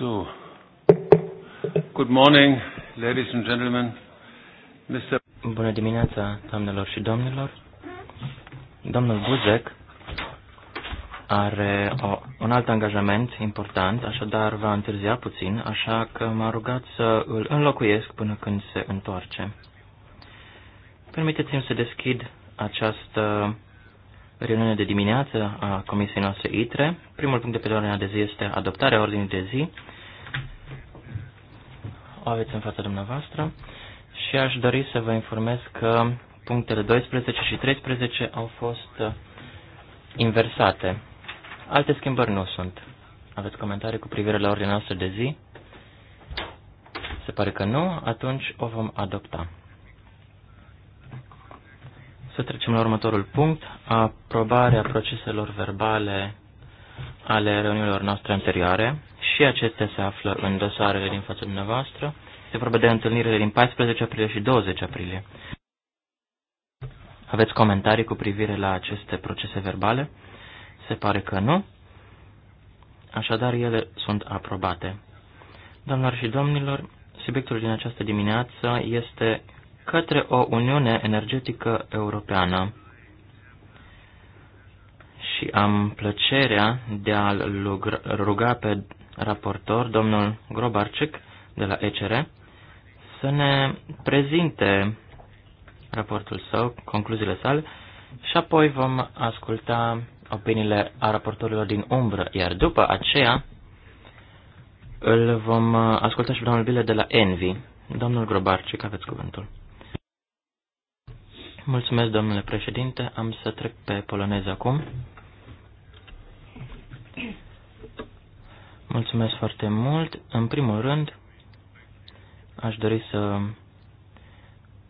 So, good morning, ladies and gentlemen. Mr. Bună dimineața, doamnelor și domnilor. Domnul Buzek are o, un alt angajament important, așadar va întârzia puțin, așa că m-a rugat să îl înlocuiesc până când se întoarce. Permiteți-mi să deschid această Reuniune de dimineață a comisiei noastre ITRE. Primul punct de pe ordinea de zi este adoptarea ordinii de zi. O aveți în fața dumneavoastră. Și aș dori să vă informez că punctele 12 și 13 au fost uh, inversate. Alte schimbări nu sunt. Aveți comentarii cu privire la ordinea noastră de zi? Se pare că nu, atunci o vom adopta. Să trecem la următorul punct, aprobarea proceselor verbale ale reuniunilor noastre anterioare și acestea se află în dosarele din fața dumneavoastră. Se vorbe de întâlnirile din 14 aprilie și 20 aprilie. Aveți comentarii cu privire la aceste procese verbale? Se pare că nu. Așadar, ele sunt aprobate. Doamnelor și domnilor, subiectul din această dimineață este către o Uniune Energetică Europeană și am plăcerea de a-l ruga pe raportor, domnul Grobarcic, de la ECR, să ne prezinte raportul său, concluziile sale, și apoi vom asculta opiniile a raportorilor din umbră, iar după aceea îl vom asculta și pe domnul Bile de la Envy. Domnul Grobarcic, aveți cuvântul. Mulțumesc, domnule președinte. Am să trec pe polonez acum. Mulțumesc foarte mult. În primul rând, aș dori să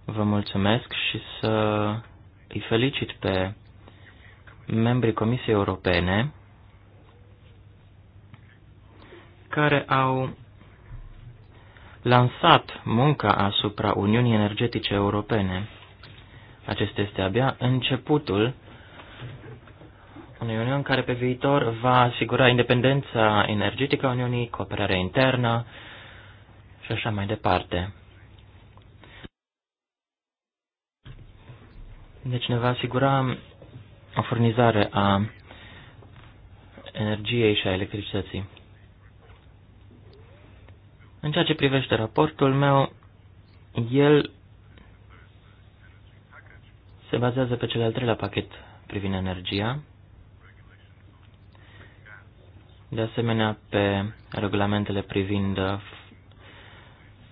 vă mulțumesc și să îi felicit pe membrii Comisiei Europene care au lansat munca asupra Uniunii Energetice Europene. Acest este abia începutul unei uniuni care pe viitor va asigura independența energetică a Uniunii, cooperarea internă și așa mai departe. Deci ne va asigura o furnizare a energiei și a electricității. În ceea ce privește raportul meu, el se bazează pe cel al treilea pachet privind energia, de asemenea pe regulamentele privind uh,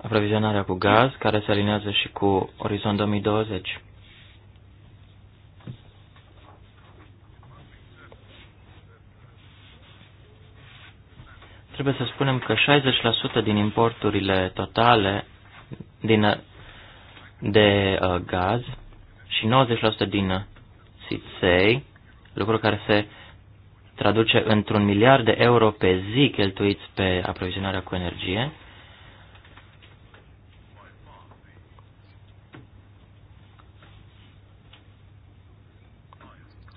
aprovizionarea cu gaz, care se alinează și cu Orizont 2020. Trebuie să spunem că 60% din importurile totale din, de uh, gaz și 90% din țiței, uh, lucru care se traduce într-un miliard de euro pe zi cheltuiți pe aprovizionarea cu energie.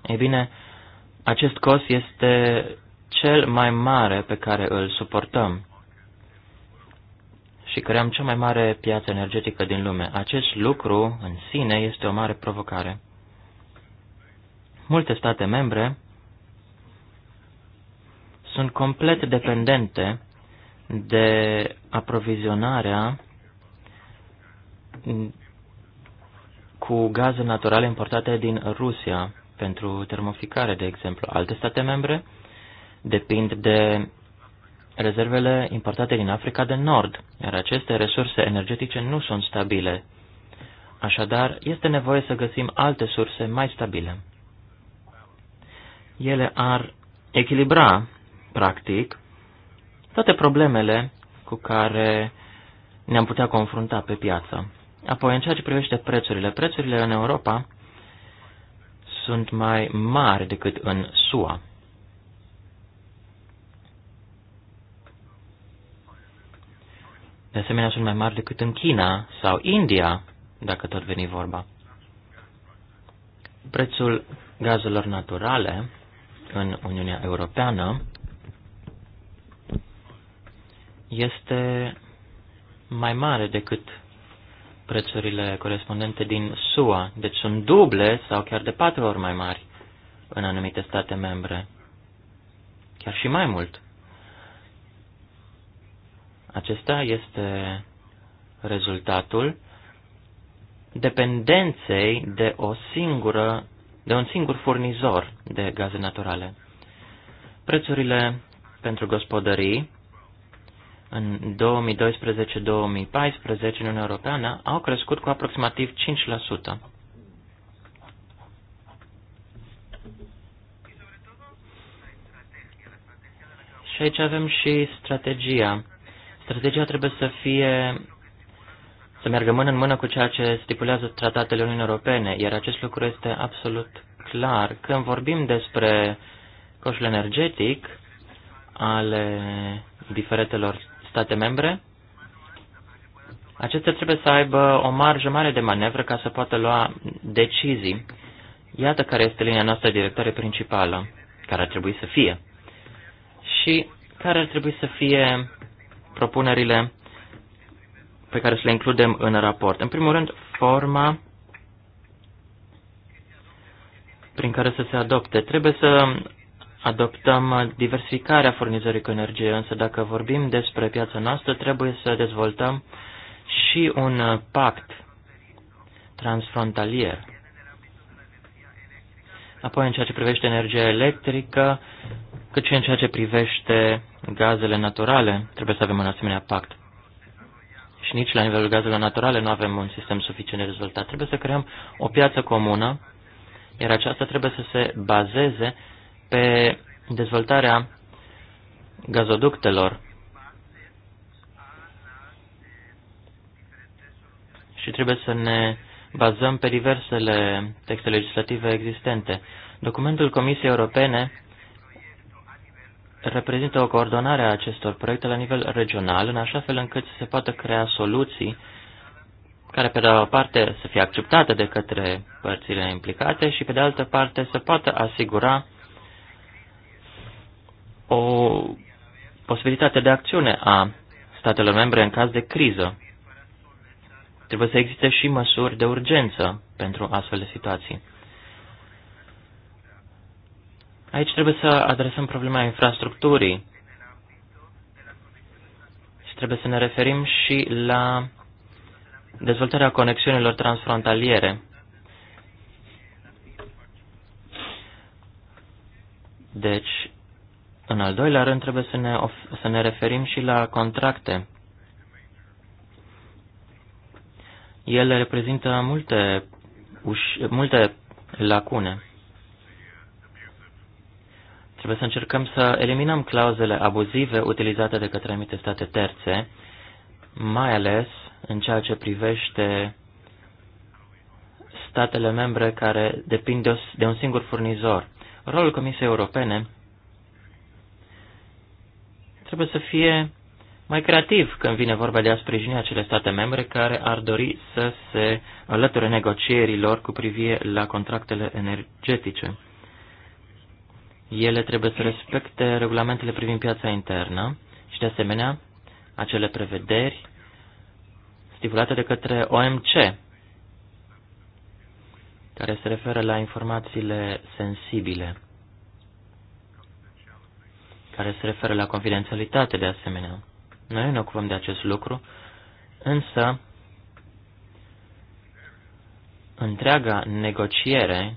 Ei bine, acest cost este cel mai mare pe care îl suportăm și creăm cea mai mare piață energetică din lume. Acest lucru în sine este o mare provocare. Multe state membre sunt complet dependente de aprovizionarea cu gaze naturale importate din Rusia pentru termoficare, de exemplu. Alte state membre depind de rezervele importate din Africa de Nord, iar aceste resurse energetice nu sunt stabile. Așadar, este nevoie să găsim alte surse mai stabile. Ele ar echilibra, practic, toate problemele cu care ne-am putea confrunta pe piață. Apoi, în ceea ce privește prețurile, prețurile în Europa sunt mai mari decât în SUA. de asemenea sunt mai mari decât în China sau India, dacă tot veni vorba. Prețul gazelor naturale în Uniunea Europeană este mai mare decât prețurile corespondente din SUA, deci sunt duble sau chiar de patru ori mai mari în anumite state membre, chiar și mai mult. Acesta este rezultatul dependenței de, o singură, de un singur furnizor de gaze naturale. Prețurile pentru gospodării în 2012-2014 în Uniunea Europeană au crescut cu aproximativ 5%. Și aici avem și strategia Strategia trebuie să fie să meargă mână în mână cu ceea ce stipulează tratatele Uniunii Europene, iar acest lucru este absolut clar. Când vorbim despre coșul energetic ale diferitelor state membre, acestea trebuie să aibă o marjă mare de manevră ca să poată lua decizii. Iată care este linia noastră directoare principală, care ar trebui să fie. Și care ar trebui să fie propunerile pe care să le includem în raport. În primul rând, forma prin care să se adopte. Trebuie să adoptăm diversificarea furnizării cu energie, însă dacă vorbim despre piața noastră, trebuie să dezvoltăm și un pact transfrontalier. Apoi, în ceea ce privește energia electrică, cât și în ceea ce privește gazele naturale, trebuie să avem un asemenea pact. Și nici la nivelul gazelor naturale nu avem un sistem suficient de rezultat. Trebuie să creăm o piață comună, iar aceasta trebuie să se bazeze pe dezvoltarea gazoductelor și trebuie să ne bazăm pe diversele texte legislative existente. Documentul Comisiei Europene reprezintă o coordonare a acestor proiecte la nivel regional, în așa fel încât să se poată crea soluții care, pe de o parte, să fie acceptate de către părțile implicate și, pe de altă parte, să poată asigura o posibilitate de acțiune a statelor membre în caz de criză. Trebuie să existe și măsuri de urgență pentru astfel de situații. Aici trebuie să adresăm problema infrastructurii și trebuie să ne referim și la dezvoltarea conexiunilor transfrontaliere. Deci, în al doilea rând, trebuie să ne, să ne referim și la contracte. Ele reprezintă multe, multe lacune. Trebuie să încercăm să eliminăm clauzele abuzive utilizate de către anumite state terțe, mai ales în ceea ce privește statele membre care depind de un singur furnizor. Rolul Comisiei Europene trebuie să fie mai creativ când vine vorba de a sprijini acele state membre care ar dori să se alăture negocierilor cu privire la contractele energetice. Ele trebuie să respecte regulamentele privind piața internă și, de asemenea, acele prevederi stipulate de către OMC, care se referă la informațiile sensibile, care se referă la confidențialitate, de asemenea. Noi ne ocupăm de acest lucru, însă întreaga negociere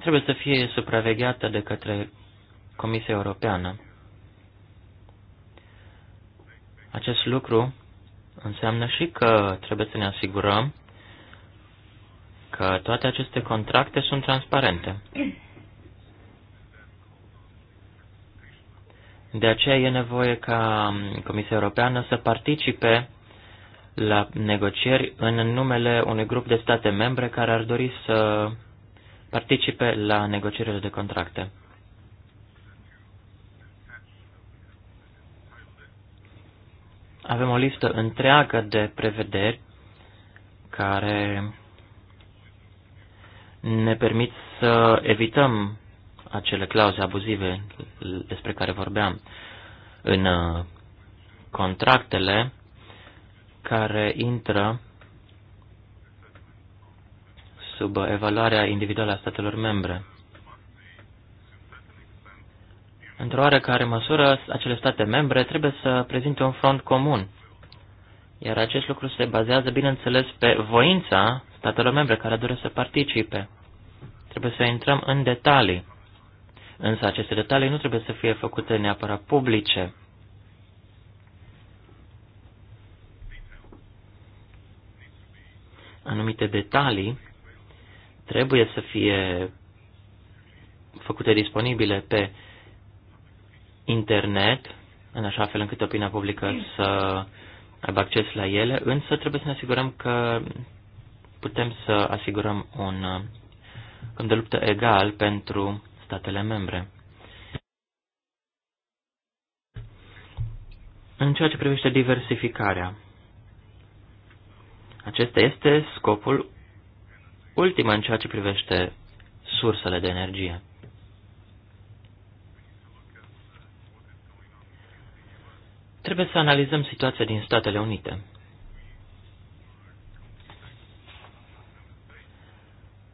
trebuie să fie supravegheată de către Comisia Europeană. Acest lucru înseamnă și că trebuie să ne asigurăm că toate aceste contracte sunt transparente. De aceea e nevoie ca Comisia Europeană să participe la negocieri în numele unui grup de state membre care ar dori să participe la negocierile de contracte. Avem o listă întreagă de prevederi care ne permit să evităm acele clauze abuzive despre care vorbeam în uh, contractele care intră sub evaluarea individuală a statelor membre. Într-o oarecare măsură, acele state membre trebuie să prezinte un front comun, iar acest lucru se bazează, bineînțeles, pe voința statelor membre care doresc să participe. Trebuie să intrăm în detalii, însă aceste detalii nu trebuie să fie făcute neapărat publice. Anumite detalii trebuie să fie făcute disponibile pe internet, în așa fel încât opinia publică să aibă acces la ele, însă trebuie să ne asigurăm că putem să asigurăm un câmp de luptă egal pentru statele membre. În ceea ce privește diversificarea, acesta este scopul ultima în ceea ce privește sursele de energie. Trebuie să analizăm situația din Statele Unite.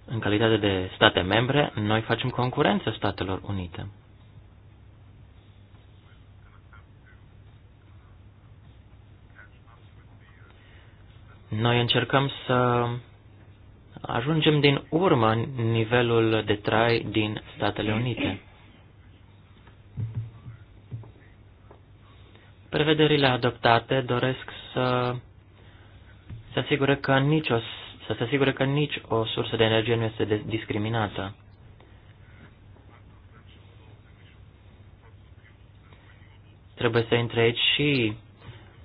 În calitate de state membre, noi facem concurență Statelor Unite. Noi încercăm să ajungem din urmă în nivelul de trai din Statele Unite. Prevederile adoptate doresc să se asigure că o, să se asigure că nici o sursă de energie nu este discriminată. Trebuie să intre aici și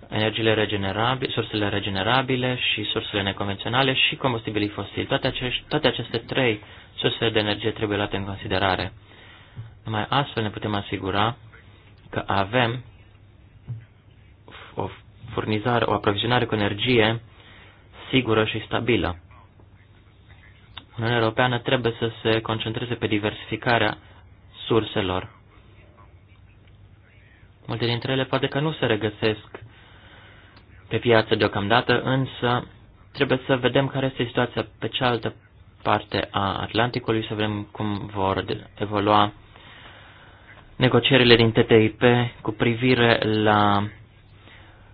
energiile regenerabile, sursele regenerabile și sursele neconvenționale și combustibilii fosili. Toate, acești, toate aceste trei surse de energie trebuie luate în considerare. Numai astfel ne putem asigura că avem o furnizare, o aprovizionare cu energie sigură și stabilă. Uniunea Europeană trebuie să se concentreze pe diversificarea surselor. Multe dintre ele poate că nu se regăsesc pe piață deocamdată, însă trebuie să vedem care este situația pe cealaltă parte a Atlanticului, să vedem cum vor evolua negocierile din TTIP cu privire la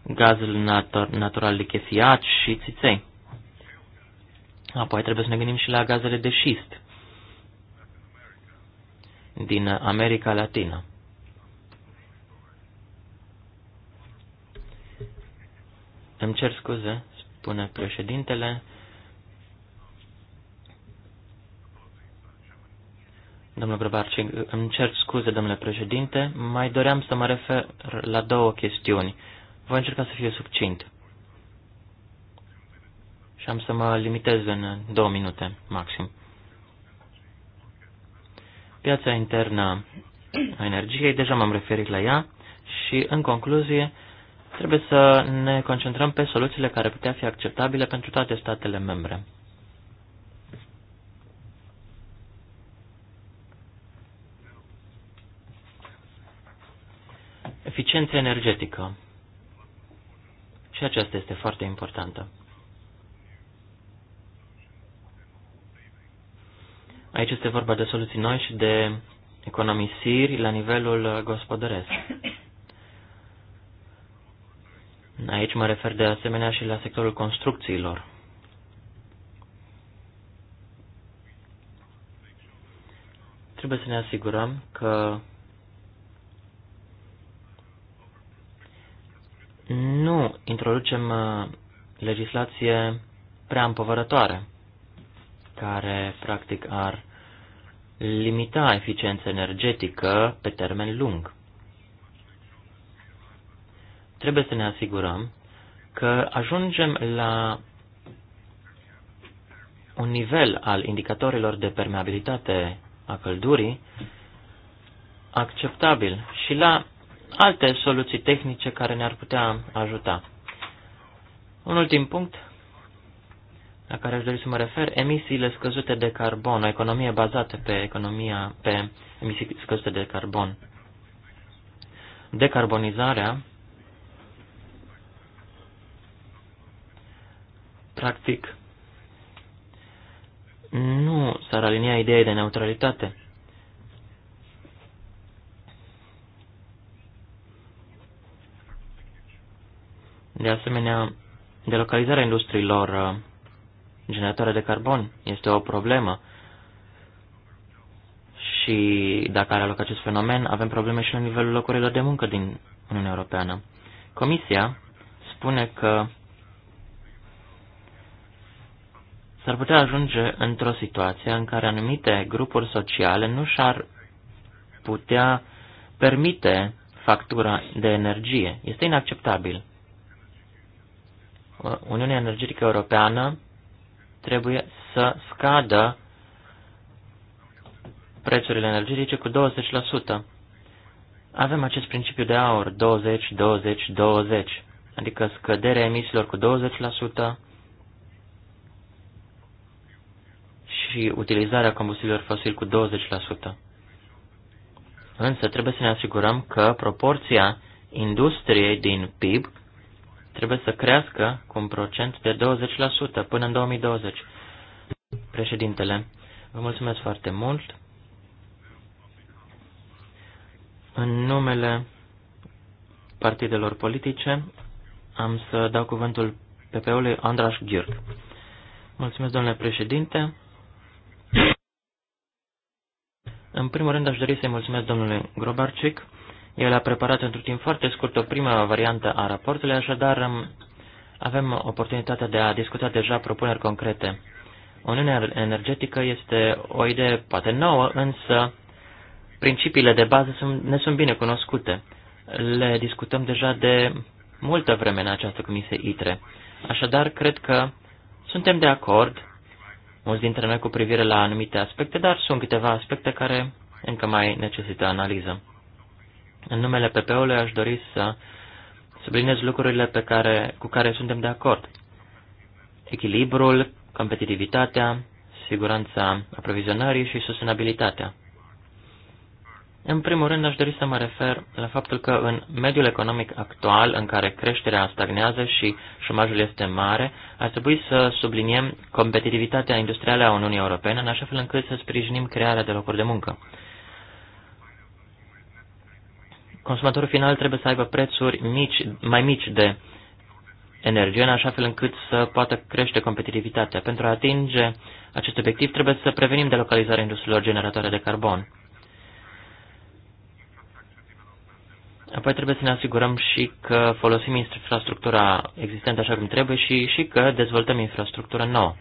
gazul natural lichefiat și țiței. Apoi trebuie să ne gândim și la gazele de șist din America Latină. Îmi cer scuze, spune președintele. Domnule Grăbarci, îmi cer scuze, domnule președinte, mai doream să mă refer la două chestiuni. Voi încerca să fiu succint. Și am să mă limitez în două minute, maxim. Piața internă a energiei, deja m-am referit la ea și, în concluzie, Trebuie să ne concentrăm pe soluțiile care putea fi acceptabile pentru toate statele membre. Eficiența energetică. Și aceasta este foarte importantă. Aici este vorba de soluții noi și de economisiri la nivelul gospodăresc. Aici mă refer de asemenea și la sectorul construcțiilor. Trebuie să ne asigurăm că nu introducem uh, legislație prea împovărătoare, care practic ar limita eficiența energetică pe termen lung. Trebuie să ne asigurăm că ajungem la un nivel al indicatorilor de permeabilitate a căldurii acceptabil și la alte soluții tehnice care ne-ar putea ajuta. Un ultim punct la care aș dori să mă refer, emisiile scăzute de carbon, o economie bazată pe, economia, pe emisii scăzute de carbon. Decarbonizarea practic, nu s-ar alinia ideea de neutralitate. De asemenea, delocalizarea industriilor uh, generatoare de carbon este o problemă și dacă are loc acest fenomen, avem probleme și la nivelul locurilor de muncă din Uniunea Europeană. Comisia spune că s-ar putea ajunge într-o situație în care anumite grupuri sociale nu și-ar putea permite factura de energie. Este inacceptabil. Uniunea Energetică Europeană trebuie să scadă prețurile energetice cu 20%. Avem acest principiu de aur, 20-20-20, adică scăderea emisiilor cu 20%, și utilizarea combustibilor fosili cu 20%. Însă trebuie să ne asigurăm că proporția industriei din PIB trebuie să crească cu un procent de 20% până în 2020. Președintele, vă mulțumesc foarte mult. În numele partidelor politice am să dau cuvântul PP-ului Andraș Ghirc. Mulțumesc, domnule președinte. În primul rând aș dori să-i mulțumesc domnului Grobarcic. El a preparat într-un timp foarte scurt o primă variantă a raportului, așadar avem oportunitatea de a discuta deja propuneri concrete. Uniunea energetică este o idee poate nouă, însă principiile de bază sunt, ne sunt bine cunoscute. Le discutăm deja de multă vreme în această comisie ITRE. Așadar, cred că suntem de acord mulți dintre noi cu privire la anumite aspecte, dar sunt câteva aspecte care încă mai necesită analiză. În numele PP-ului aș dori să subliniez lucrurile pe care, cu care suntem de acord. Echilibrul, competitivitatea, siguranța aprovizionării și sustenabilitatea. În primul rând, aș dori să mă refer la faptul că în mediul economic actual, în care creșterea stagnează și șomajul este mare, ar trebui să subliniem competitivitatea industrială a Uniunii Europene, în așa fel încât să sprijinim crearea de locuri de muncă. Consumatorul final trebuie să aibă prețuri mici, mai mici de energie, în așa fel încât să poată crește competitivitatea. Pentru a atinge acest obiectiv, trebuie să prevenim delocalizarea industriilor generatoare de carbon. Apoi trebuie să ne asigurăm și că folosim infrastructura existentă așa cum trebuie și, și că dezvoltăm infrastructura nouă.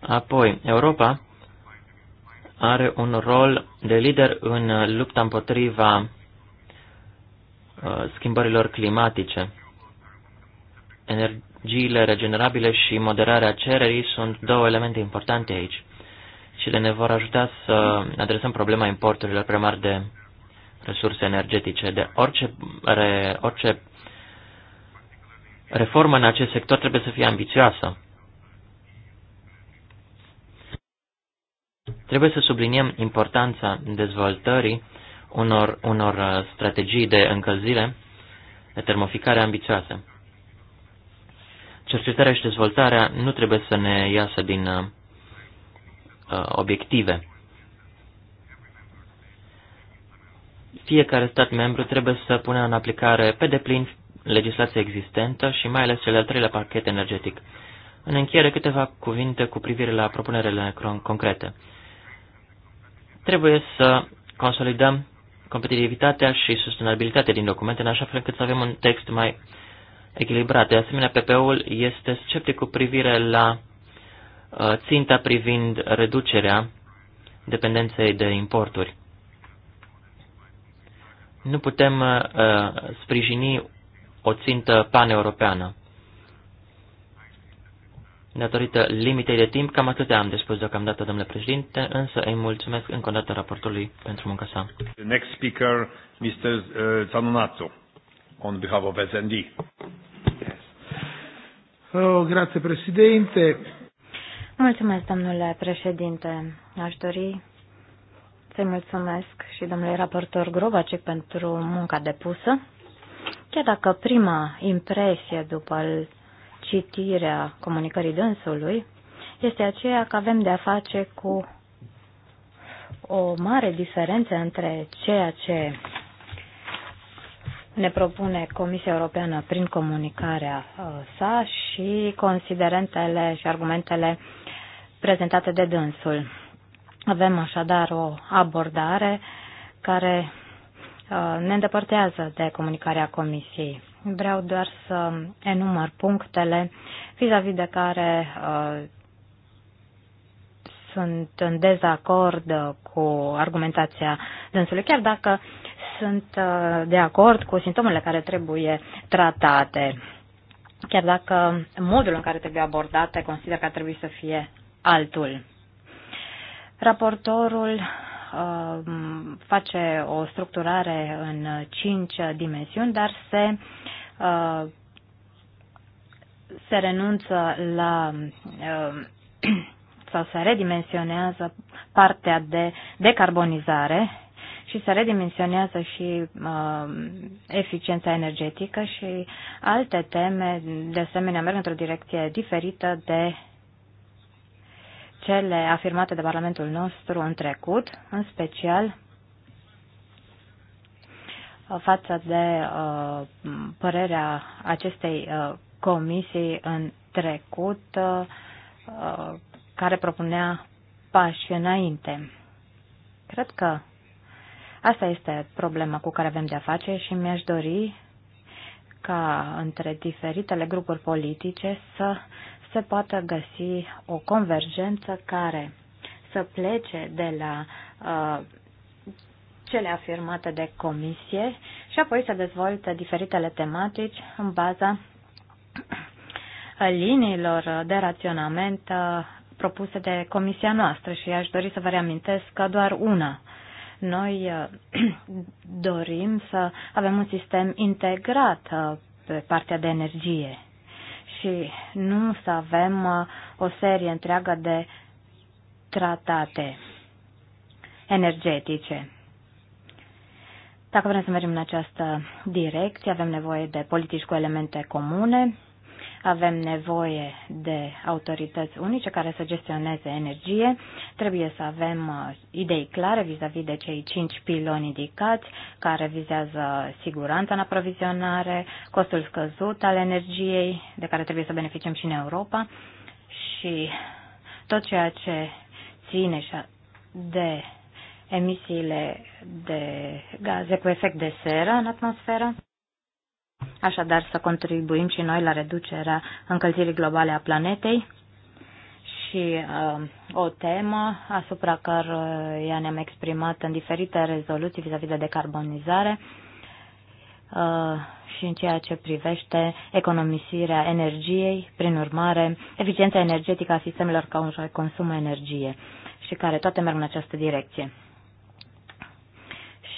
Apoi, Europa are un rol de lider în lupta împotriva uh, schimbărilor climatice. Ener energiile regenerabile și moderarea cererii sunt două elemente importante aici și de ne vor ajuta să adresăm problema importurilor prea mari de resurse energetice. De orice, re, orice reformă în acest sector trebuie să fie ambițioasă. Trebuie să subliniem importanța dezvoltării unor, unor uh, strategii de încălzire, de termoficare ambițioase cercetarea și dezvoltarea nu trebuie să ne iasă din uh, uh, obiective. Fiecare stat membru trebuie să pună în aplicare pe deplin legislația existentă și mai ales cel de-al treilea pachet energetic. În încheiere, câteva cuvinte cu privire la propunerele concrete. Trebuie să consolidăm competitivitatea și sustenabilitatea din documente în așa fel încât să avem un text mai uh, echilibrat. De asemenea, PP-ul este sceptic cu privire la uh, ținta privind reducerea dependenței de importuri. Nu putem uh, sprijini o țintă paneuropeană. Datorită limitei de timp, cam atât am de spus deocamdată, domnule președinte, însă îi mulțumesc încă o dată raportului pentru munca sa. The next speaker, Mr. Uh, Zanonato on behalf of SND. Yes. Oh, grazie Presidente. Mulțumesc, domnule președinte. Aș dori să-i mulțumesc și domnului raportor Grobacic pentru munca depusă. Chiar dacă prima impresie după citirea comunicării dânsului este aceea că avem de-a face cu o mare diferență între ceea ce ne propune Comisia Europeană prin comunicarea uh, sa și considerentele și argumentele prezentate de dânsul. Avem așadar o abordare care uh, ne îndepărtează de comunicarea Comisiei. Vreau doar să enumăr punctele vis-a-vis -vis de care uh, sunt în dezacord cu argumentația dânsului, chiar dacă uh, sunt uh, de acord cu simptomele care trebuie tratate, chiar dacă modul în care trebuie abordate consider că ar trebui să fie altul. Raportorul uh, face o structurare în cinci dimensiuni, dar se, uh, se renunță la sau se redimensionează partea de decarbonizare și se redimensionează și uh, eficiența energetică și alte teme, de asemenea, merg într-o direcție diferită de cele afirmate de Parlamentul nostru în trecut, în special față de uh, părerea acestei uh, comisii în trecut, uh, uh care propunea pași înainte. Cred că Asta este problema cu care avem de-a face și mi-aș dori ca între diferitele grupuri politice să se poată găsi o convergență care să plece de la uh, cele afirmate de comisie și apoi să dezvolte diferitele tematici în baza liniilor de raționament uh, propuse de comisia noastră și aș dori să vă reamintesc că doar una noi uh, dorim să avem un sistem integrat uh, pe partea de energie și nu să avem uh, o serie întreagă de tratate energetice. Dacă vrem să mergem în această direcție, avem nevoie de politici cu elemente comune avem nevoie de autorități unice care să gestioneze energie. Trebuie să avem uh, idei clare vis-a-vis -vis de cei cinci piloni indicați care vizează siguranța în aprovizionare, costul scăzut al energiei de care trebuie să beneficiem și în Europa și tot ceea ce ține de emisiile de gaze cu efect de seră în atmosferă așadar să contribuim și noi la reducerea încălzirii globale a planetei și uh, o temă asupra căreia ne-am exprimat în diferite rezoluții vis-a-vis -vis de decarbonizare uh, și în ceea ce privește economisirea energiei, prin urmare, eficiența energetică a sistemelor care consumă energie și care toate merg în această direcție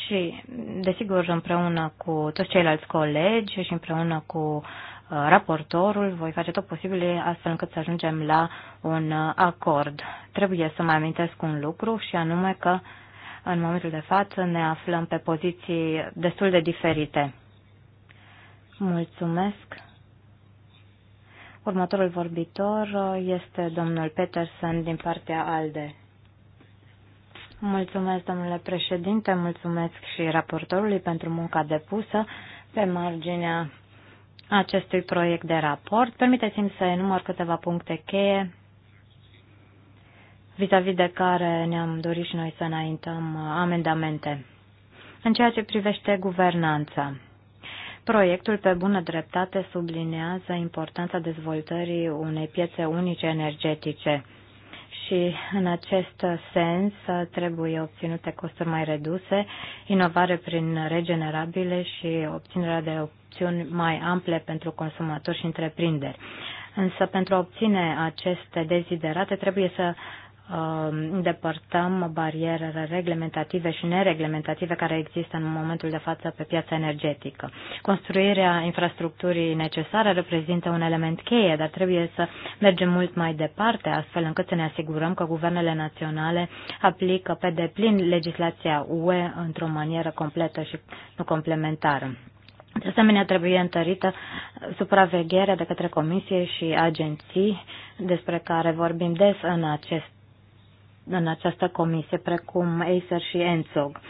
și, desigur, împreună cu toți ceilalți colegi și împreună cu uh, raportorul, voi face tot posibil astfel încât să ajungem la un uh, acord. Trebuie să mai amintesc un lucru și anume că în momentul de față ne aflăm pe poziții destul de diferite. Mulțumesc. Următorul vorbitor uh, este domnul Petersen din partea ALDE. Mulțumesc, domnule președinte, mulțumesc și raportorului pentru munca depusă pe marginea acestui proiect de raport. Permiteți-mi să enumăr câteva puncte cheie vis-a-vis -vis de care ne-am dorit și noi să înaintăm amendamente. În ceea ce privește guvernanța, proiectul pe bună dreptate sublinează importanța dezvoltării unei piețe unice energetice și în acest sens trebuie obținute costuri mai reduse, inovare prin regenerabile și obținerea de opțiuni mai ample pentru consumatori și întreprinderi. Însă pentru a obține aceste deziderate trebuie să Um, îndepărtăm barierele reglementative și nereglementative care există în momentul de față pe piața energetică. Construirea infrastructurii necesare reprezintă un element cheie, dar trebuie să mergem mult mai departe, astfel încât să ne asigurăm că guvernele naționale aplică pe deplin legislația UE într-o manieră completă și nu complementară. De asemenea, trebuie întărită supravegherea de către comisie și agenții despre care vorbim des în acest în această comisie, precum Acer și Enzog.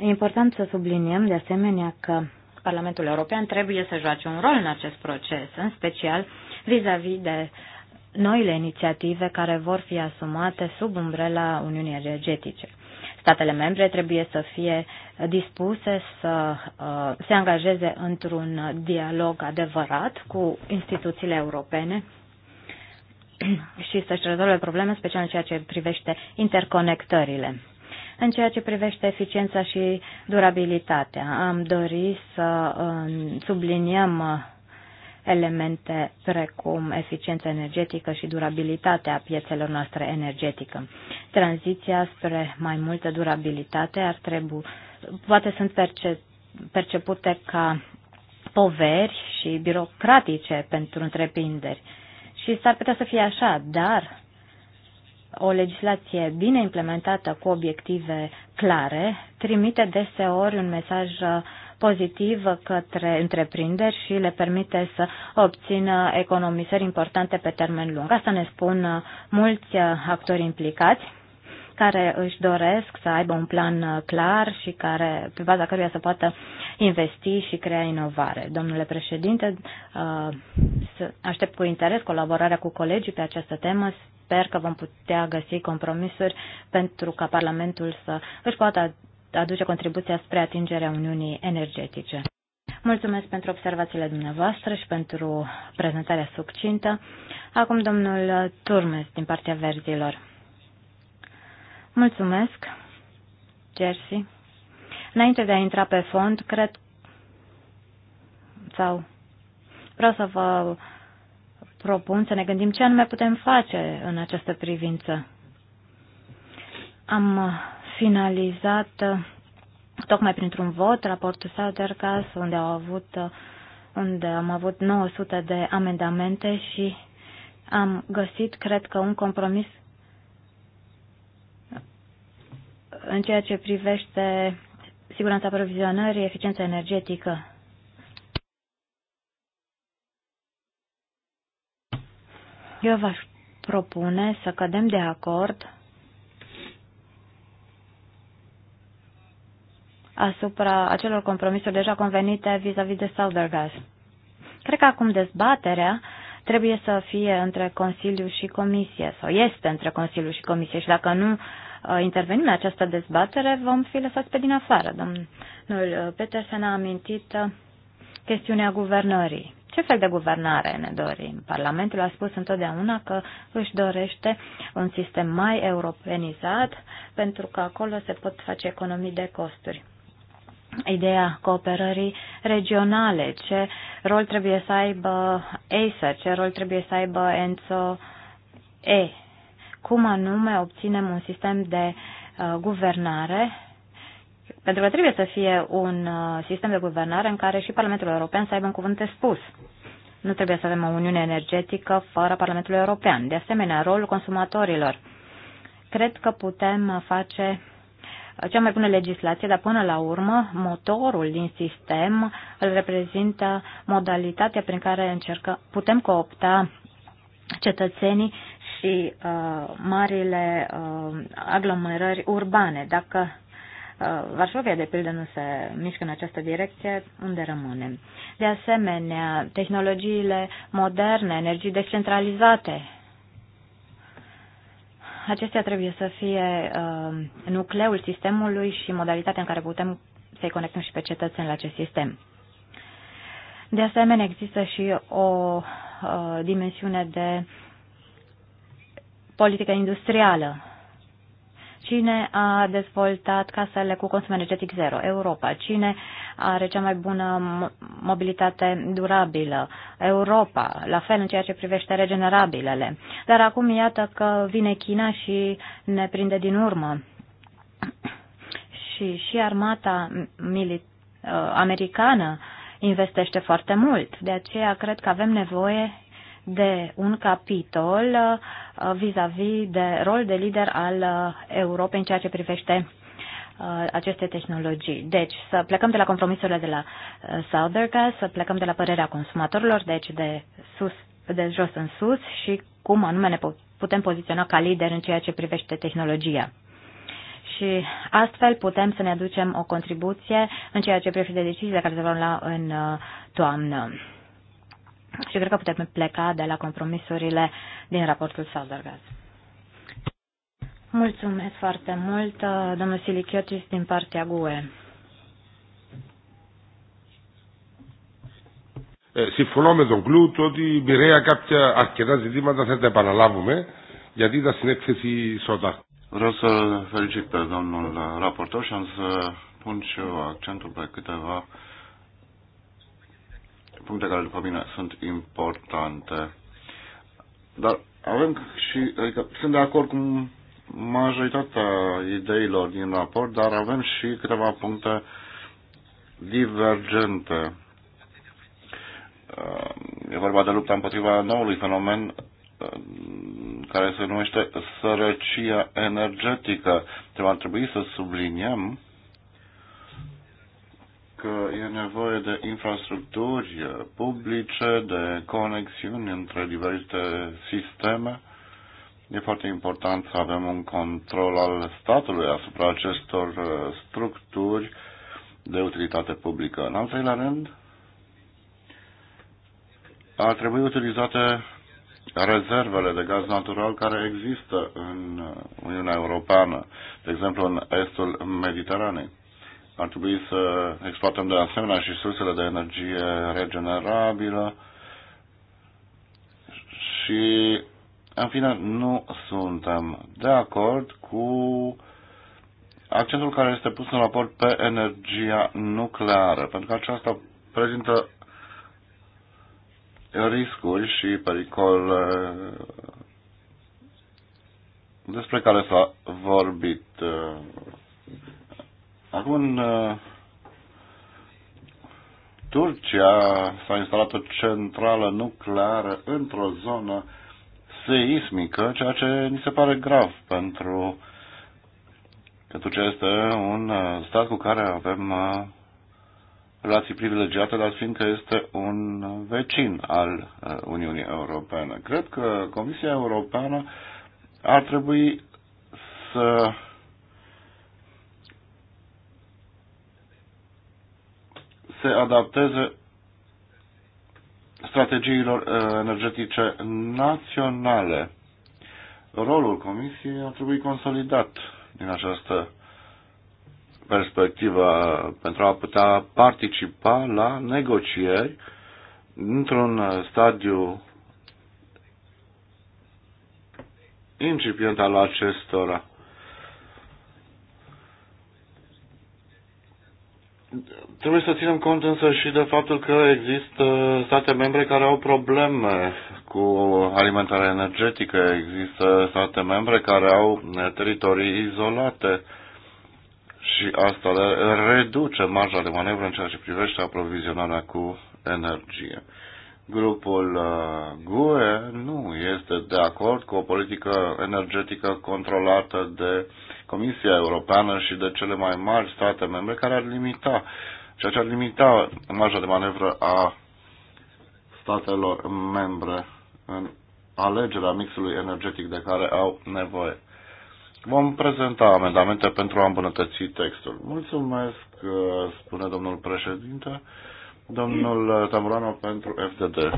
E important să subliniem de asemenea că Parlamentul European trebuie să joace un rol în acest proces, în special vis-a-vis -vis de noile inițiative care vor fi asumate sub umbrela Uniunii Energetice. Statele membre trebuie să fie dispuse să uh, se angajeze într-un dialog adevărat cu instituțiile europene și să-și rezolve probleme, special în ceea ce privește interconectările. În ceea ce privește eficiența și durabilitatea, am dorit să subliniem elemente precum eficiența energetică și durabilitatea piețelor noastre energetică. Tranziția spre mai multă durabilitate ar trebui, poate sunt perce, percepute ca poveri și birocratice pentru întreprinderi. Și s-ar putea să fie așa, dar o legislație bine implementată cu obiective clare trimite deseori un mesaj pozitiv către întreprinderi și le permite să obțină economisări importante pe termen lung. Asta ne spun mulți actori implicați care își doresc să aibă un plan uh, clar și care, pe baza căruia să poată investi și crea inovare. Domnule președinte, uh, aștept cu interes colaborarea cu colegii pe această temă. Sper că vom putea găsi compromisuri pentru ca Parlamentul să își poată aduce contribuția spre atingerea Uniunii Energetice. Mulțumesc pentru observațiile dumneavoastră și pentru prezentarea succintă. Acum domnul Turmes din partea verzilor. Mulțumesc, Jersey. Înainte de a intra pe fond, cred sau vreau să vă propun să ne gândim ce anume putem face în această privință. Am finalizat tocmai printr-un vot raportul Saudergas, unde au avut unde am avut 900 de amendamente și am găsit, cred că, un compromis în ceea ce privește siguranța aprovizionării, eficiența energetică. Eu v-aș propune să cădem de acord asupra acelor compromisuri deja convenite vis-a-vis -vis de Southern Gas. Cred că acum dezbaterea trebuie să fie între Consiliu și Comisie, sau este între Consiliu și Comisie, și dacă nu Uh, intervenim în această dezbatere, vom fi lăsați pe din afară. Domnul Petersen a amintit uh, chestiunea guvernării. Ce fel de guvernare ne dorim? Parlamentul a spus întotdeauna că își dorește un sistem mai europenizat, pentru că acolo se pot face economii de costuri ideea cooperării regionale, ce rol trebuie să aibă ACER, ce rol trebuie să aibă ENSO E cum anume obținem un sistem de uh, guvernare, pentru că trebuie să fie un uh, sistem de guvernare în care și Parlamentul European să aibă un cuvânt de spus. Nu trebuie să avem o uniune energetică fără Parlamentul European. De asemenea, rolul consumatorilor. Cred că putem face uh, cea mai bună legislație, dar până la urmă motorul din sistem îl reprezintă modalitatea prin care încercă, putem coopta cetățenii și uh, marile uh, aglomerări urbane. Dacă uh, Varșovia, de pildă, nu se mișcă în această direcție, unde rămânem? De asemenea, tehnologiile moderne, energii descentralizate, acestea trebuie să fie uh, nucleul sistemului și modalitatea în care putem să-i conectăm și pe cetățeni la acest sistem. De asemenea, există și o uh, dimensiune de politică industrială. Cine a dezvoltat casele cu consum energetic zero? Europa. Cine are cea mai bună mobilitate durabilă? Europa. La fel în ceea ce privește regenerabilele. Dar acum iată că vine China și ne prinde din urmă. Și, și armata uh, americană investește foarte mult. De aceea cred că avem nevoie de un capitol uh, vis-a-vis -vis de rol de lider al uh, Europei în ceea ce privește uh, aceste tehnologii. Deci, să plecăm de la compromisurile de la Southergas, să plecăm de la părerea consumatorilor, deci de, sus, de jos în sus și cum anume ne putem poziționa ca lider în ceea ce privește tehnologia și astfel putem să ne aducem o contribuție în ceea ce privește deciziile care se vor lua în toamnă. Și eu cred că putem pleca de la compromisurile din raportul Saldergaz. Mulțumesc foarte mult, uh, domnul Silichiotis, din partea GUE. Συμφωνώ με τον Κλου ότι μοιραία κάποια αρκετά ζητήματα θα τα επαναλάβουμε γιατί ήταν στην έκθεση ΣΟΤΑ. Vreau să felicit pe domnul raportor și am să pun și eu accentul pe câteva puncte care, după mine, sunt importante. Dar avem și, adică, sunt de acord cu majoritatea ideilor din raport, dar avem și câteva puncte divergente. Uh, e vorba de lupta împotriva noului fenomen uh, care se numește sărăcia energetică. Trebuie ar trebui să subliniem că e nevoie de infrastructuri publice, de conexiuni între diverse sisteme. E foarte important să avem un control al statului asupra acestor uh, structuri de utilitate publică. În al treilea rând, ar trebui utilizate rezervele de gaz natural care există în uh, Uniunea Europeană, de exemplu în estul Mediteranei. Ar trebui să exploatăm de asemenea și sursele de energie regenerabilă și, în fine, nu suntem de acord cu accentul care este pus în raport pe energia nucleară, pentru că aceasta prezintă riscuri și pericol eh, despre care s-a vorbit eh, Acum în uh, Turcia s-a instalat o centrală nucleară într-o zonă seismică, ceea ce ni se pare grav pentru că Turcia este un uh, stat cu care avem uh, relații privilegiate, dar fiindcă este un vecin al Uniunii Europene. Cred că Comisia Europeană ar trebui să se adapteze strategiilor uh, energetice naționale. Rolul Comisiei ar trebui consolidat din această perspectivă pentru a putea participa la negocieri într-un stadiu incipient al acestora. Trebuie să ținem cont însă și de faptul că există state membre care au probleme cu alimentarea energetică, există state membre care au teritorii izolate și asta le reduce marja de manevră în ceea ce privește aprovizionarea cu energie. Grupul uh, GUE nu este de acord cu o politică energetică controlată de Comisia Europeană și de cele mai mari state membre care ar limita, ceea ce ar limita marja de manevră a statelor membre în alegerea mixului energetic de care au nevoie. Vom prezenta amendamente pentru a îmbunătăți textul. Mulțumesc, uh, spune domnul președinte. Domnul Tamurano uh, pentru FDD.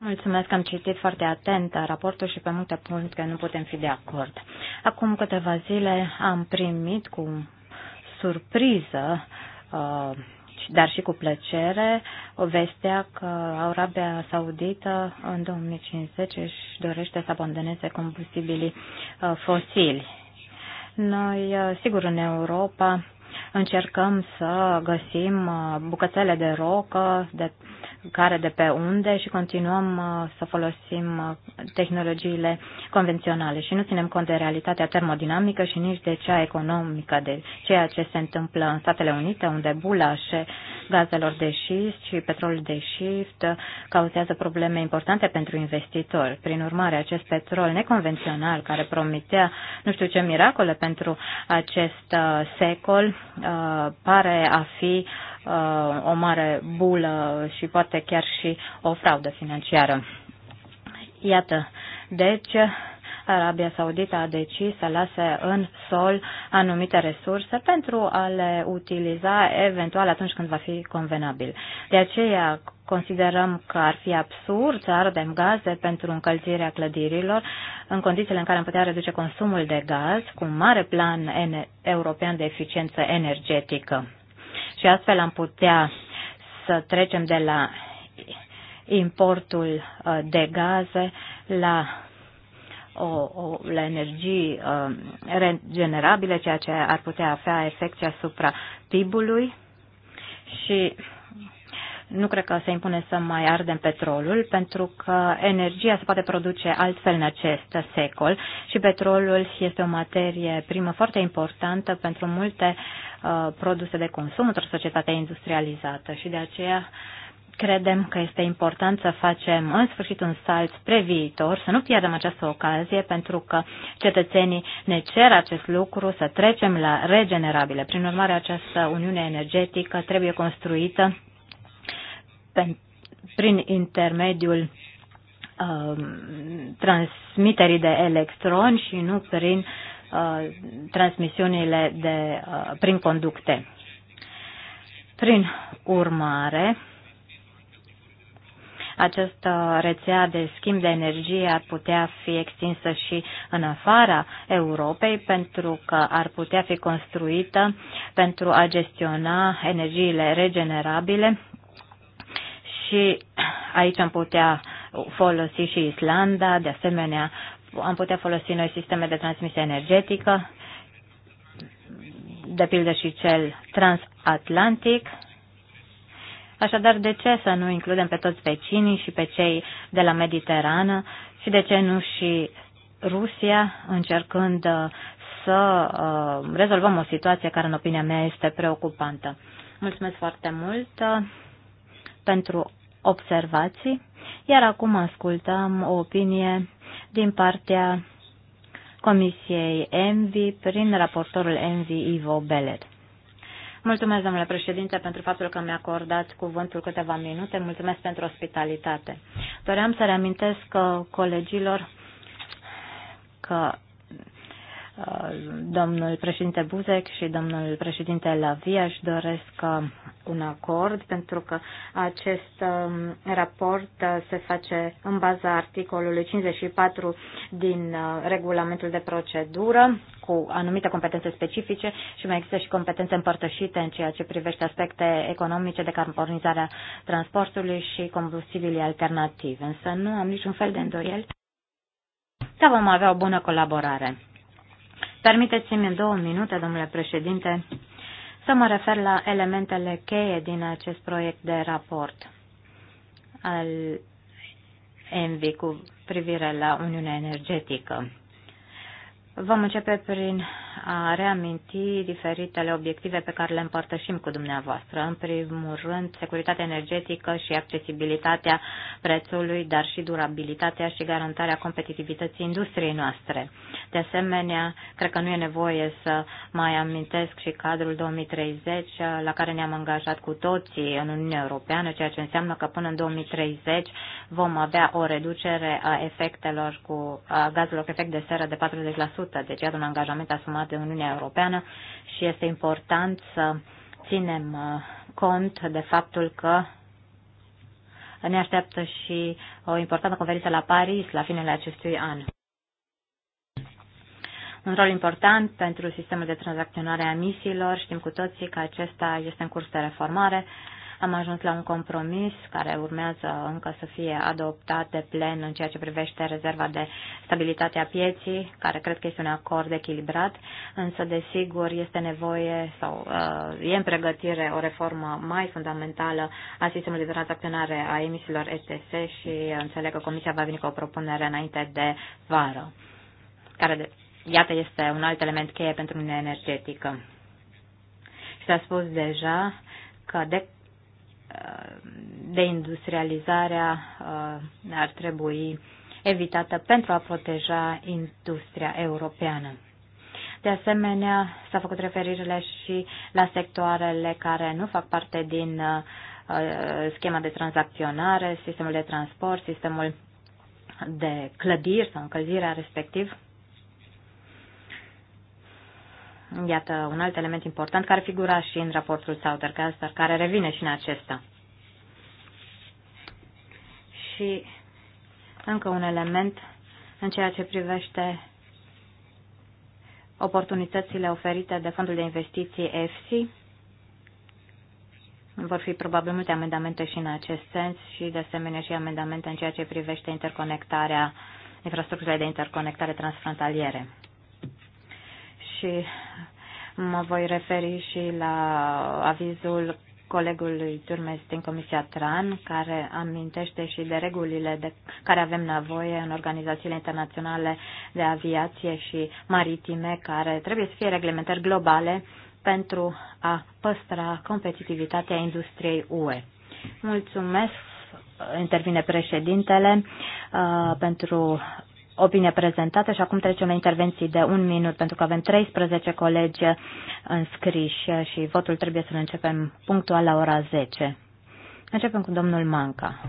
Mulțumesc, am citit foarte atent raportul și pe multe puncte nu putem fi de acord. Acum câteva zile am primit cu surpriză uh, dar și cu plăcere o vestea că Arabia Saudită în 2050 își dorește să abandoneze combustibilii uh, fosili. Noi, sigur, în Europa încercăm să găsim uh, bucățele de rocă, de care de pe unde și continuăm uh, să folosim uh, tehnologiile convenționale și nu ținem cont de realitatea termodinamică și nici de cea economică, de ceea ce se întâmplă în Statele Unite, unde bula și gazelor de șist și petrolul de șift cauzează probleme importante pentru investitori. Prin urmare, acest petrol neconvențional care promitea nu știu ce miracole pentru acest uh, secol pare a fi uh, o mare bulă și poate chiar și o fraudă financiară. Iată, deci Arabia Saudită a decis să lase în sol anumite resurse pentru a le utiliza eventual atunci când va fi convenabil. De aceea considerăm că ar fi absurd să ardem gaze pentru încălzirea clădirilor în condițiile în care am putea reduce consumul de gaz cu un mare plan european de eficiență energetică și astfel am putea să trecem de la importul uh, de gaze la o, o, la energii uh, regenerabile, ceea ce ar putea avea efecte asupra PIB-ului și nu cred că se impune să mai ardem petrolul, pentru că energia se poate produce altfel în acest secol și petrolul este o materie primă foarte importantă pentru multe uh, produse de consum într-o societate industrializată și de aceea credem că este important să facem în sfârșit un salt spre viitor, să nu pierdem această ocazie, pentru că cetățenii ne cer acest lucru, să trecem la regenerabile. Prin urmare, această uniune energetică trebuie construită prin intermediul uh, transmiterii de electroni și nu prin uh, transmisiunile de, uh, prin conducte. Prin urmare, această rețea de schimb de energie ar putea fi extinsă și în afara Europei pentru că ar putea fi construită pentru a gestiona energiile regenerabile și aici am putea folosi și Islanda, de asemenea am putea folosi noi sisteme de transmisie energetică, de pildă și cel transatlantic. Așadar, de ce să nu includem pe toți vecinii și pe cei de la Mediterană și de ce nu și Rusia, încercând uh, să uh, rezolvăm o situație care, în opinia mea, este preocupantă. Mulțumesc foarte mult uh, pentru observații, iar acum ascultăm o opinie din partea Comisiei ENVI prin raportorul ENVI Ivo Belet. Mulțumesc, domnule președinte, pentru faptul că mi-a acordat cuvântul câteva minute. Mulțumesc pentru ospitalitate. Doream să reamintesc uh, colegilor că Domnul președinte Buzek și domnul președinte Lavia își doresc uh, un acord pentru că acest um, raport uh, se face în baza articolului 54 din uh, regulamentul de procedură cu anumite competențe specifice și mai există și competențe împărtășite în ceea ce privește aspecte economice de carbonizarea transportului și combustibili alternativi. Însă nu am niciun fel de îndoiel că vom avea o bună colaborare. Permiteți-mi două minute, domnule președinte, să mă refer la elementele cheie din acest proiect de raport al ENVI cu privire la Uniunea Energetică. Vom începe prin a reaminti diferitele obiective pe care le împărtășim cu dumneavoastră. În primul rând, securitatea energetică și accesibilitatea prețului, dar și durabilitatea și garantarea competitivității industriei noastre. De asemenea, cred că nu e nevoie să mai amintesc și cadrul 2030 la care ne-am angajat cu toții în Uniunea Europeană, ceea ce înseamnă că până în 2030 vom avea o reducere a efectelor cu a gazelor cu efect de seră de 40%. Deci, iată un angajament asumat urmat de Uniunea Europeană și este important să ținem uh, cont de faptul că ne așteaptă și o importantă conferință la Paris la finele acestui an. Un rol important pentru sistemul de tranzacționare a misiilor, știm cu toții că acesta este în curs de reformare, uh, am ajuns la un compromis care urmează încă să fie adoptat de plen în ceea ce privește rezerva de stabilitate a pieții, care cred că este un acord echilibrat, însă desigur este nevoie sau uh, e în pregătire o reformă mai fundamentală a sistemului de tranzacționare a emisiilor ETS și înțeleg că Comisia va veni cu o propunere înainte de vară, care de, iată este un alt element cheie pentru mine Energetică. Și s-a spus deja că de deindustrializarea uh, ar trebui evitată pentru a proteja industria europeană. De asemenea, s-a făcut referire și la sectoarele care nu fac parte din uh, schema de tranzacționare, sistemul de transport, sistemul de clădiri sau încălzirea respectiv. Iată, un alt element important care figura și în raportul Saudergas, dar care revine și în acesta. Și încă un element în ceea ce privește oportunitățile oferite de fondul de investiții EFSI. Vor fi probabil multe amendamente și în acest sens și de asemenea și amendamente în ceea ce privește interconectarea, infrastructurile de interconectare transfrontaliere și mă voi referi și la avizul colegului Turmes din Comisia TRAN, care amintește și de regulile de care avem nevoie în organizațiile internaționale de aviație și maritime, care trebuie să fie reglementări globale pentru a păstra competitivitatea industriei UE. Mulțumesc, intervine președintele, uh, pentru opinie prezentată și acum trecem la intervenții de un minut, pentru că avem 13 colegi înscriși și votul trebuie să începem punctual la ora 10. Începem cu domnul Manca.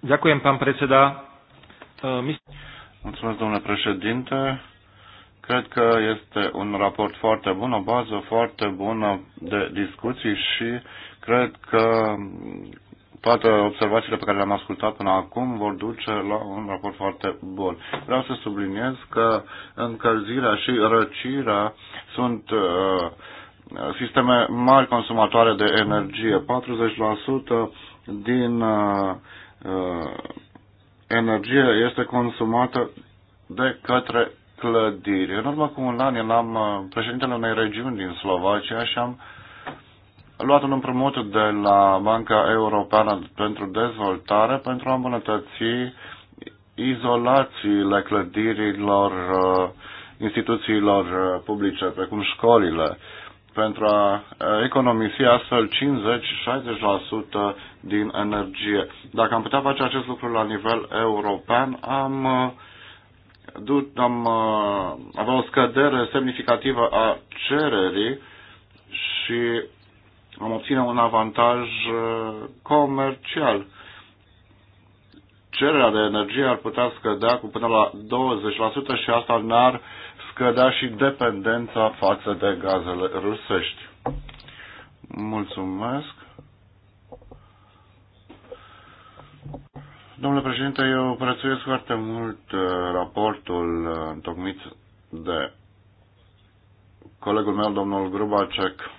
Ďakujem, pán predseda. Mulțumesc, domnule președinte. Cred că este un raport foarte bun, o bază foarte bună de discuții și cred că toate observațiile pe care le-am ascultat până acum vor duce la un raport foarte bun. Vreau să subliniez că încălzirea și răcirea sunt uh, sisteme mari consumatoare de energie. 40% din uh, uh, energie este consumată de către clădiri. În urmă cu un an eram uh, președintele unei regiuni din Slovacia și am uh, luat un împrumut de la Banca Europeană pentru Dezvoltare pentru a îmbunătăți izolațiile clădirilor uh, instituțiilor uh, publice, precum școlile, pentru a uh, economisi astfel 50-60% din energie. Dacă am putea face acest lucru la nivel european, am, am avea o scădere semnificativă a cererii și am obține un avantaj uh, comercial. Cererea de energie ar putea scădea cu până la 20% și asta n ar scădea și dependența față de gazele rusești. Mulțumesc. Domnule președinte, eu prețuiesc foarte mult uh, raportul uh, întocmit de colegul meu, domnul Grubacek.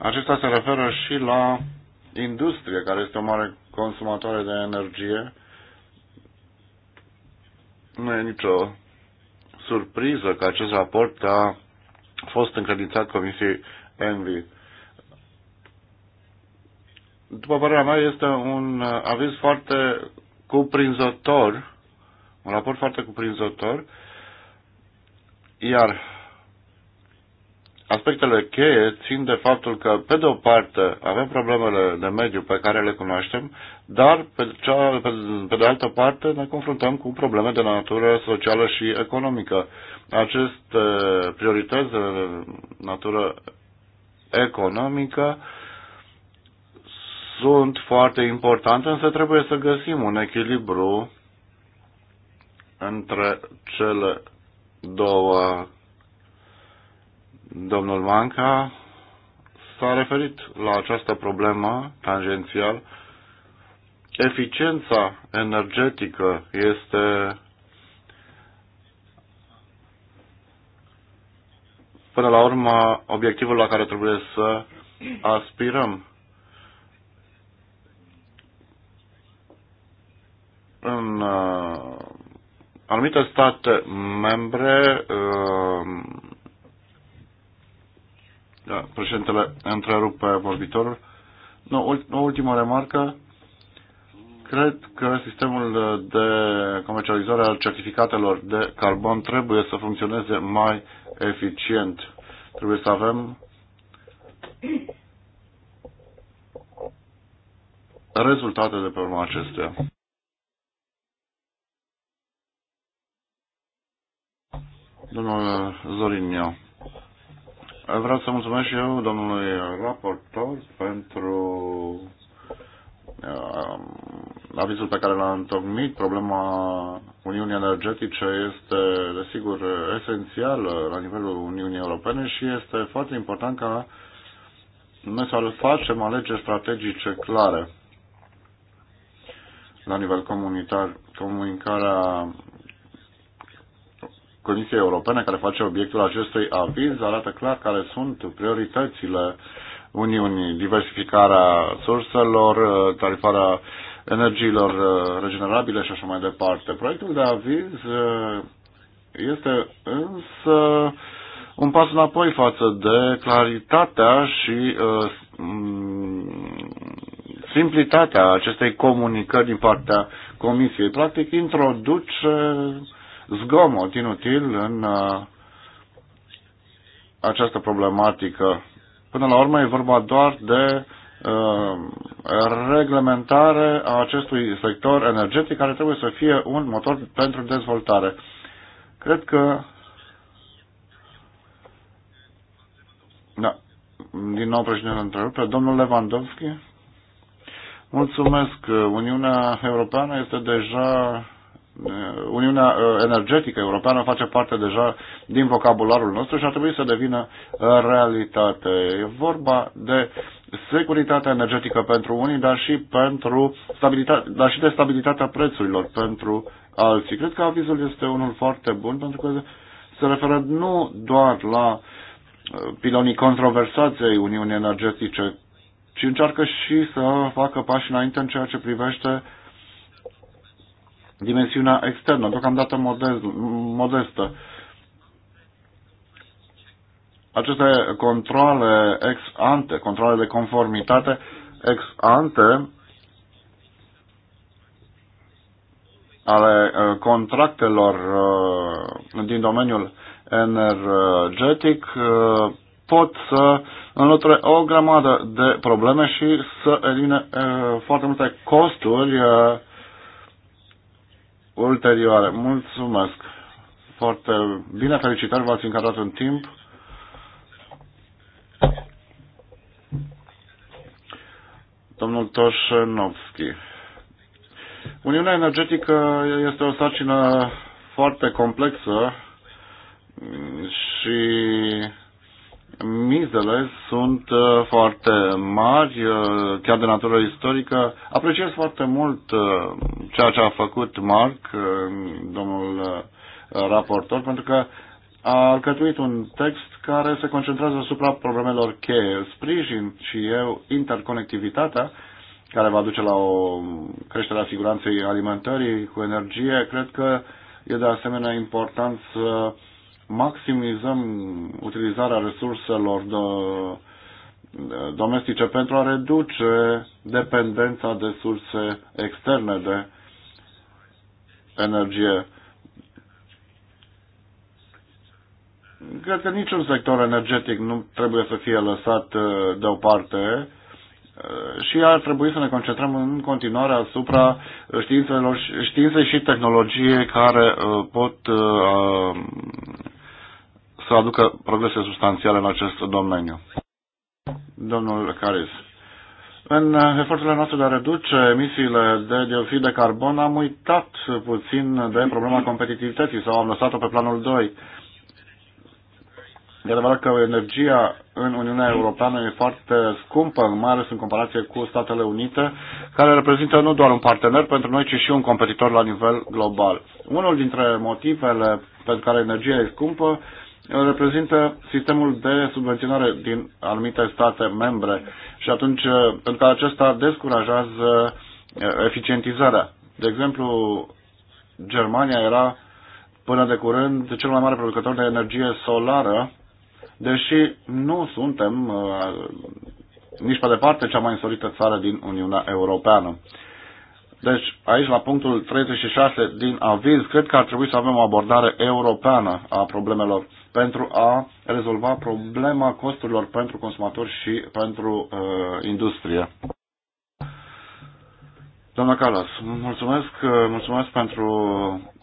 Acesta se referă și la industrie, care este o mare consumatoare de energie. Nu e nicio surpriză că acest raport a fost încredințat Comisiei Envy. După părerea mea, este un aviz foarte cuprinzător, un raport foarte cuprinzător, iar aspectele cheie țin de faptul că, pe de o parte, avem problemele de mediu pe care le cunoaștem, dar, pe, cea, pe, pe de altă parte, ne confruntăm cu probleme de natură socială și economică. Aceste priorități de natură economică sunt foarte importante, însă trebuie să găsim un echilibru între cele două Domnul Manca s-a referit la această problemă tangențial. Eficiența energetică este până la urmă obiectivul la care trebuie să aspirăm. În uh, anumite state membre uh, da, președintele întrerupe vorbitorul. No, o ultimă remarcă. Cred că sistemul de comercializare al certificatelor de carbon trebuie să funcționeze mai eficient. Trebuie să avem rezultate de pe urma acestuia. Domnul Zorin Vreau să mulțumesc și eu domnului raportor pentru uh, avizul pe care l-a întocmit. Problema Uniunii Energetice este, desigur, esențială la nivelul Uniunii Europene și este foarte important ca noi să facem alegeri strategice clare la nivel comunitar. Comunicarea Comisiei Europene care face obiectul acestui aviz arată clar care sunt prioritățile Uniunii, diversificarea surselor, uh, tarifarea energiilor uh, regenerabile și așa mai departe. Proiectul de aviz uh, este însă un pas înapoi față de claritatea și mm, simplitatea acestei comunicări din partea Comisiei. Practic introduce zgomot inutil în uh, această problematică. Până la urmă e vorba doar de uh, reglementare a acestui sector energetic care trebuie să fie un motor pentru dezvoltare. Cred că da, din nou președintele întrerupe, domnul Lewandowski. Mulțumesc. Uniunea Europeană este deja Uniunea uh, Energetică Europeană face parte deja din vocabularul nostru și ar trebui să devină uh, realitate. E vorba de securitatea energetică pentru unii, dar și, pentru stabilitate, dar și de stabilitatea prețurilor pentru alții. Cred că avizul este unul foarte bun pentru că se referă nu doar la uh, pilonii controversației Uniunii Energetice, ci încearcă și să facă pași înainte în ceea ce privește uh, dimensiunea externă, deocamdată modest, modestă. Aceste controle ex ante, controle de conformitate ex ante ale uh, contractelor uh, din domeniul energetic uh, pot să înlătre o grămadă de probleme și să elimine foarte multe costuri ulterioare. Mulțumesc! Foarte bine, felicitări, v-ați încadrat în timp. Domnul Toșenovski. Uniunea energetică este o sarcină foarte complexă și mizele sunt uh, foarte mari, uh, chiar de natură istorică. Apreciez foarte mult uh, ceea ce a făcut Marc, domnul raportor, pentru că a alcătuit un text care se concentrează asupra problemelor cheie, sprijin și eu interconectivitatea, care va duce la o creștere a siguranței alimentării cu energie. Cred că e de asemenea important să maximizăm utilizarea resurselor de, domestice pentru a reduce dependența de surse externe de energie. Cred că niciun sector energetic nu trebuie să fie lăsat uh, deoparte uh, și ar trebui să ne concentrăm în continuare asupra uh, științelor, științei și tehnologiei care pot să aducă progrese substanțiale în acest domeniu. Domnul Caris. În eforturile noastre de a reduce emisiile de dioxid de carbon am uitat puțin de problema competitivității sau am lăsat-o pe planul 2. E adevărat că energia în Uniunea Europeană e foarte scumpă, mai ales în comparație cu Statele Unite, care reprezintă nu doar un partener pentru noi, ci și un competitor la nivel global. Unul dintre motivele pentru care energia e scumpă reprezintă sistemul de subvenționare din anumite state membre și atunci, uh, pentru că acesta descurajează uh, eficientizarea. De exemplu, Germania era până de curând cel mai mare producător de energie solară, deși nu suntem uh, nici pe departe cea mai însorită țară din Uniunea Europeană. Deci, aici, la punctul 36 din aviz, cred că ar trebui să avem o abordare europeană a problemelor pentru a rezolva problema costurilor pentru consumatori și pentru uh, industrie. Doamna Calas, mulțumesc, uh, mulțumesc pentru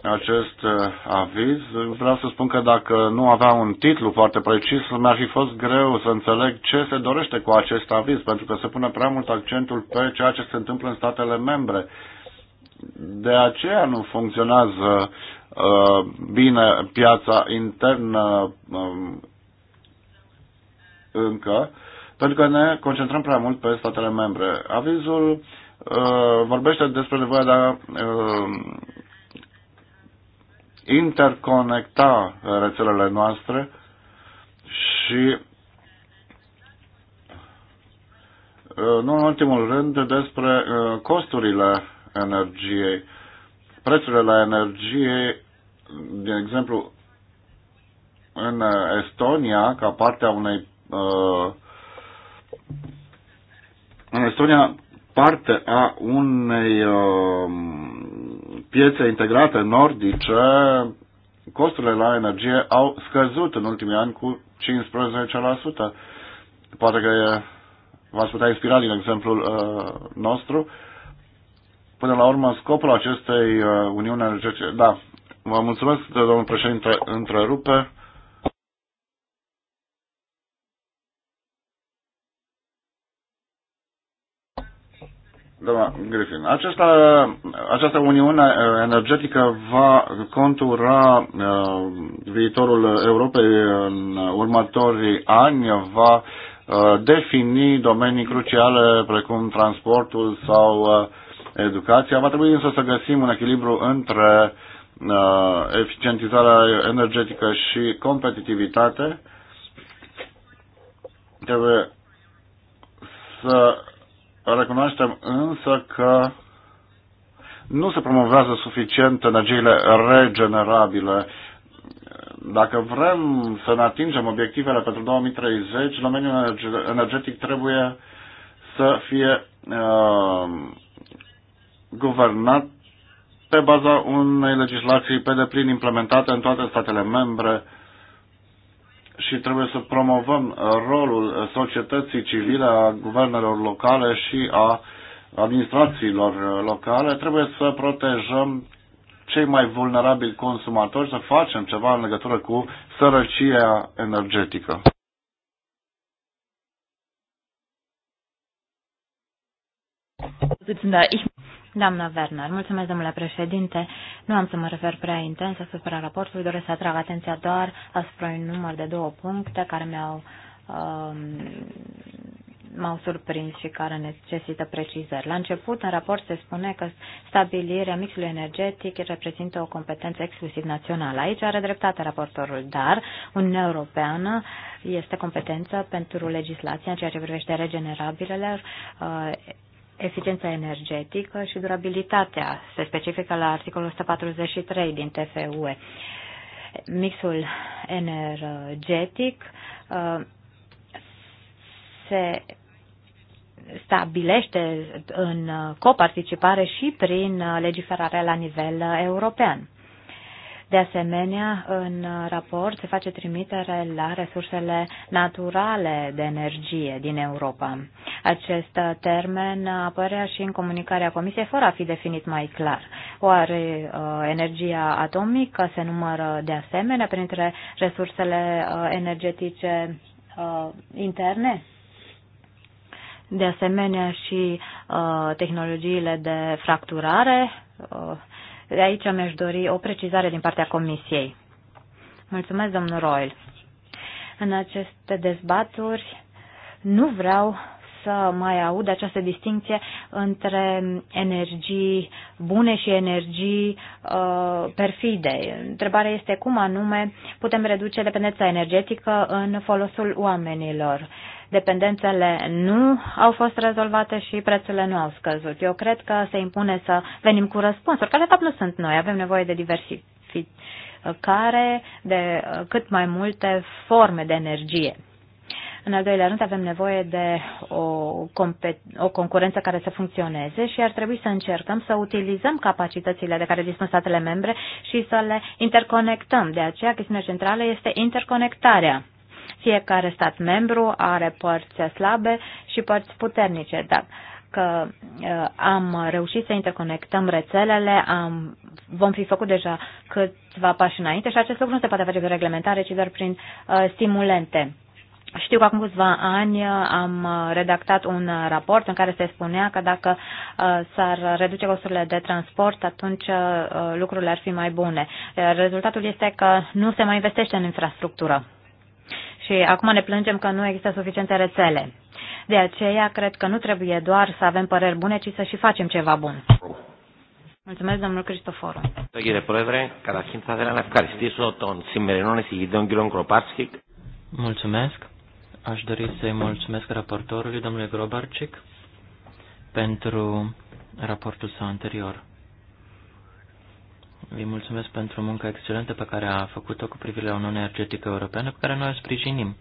acest uh, aviz. Vreau să spun că dacă nu avea un titlu foarte precis, mi-ar fi fost greu să înțeleg ce se dorește cu acest aviz, pentru că se pune prea mult accentul pe ceea ce se întâmplă în statele membre. De aceea nu funcționează Uh, bine piața internă um, încă, pentru că ne concentrăm prea mult pe statele membre. Avizul uh, vorbește despre nevoia de a um, interconecta rețelele noastre și uh, nu în ultimul rând despre costurile energiei. Prețurile la energie de exemplu, în Estonia, ca parte a unei uh, în Estonia parte a unei uh, piețe integrate nordice, costurile la energie au scăzut în ultimii ani cu 15%. Poate că v-ați putea inspira din exemplul uh, nostru. Până la urmă, scopul acestei uh, Uniuni Energetice, da, Vă mulțumesc, domnul președinte, întrerupe. Doamna Griffin, această, această uniune uh, energetică va contura uh, viitorul Europei în următorii ani, va uh, defini domenii cruciale precum transportul sau uh, educația. Va trebui însă să găsim un echilibru între uh, Uh, eficientizarea energetică și competitivitate, trebuie să recunoaștem însă că nu se promovează suficient energiile regenerabile. Dacă vrem să ne atingem obiectivele pentru 2030, domeniul energetic trebuie să fie uh, guvernat pe baza unei legislații pe deplin implementate în toate statele membre și trebuie să promovăm rolul societății civile, a guvernelor locale și a administrațiilor locale. Trebuie să protejăm cei mai vulnerabili consumatori, să facem ceva în legătură cu sărăcia energetică. Doamna Werner, mulțumesc, domnule președinte. Nu am să mă refer prea intens asupra raportului, doresc să atrag atenția doar asupra un număr de două puncte care mi-au um, m-au surprins și care necesită precizări. La început, în raport se spune că stabilirea mixului energetic reprezintă o competență exclusiv națională. Aici are dreptate raportorul, dar Uniunea Europeană este competență pentru legislația în ceea ce privește regenerabilele, uh, eficiența energetică și durabilitatea. Se specifică la articolul 143 din TFUE. Mixul energetic uh, se stabilește în coparticipare și prin legiferare la nivel european. De asemenea, în raport se face trimitere la resursele naturale de energie din Europa. Acest termen apărea și în comunicarea Comisiei fără a fi definit mai clar. Oare uh, energia atomică se numără de asemenea printre resursele uh, energetice uh, interne? De asemenea și tehnologiile de fracturare de aici mi-aș dori o precizare din partea Comisiei. Mulțumesc, domnul Royal. În aceste dezbaturi nu vreau să mai aud această distinție între energii bune și energii uh, perfide. Întrebarea este cum anume putem reduce dependența energetică în folosul oamenilor dependențele nu au fost rezolvate și prețurile nu au scăzut. Eu cred că se impune să venim cu răspunsuri, care de fapt nu sunt noi, avem nevoie de diversificare, de uh, cât mai multe forme de energie. În al doilea rând, avem nevoie de o, o concurență care să funcționeze și ar trebui să încercăm să utilizăm capacitățile de care dispun statele membre și să le interconectăm. De aceea, chestiunea centrală este interconectarea fiecare stat membru are părți slabe și părți puternice, dar că am reușit să interconectăm rețelele, am, vom fi făcut deja câțiva pași înainte și acest lucru nu se poate face prin reglementare, ci doar prin uh, stimulente. Știu că acum câțiva ani am redactat un raport în care se spunea că dacă s-ar reduce costurile de transport, atunci lucrurile ar fi mai bune. Rezultatul este că nu se mai investește în infrastructură. Și acum ne plângem că nu există suficiente rețele. De aceea, cred că nu trebuie doar să avem păreri bune, ci să și facem ceva bun. Mulțumesc, domnul Cristoforu. Κύριε Πρόεδρε, καταρχήν θα ήθελα να ευχαριστήσω τον σημερινό εισηγητή, τον κ. Mulțumesc. Aș dori să-i mulțumesc raportorului, domnule Grobarcic, pentru raportul său anterior. Vă mulțumesc pentru munca excelentă pe care a făcut-o cu privire la Uniunea Energetică Europeană, pe care noi o sprijinim.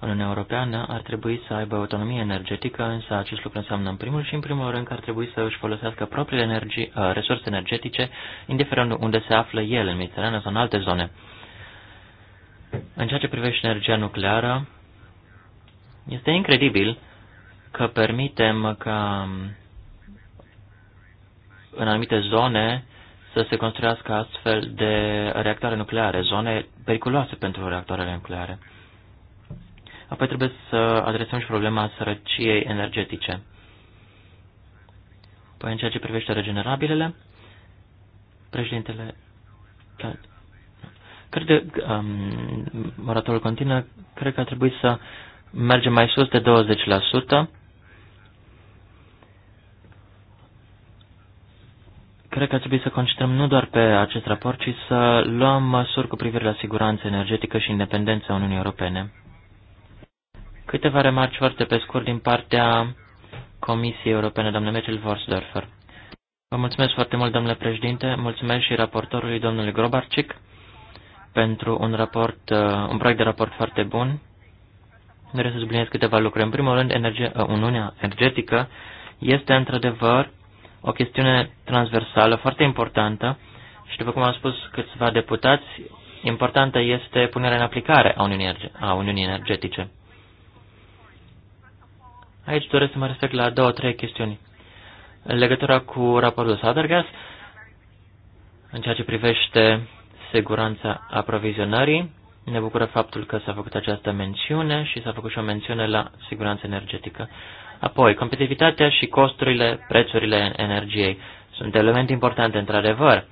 Uniunea Europeană ar trebui să aibă autonomie energetică, însă acest lucru înseamnă în primul și în primul rând că ar trebui să își folosească propriile energii, uh, resurse energetice, indiferent unde se află el, în Mediterană sau în alte zone. În ceea ce privește energia nucleară, este incredibil că permitem ca um, în anumite zone să se construiască astfel de reactoare nucleare, zone periculoase pentru reactoarele nucleare. Apoi trebuie să adresăm și problema sărăciei energetice. Păi în ceea ce privește regenerabilele, președintele da, crede, um, moratorul continuă, cred că ar trebui să mergem mai sus de Cred că ar trebui să concentrăm nu doar pe acest raport, ci să luăm măsuri cu privire la siguranță energetică și independența Uniunii Europene. Câteva remarci foarte pe scurt din partea Comisiei Europene, domnule Michel Vorsdorfer. Vă mulțumesc foarte mult, domnule președinte, mulțumesc și raportorului, domnului Grobarcic, pentru un, raport, uh, un proiect de raport foarte bun. Vreau să subliniez câteva lucruri. În primul rând, energie, uh, Uniunea Energetică este într-adevăr o chestiune transversală foarte importantă și, după cum am spus câțiva deputați, importantă este punerea în aplicare a Uniunii, a Uniunii Energetice. Aici doresc să mă refer la două, trei chestiuni. În legătura cu raportul Sadergas, în ceea ce privește siguranța aprovizionării, ne bucură faptul că s-a făcut această mențiune și s-a făcut și o mențiune la siguranță energetică. Apoi, competitivitatea și costurile, prețurile energiei sunt elemente importante, într-adevăr.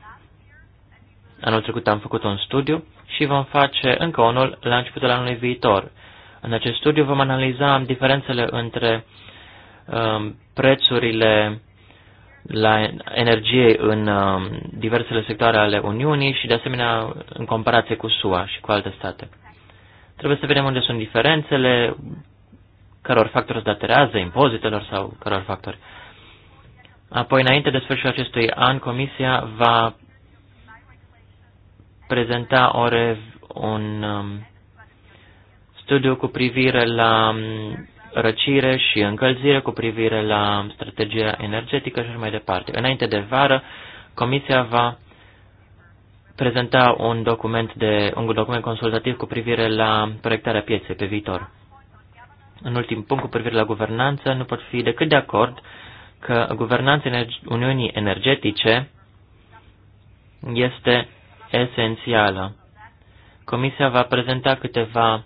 Anul trecut am făcut un studiu și vom face încă unul la începutul anului viitor. În acest studiu vom analiza diferențele între um, prețurile la energie în um, diversele sectoare ale Uniunii și, de asemenea, în comparație cu SUA și cu alte state. Trebuie să vedem unde sunt diferențele, căror factori se datorează, impozitelor sau căror factori. Apoi, înainte de sfârșitul acestui an, Comisia va prezenta o un um, studiu cu privire la um, răcire și încălzire, cu privire la um, strategia energetică și așa mai departe. Înainte de vară, Comisia va prezenta un document, de, un document consultativ cu privire la proiectarea pieței pe viitor. În ultim punct, cu privire la guvernanță, nu pot fi decât de acord că guvernanța Uniunii Energetice este esențială. Comisia va prezenta câteva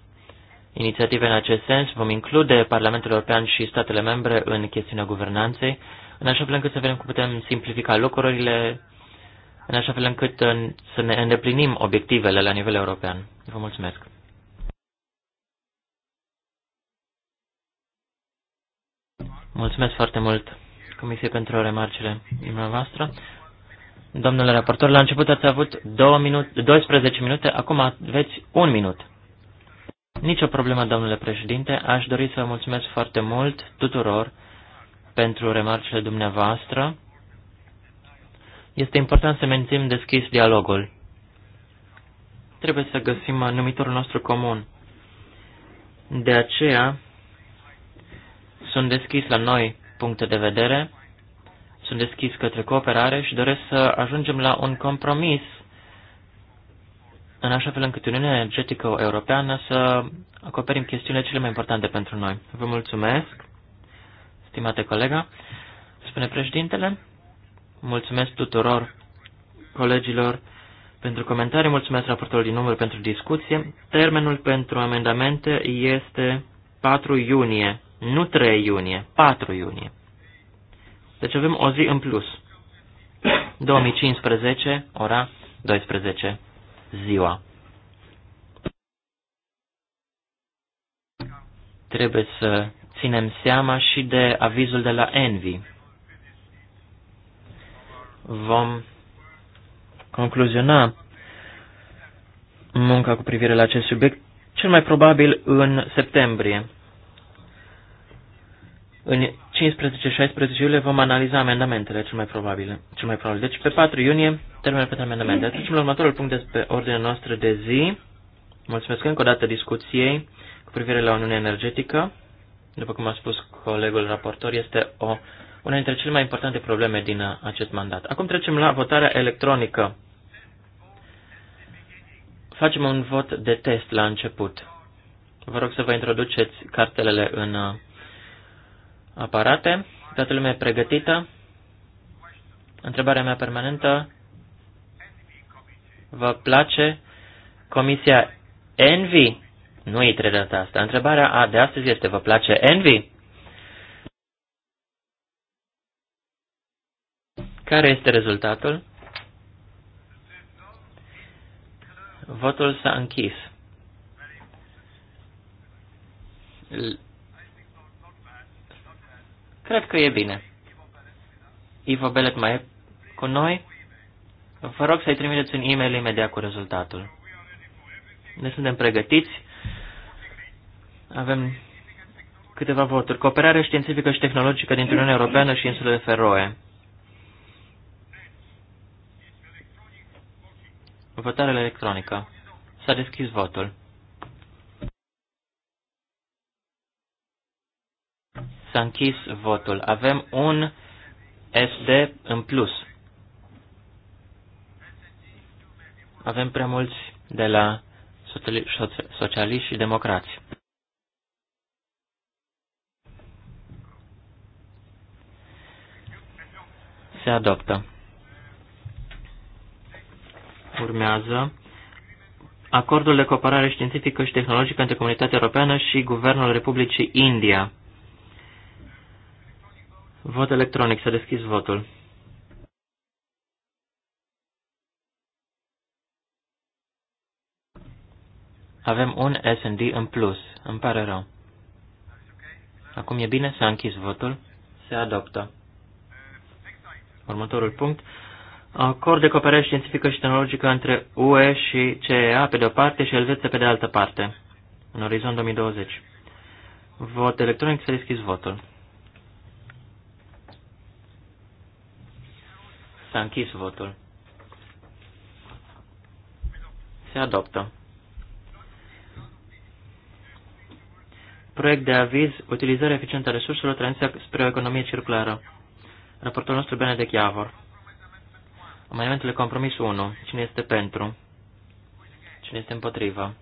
inițiative în acest sens. Vom include Parlamentul European și statele membre în chestiunea guvernanței, în așa fel încât să vedem cum putem simplifica lucrurile, în așa fel încât să ne îndeplinim obiectivele la nivel european. Vă mulțumesc! Mulțumesc foarte mult Comisiei pentru remarcile dumneavoastră. Domnule raportor, la început ați avut 2 minute, 12 minute, acum aveți un minut. Nici o problemă, domnule președinte. Aș dori să vă mulțumesc foarte mult tuturor pentru remarcile dumneavoastră. Este important să menținem deschis dialogul. Trebuie să găsim numitorul nostru comun. De aceea, sunt deschis la noi puncte de vedere, sunt deschis către cooperare și doresc să ajungem la un compromis în așa fel încât Uniunea Energetică Europeană să acoperim chestiunile cele mai importante pentru noi. Vă mulțumesc, stimate colega, spune președintele, mulțumesc tuturor colegilor pentru comentarii, mulțumesc raportorului din număr pentru discuție. Termenul pentru amendamente este 4 iunie nu 3 iunie, 4 iunie. Deci avem o zi în plus. 2015, ora 12, ziua. Trebuie să ținem seama și de avizul de la Envy. Vom concluziona munca cu privire la acest subiect cel mai probabil în septembrie. În 15-16 iulie vom analiza amendamentele cel mai probabil? Cel mai probabil. Deci pe 4 iunie termenul pentru amendamente. Trecem la următorul punct de pe ordinea noastră de zi. Mulțumesc încă o dată discuției cu privire la Uniunea Energetică. După cum a spus colegul raportor, este o, una dintre cele mai importante probleme din acest mandat. Acum trecem la votarea electronică. Facem un vot de test la început. Vă rog să vă introduceți cartelele în aparate. Toată lumea e pregătită. Întrebarea mea permanentă. Vă place Comisia Envy? Nu e trebuie data asta. Întrebarea a de astăzi este, vă place Envy? Care este rezultatul? Votul s-a închis. Cred că e bine. Ivo Belet mai e cu noi? Vă rog să-i trimiteți un e-mail imediat cu rezultatul. Ne suntem pregătiți. Avem câteva voturi. Cooperare științifică și tehnologică dintre Uniunea Europeană și insulele Feroe. Votarea electronică. S-a deschis votul. S-a închis votul. Avem un SD în plus. Avem prea mulți de la socialiști și democrați. Se adoptă. Urmează acordul de cooperare științifică și tehnologică între Comunitatea Europeană și Guvernul Republicii India Vot electronic. S-a deschis votul. Avem un S&D în plus. Îmi pare rău. Acum e bine? S-a închis votul. Se adoptă. Următorul punct. Acord de cooperare științifică și tehnologică între UE și CEA pe de-o parte și Elveția pe de altă parte. În orizont 2020. Vot electronic. S-a deschis votul. S-a închis votul. Se adoptă. Proiect de aviz, utilizarea eficientă a resurselor, tranziția spre o economie circulară. Raportul nostru bine de Chiavor. Amendamentele compromis 1. Cine este pentru? Cine este împotrivă?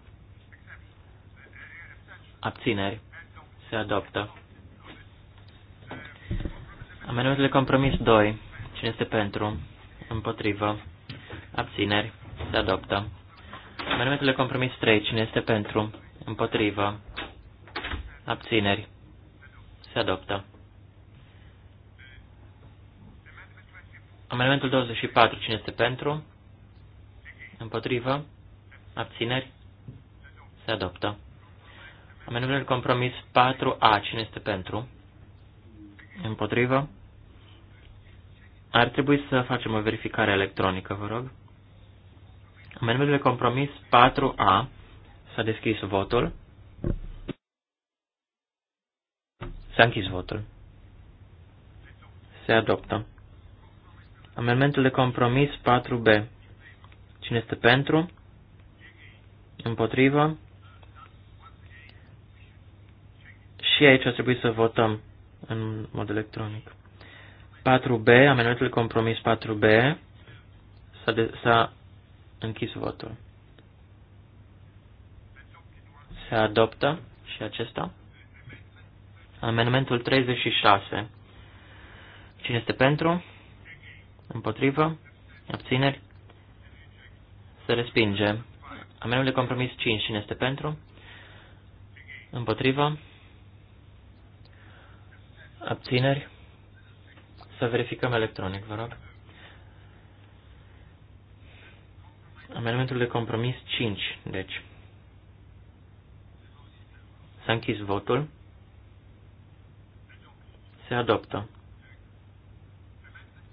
Abțineri. Se adoptă. Amendamentele compromis 2. Cine este pentru? Împotrivă. Abțineri. Se adoptă. Amendamentul de compromis 3. Cine este pentru? Împotrivă. Abțineri. Se adoptă. Amendamentul 24. Cine este pentru? Împotrivă. Abțineri. Se adoptă. Amendamentul de compromis 4A. Cine este pentru? Împotrivă. Ar trebui să facem o verificare electronică, vă rog. Amendamentul de compromis 4A. S-a deschis votul. S-a închis votul. Se adoptă. Amendamentul de compromis 4B. Cine este pentru? Împotrivă? Și aici ar trebui să votăm în mod electronic. 4B, amenuitul compromis 4B, s-a, închis votul. Se adoptă și acesta. Amendamentul 36. Cine este pentru? Împotrivă? Abțineri? Se respinge. Amenul de compromis 5. Cine este pentru? Împotrivă? Abțineri? Să verificăm electronic, vă rog. Amendamentul de compromis 5, deci. S-a închis votul. Se adoptă.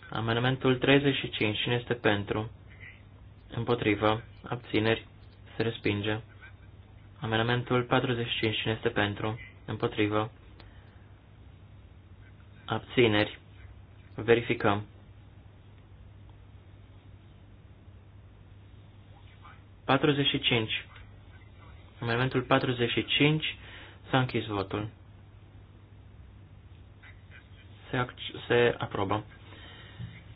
Amendamentul 35. Cine este pentru? Împotrivă. Abțineri. Se respinge. Amendamentul 45. Cine este pentru? Împotrivă. Abțineri. Verificăm. În momentul 45 s-a închis votul. Se, se aprobă.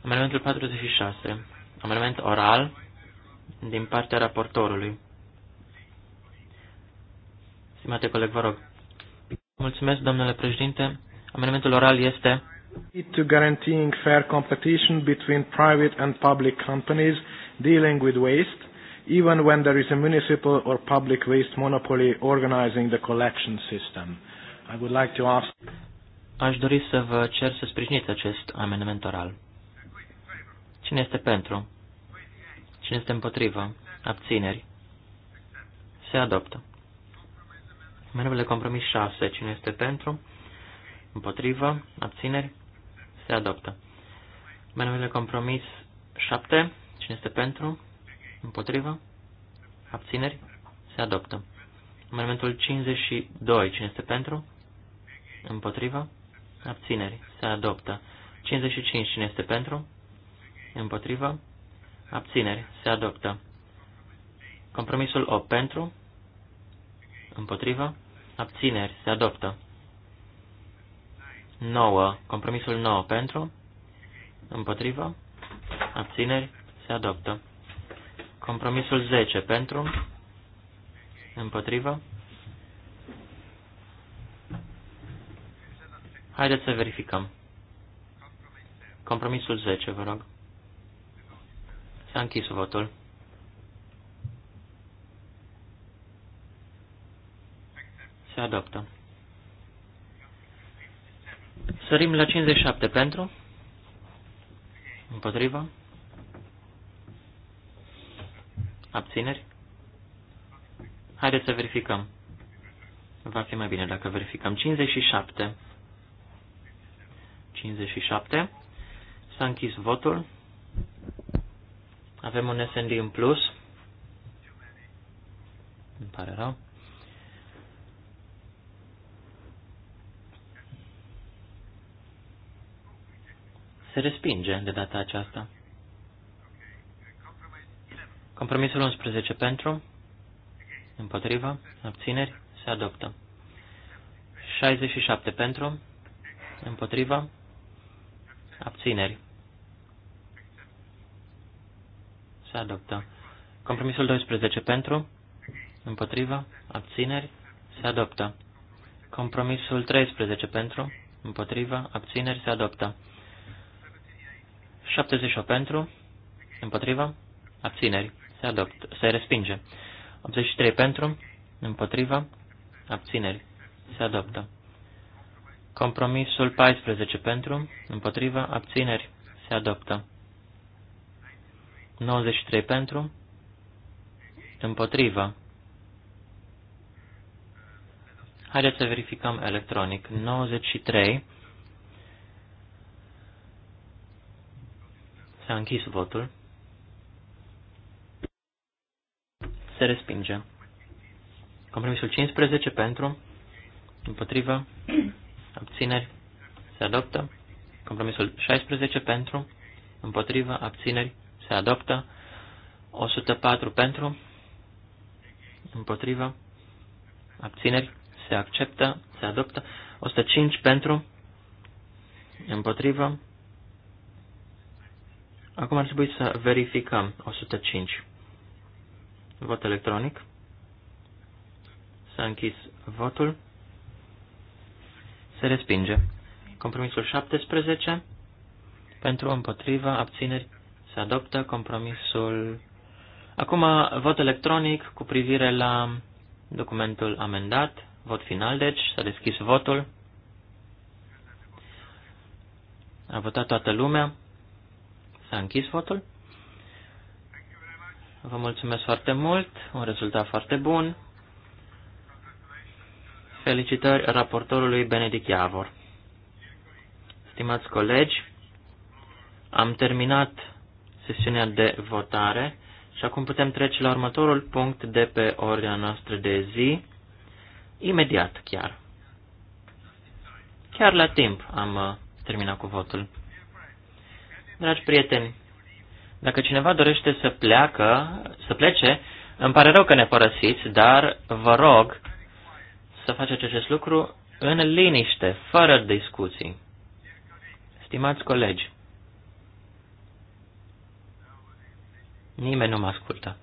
Amendamentul 46. Amendament oral din partea raportorului. Stimate coleg, vă rog. Mulțumesc, domnule președinte. Amendamentul oral este to guaranteeing fair competition between private and public companies dealing with waste, even when there is a municipal or public waste monopoly organizing the collection system. I would like to ask... Aș dori să vă cer să sprijiniți acest amendament oral. Cine este pentru? Cine este împotrivă? Abțineri? Se adoptă. Amendamentul de compromis 6. Cine este pentru? Împotrivă? Abțineri? Se adoptă. Manurile compromis 7. Cine este pentru? Împotrivă? Abțineri? Se adoptă. Amendamentul 52. Cine este pentru? Împotrivă? Abțineri. Se adoptă. 55. Cine este pentru? Împotrivă? Abțineri. Se adoptă. Compromisul 8. Pentru? Împotrivă? Abțineri. Se adoptă. 9. Compromisul 9 pentru, împotrivă, abțineri, se adoptă. Compromisul 10 pentru, împotrivă. Haideți să verificăm. Compromisul 10, vă rog. S-a închis votul. Se adoptă. Sărim la 57 pentru, împotriva, abțineri. Haideți să verificăm. Va fi mai bine dacă verificăm. 57. 57. S-a închis votul. Avem un SND în plus. Îmi pare rău. Se respinge de data aceasta. Compromisul 11 pentru, împotriva, abțineri, se adoptă. 67 pentru, împotriva, abțineri, se adoptă. Compromisul 12 pentru, împotriva, abțineri, se adoptă. Compromisul 13 pentru, împotriva, abțineri, se adoptă. 78 pentru, împotriva, abțineri, se adoptă, se respinge. 83 pentru, împotriva, abțineri, se adoptă. Compromisul 14 pentru, împotriva, abțineri, se adoptă. 93 pentru, împotriva. Haideți să verificăm electronic. 93 S-a închis votul. Se respinge. Compromisul 15 pentru, împotrivă, abțineri, se adoptă. Compromisul 16 pentru, împotrivă, abțineri, se adoptă. 104 pentru, împotrivă, abțineri, se acceptă, se adoptă. 105 pentru, împotrivă, Acum ar trebui să verificăm 105. Vot electronic. S-a închis votul. Se respinge. Compromisul 17. Pentru împotriva abțineri se adoptă compromisul. Acum vot electronic cu privire la documentul amendat. Vot final, deci s-a deschis votul. A votat toată lumea. S-a închis votul. Vă mulțumesc foarte mult, un rezultat foarte bun. Felicitări raportorului Benedict Iavor. Stimați colegi, am terminat sesiunea de votare și acum putem trece la următorul punct de pe ordinea noastră de zi, imediat chiar. Chiar la timp am uh, terminat cu votul. Dragi prieteni, dacă cineva dorește să pleacă, să plece, îmi pare rău că ne părăsiți, dar vă rog să faceți acest lucru în liniște, fără discuții. Stimați colegi, nimeni nu mă ascultă.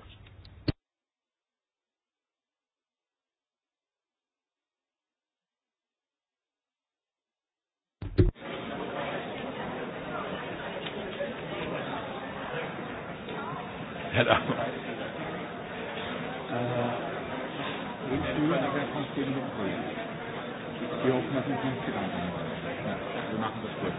Hello. Wir hoffen, dass es nicht Wir machen das kurz.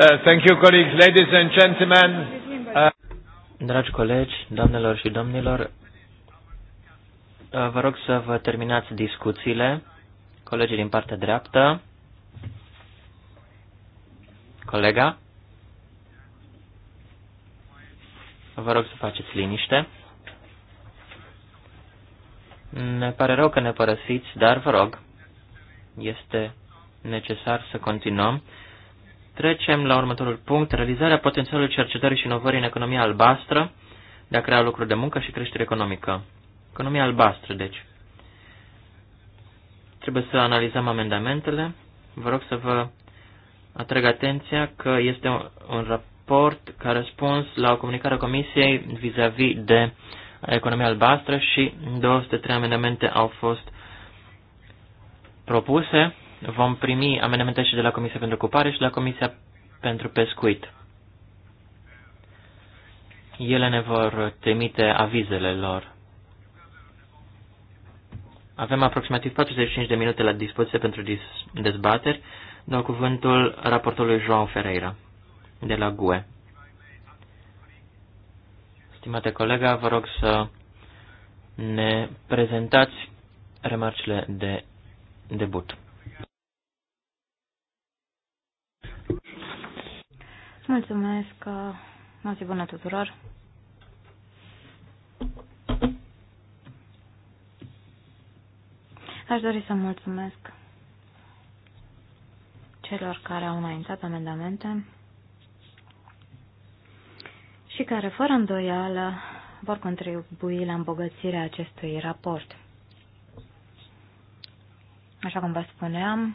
Uh, thank you, colleagues, ladies and gentlemen. Uh... Dragi colegi, doamnelor și domnilor, uh, vă rog să vă terminați discuțiile. Colegii din partea dreaptă. Colega. Vă rog să faceți liniște. Ne pare rău că ne părăsiți, dar vă rog, este necesar să continuăm. Trecem la următorul punct, realizarea potențialului cercetării și inovării în economia albastră, de a crea lucruri de muncă și creștere economică. Economia albastră, deci. Trebuie să analizăm amendamentele. Vă rog să vă atrag atenția că este un, un raport ca răspuns la o comunicare a Comisiei vis-a-vis -vis de economia albastră și 203 amendamente au fost propuse vom primi amenamente și de la Comisia pentru Ocupare și de la Comisia pentru Pescuit. Ele ne vor trimite avizele lor. Avem aproximativ 45 de minute la dispoziție pentru dezbateri. Dau cuvântul raportului João Ferreira de la GUE. Stimate colega, vă rog să ne prezentați remarcile de debut. Mulțumesc. zi bună tuturor. Aș dori să mulțumesc celor care au înaintat amendamente și care, fără îndoială, vor contribui la îmbogățirea acestui raport. Așa cum vă spuneam,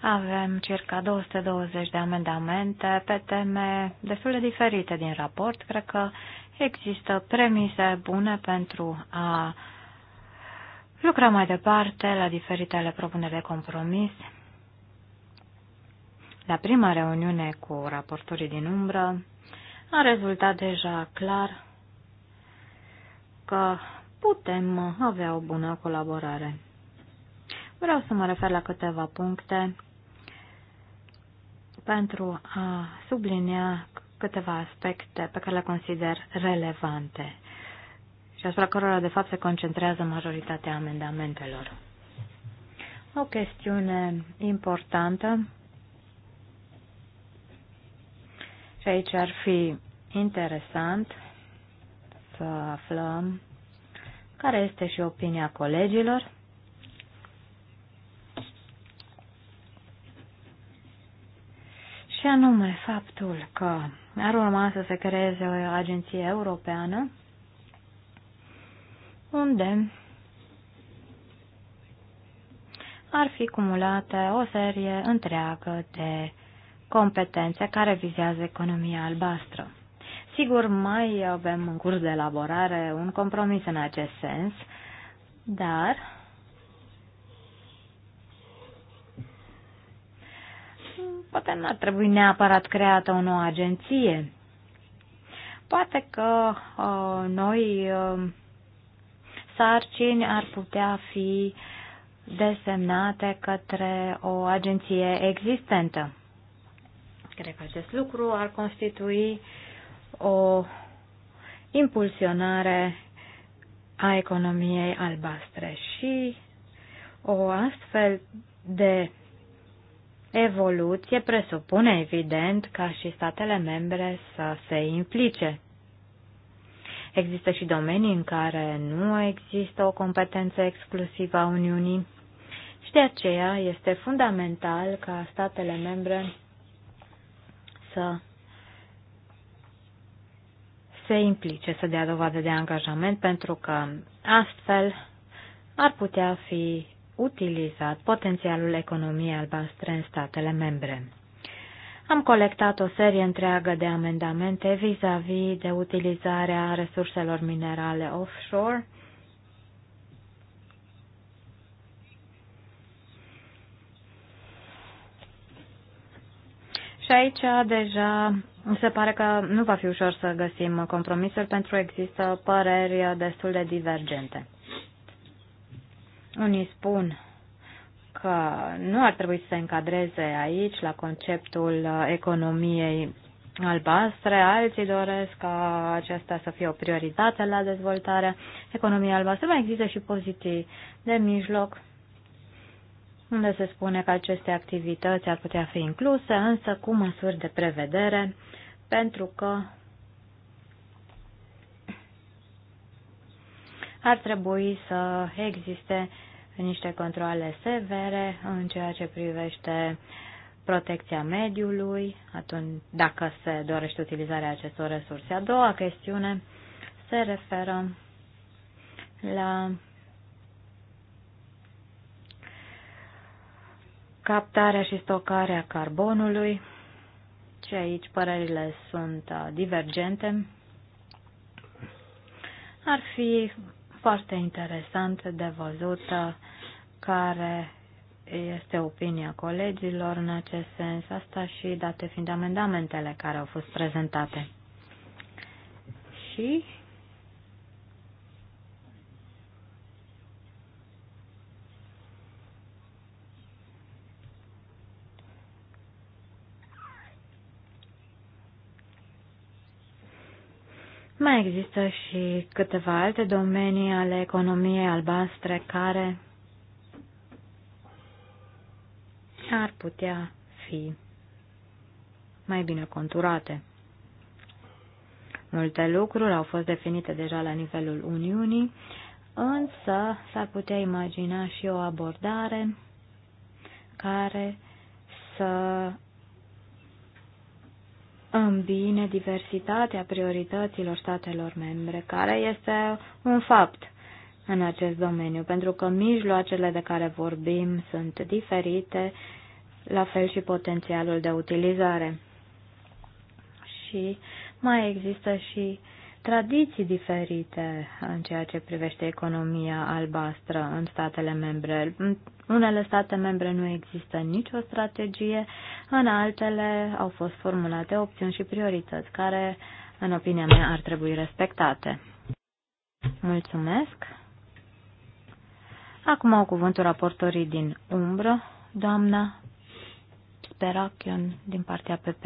avem circa 220 de amendamente pe teme destul de diferite din raport. Cred că există premise bune pentru a lucra mai departe la diferitele propuneri de compromis. La prima reuniune cu raportorii din umbră a rezultat deja clar că putem avea o bună colaborare. Vreau să mă refer la câteva puncte pentru a sublinia câteva aspecte pe care le consider relevante și asupra cărora de fapt se concentrează majoritatea amendamentelor. O chestiune importantă și aici ar fi interesant să aflăm care este și opinia colegilor și anume faptul că ar urma să se creeze o agenție europeană unde ar fi cumulate o serie întreagă de competențe care vizează economia albastră. Sigur, mai avem în curs de elaborare un compromis în acest sens, dar poate nu ar trebui neapărat creată o nouă agenție. Poate că uh, noi uh, sarcini ar putea fi desemnate către o agenție existentă. Cred că acest lucru ar constitui o impulsionare a economiei albastre și o astfel de evoluție presupune, evident, ca și statele membre să se implice. Există și domenii în care nu există o competență exclusivă a Uniunii și de aceea este fundamental ca statele membre să se implice, să dea dovadă de angajament, pentru că astfel ar putea fi utilizat potențialul economiei albastre în statele membre. Am colectat o serie întreagă de amendamente vis-a-vis -vis de utilizarea resurselor minerale offshore, Și aici deja se pare că nu va fi ușor să găsim compromisuri pentru că există păreri destul de divergente. Unii spun că nu ar trebui să se încadreze aici la conceptul uh, economiei albastre, alții doresc ca aceasta să fie o prioritate la dezvoltarea economiei albastre. Mai există și poziții de mijloc unde se spune că aceste activități ar putea fi incluse, însă cu măsuri de prevedere, pentru că ar trebui să existe niște controle severe în ceea ce privește protecția mediului, atunci dacă se dorește utilizarea acestor resurse. A doua chestiune se referă la captarea și stocarea carbonului și aici părerile sunt uh, divergente. Ar fi foarte interesant de văzut care este opinia colegilor în acest sens, asta și date fiind amendamentele care au fost prezentate. Și Mai există și câteva alte domenii ale economiei albastre care ar putea fi mai bine conturate. Multe lucruri au fost definite deja la nivelul Uniunii, însă s-ar putea imagina și o abordare care să îmbine diversitatea priorităților statelor membre, care este un fapt în acest domeniu, pentru că mijloacele de care vorbim sunt diferite, la fel și potențialul de utilizare. Și mai există și uh, tradiții diferite în ceea ce privește economia albastră în statele membre. În unele state membre nu există nicio strategie, în altele au fost formulate opțiuni și priorități care, în opinia mea, ar trebui respectate. Mulțumesc! Acum au cuvântul raportorii din umbră, doamna Sperachion din partea PP.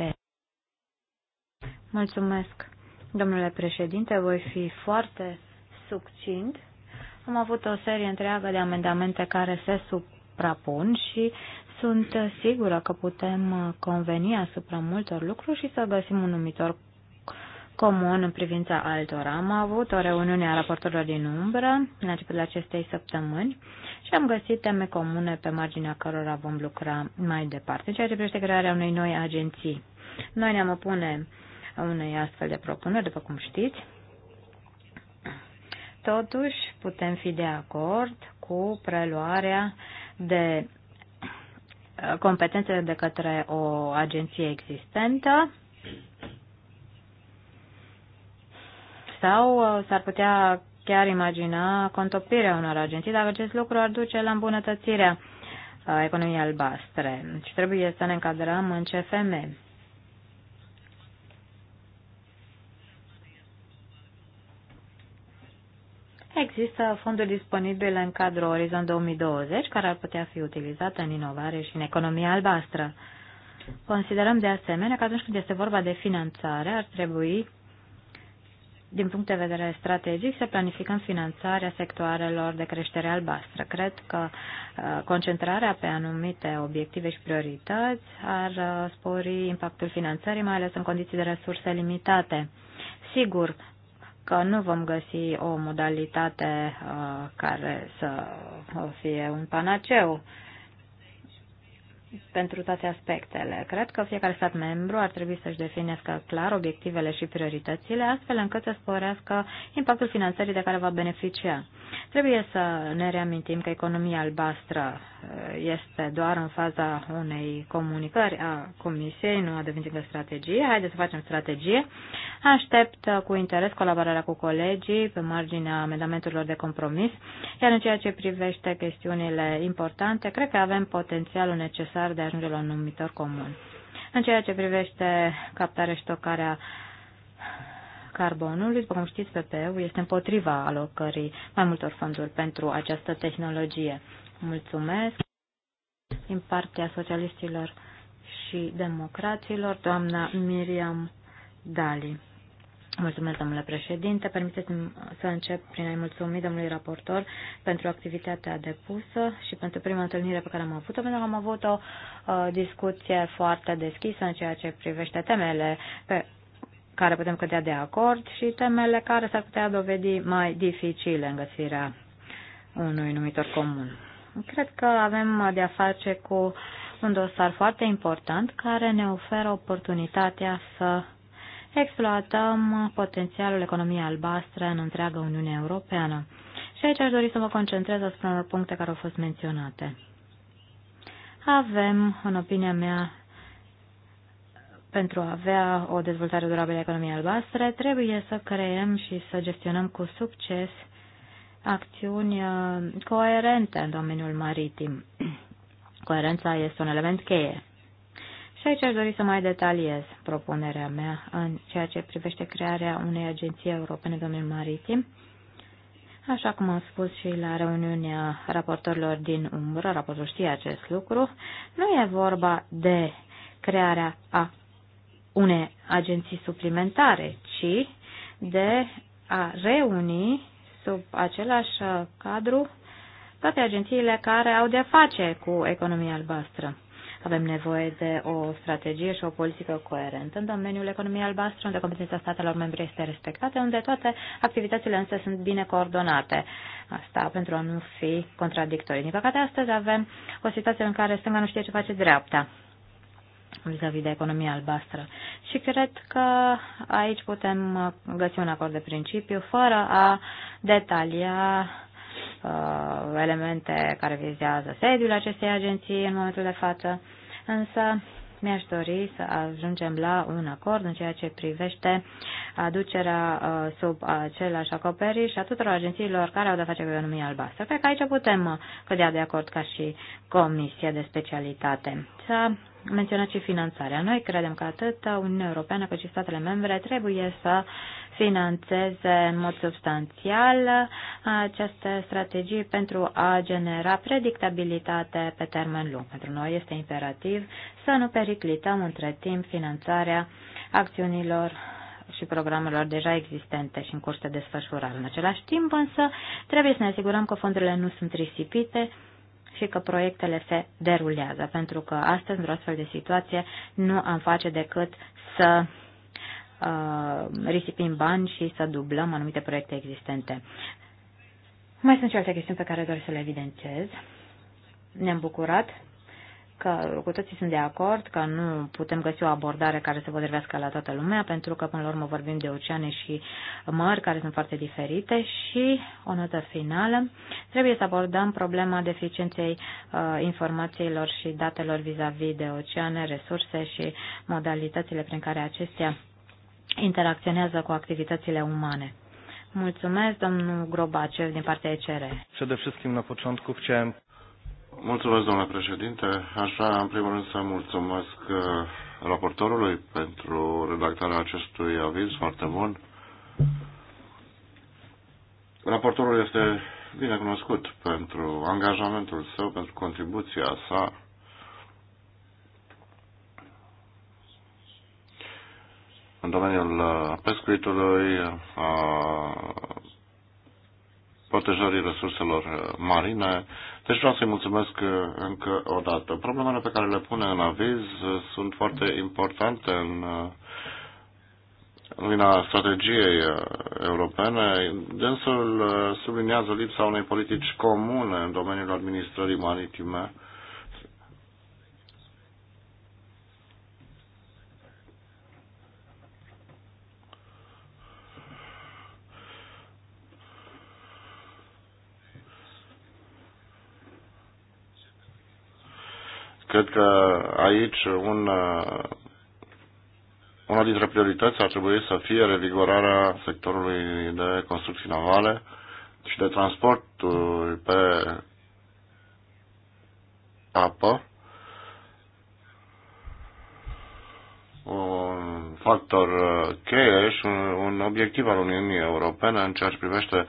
Mulțumesc! Domnule președinte, voi fi foarte succint. Am avut o serie întreagă de amendamente care se suprapun și sunt sigură că putem conveni asupra multor lucruri și să găsim un numitor comun în privința altora. Am avut o reuniune a raportorilor din umbră în începutul acestei săptămâni și am găsit teme comune pe marginea cărora vom lucra mai departe, ceea ce privește crearea unei noi agenții. Noi ne-am opune uh, a unei astfel de propuneri, după cum știți. Totuși, putem fi de acord cu preluarea de uh, competențele de către o agenție existentă sau uh, s-ar putea chiar imagina contopirea unor agenții dacă acest lucru ar duce la îmbunătățirea uh, economiei albastre. Și deci trebuie să ne încadrăm în CFM. Există fonduri disponibile în cadrul Orizont 2020 care ar putea fi utilizate în inovare și în economia albastră. Considerăm de asemenea că atunci când este vorba de finanțare ar trebui din punct de vedere strategic, să planificăm finanțarea sectoarelor de creștere albastră. Cred că uh, concentrarea pe anumite obiective și priorități ar uh, spori impactul finanțării, mai ales în condiții de resurse limitate. Sigur, că nu vom găsi o modalitate uh, care să fie un panaceu pentru toate aspectele. Cred că fiecare stat membru ar trebui să-și definească clar obiectivele și prioritățile, astfel încât să sporească impactul finanțării de care va beneficia. Trebuie să ne reamintim că economia albastră uh, este doar în faza unei comunicări a Comisiei, nu a devenit încă strategie. Haideți să facem strategie. Aștept uh, cu interes colaborarea cu colegii pe marginea amendamentelor de compromis, iar în ceea ce privește chestiunile importante, cred că avem potențialul necesar necesar de a ajunge la un numitor comun. În ceea ce privește captarea și tocarea carbonului, după cum știți, PPU este împotriva alocării mai multor fonduri pentru această tehnologie. Mulțumesc din partea socialistilor și democraților, doamna Miriam Dali. Mulțumesc, domnule președinte. Permiteți-mi să încep prin a-i mulțumi domnului raportor pentru activitatea depusă și pentru prima întâlnire pe care am avut-o, pentru că am avut o uh, discuție foarte deschisă în ceea ce privește temele pe care putem cădea de acord și temele care s-ar putea dovedi mai dificile în găsirea unui numitor comun. Cred că avem de-a face cu un dosar foarte important care ne oferă oportunitatea să exploatăm potențialul economiei albastre în întreaga Uniune Europeană. Și aici aș dori să mă concentrez asupra unor puncte care au fost menționate. Avem, în opinia mea, pentru a avea o dezvoltare durabilă a economiei albastre, trebuie să creăm și să gestionăm cu succes acțiuni uh, coerente în domeniul maritim. Coerența este un element cheie. Și aici aș dori să mai detaliez propunerea mea în ceea ce privește crearea unei agenții europene de domeniul maritim, Așa cum am spus și la reuniunea raportorilor din umbră, raportul știe acest lucru, nu e vorba de crearea a unei agenții suplimentare, ci de a reuni sub același cadru toate agențiile care au de-a face cu economia albastră. Avem nevoie de o strategie și o politică coerentă în domeniul economiei albastre, unde competența statelor membre este respectată, unde toate activitățile însă sunt bine coordonate. Asta pentru a nu fi contradictorii. Din păcate, astăzi avem o situație în care stânga nu știe ce face dreapta vis-a-vis de economia albastră. Și cred că aici putem uh, găsi un acord de principiu fără a detalia uh, elemente care vizează sediul acestei agenții în momentul de față, însă mi-aș dori să ajungem la un acord în ceea ce privește aducerea uh, sub același acoperiș a tuturor agențiilor care au de face cu economia albastră. Cred că aici putem uh, cădea de acord ca și Comisia de Specialitate. Să menționăm și finanțarea. Noi credem că atât Uniunea Europeană cât și statele membre trebuie să financeze în mod substanțial aceste strategii pentru a genera predictabilitate pe termen lung. Pentru noi este imperativ să nu periclităm între timp finanțarea acțiunilor și programelor deja existente și în curs de desfășurare. În același timp, însă, trebuie să ne asigurăm că fondurile nu sunt risipite și că proiectele se derulează, pentru că astăzi, într-o astfel de situație, nu am face decât să uh, Uh, risipim bani și să dublăm anumite proiecte existente. Mai sunt și alte chestiuni pe care doresc să le evidențiez. Ne-am bucurat că cu toții sunt de acord că nu putem găsi o abordare care să potrivească la toată lumea, pentru că până la urmă vorbim de oceane și mări care sunt foarte diferite și o notă finală. Trebuie să abordăm problema deficienței uh, informațiilor și datelor vis-a-vis -vis de oceane, resurse și modalitățile prin care acestea interacționează cu activitățile umane. Mulțumesc, domnul Grobacev, din partea ECR. Przede wszystkim na początku chciałem... Mulțumesc, domnule președinte. Aș vrea, în primul rând, să mulțumesc uh, raportorului pentru redactarea acestui aviz foarte bun. Raportorul este bine cunoscut pentru angajamentul său, pentru contribuția sa în domeniul uh, pescuitului, uh, a protejării resurselor uh, marine. Deci vreau să-i mulțumesc încă o dată. Problemele pe care le pune în aviz sunt foarte importante în lumina strategiei europene. Dânsul subliniază lipsa unei politici comune în domeniul administrării maritime Cred că aici un, uh, una dintre priorități ar trebui să fie revigorarea sectorului de construcții navale și de transportul pe apă. un factor uh, cheie și un, un obiectiv al Uniunii Europene în ceea ce privește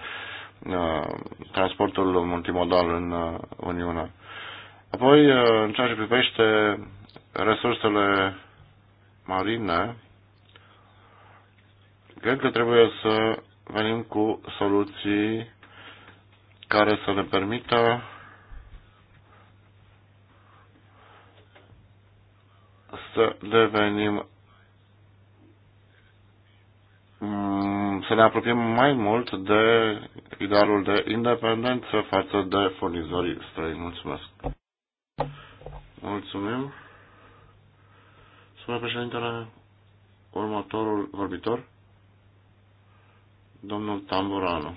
uh, transportul multimodal în uh, Uniunea. Apoi, uh, în ceea ce privește resursele marine, cred că trebuie să venim cu soluții care să ne permită să devenim mm, să ne apropiem mai mult de idealul de independență față de furnizorii străini. Mulțumesc! Mulțumim. Spune președintele următorul vorbitor, domnul Tamburano.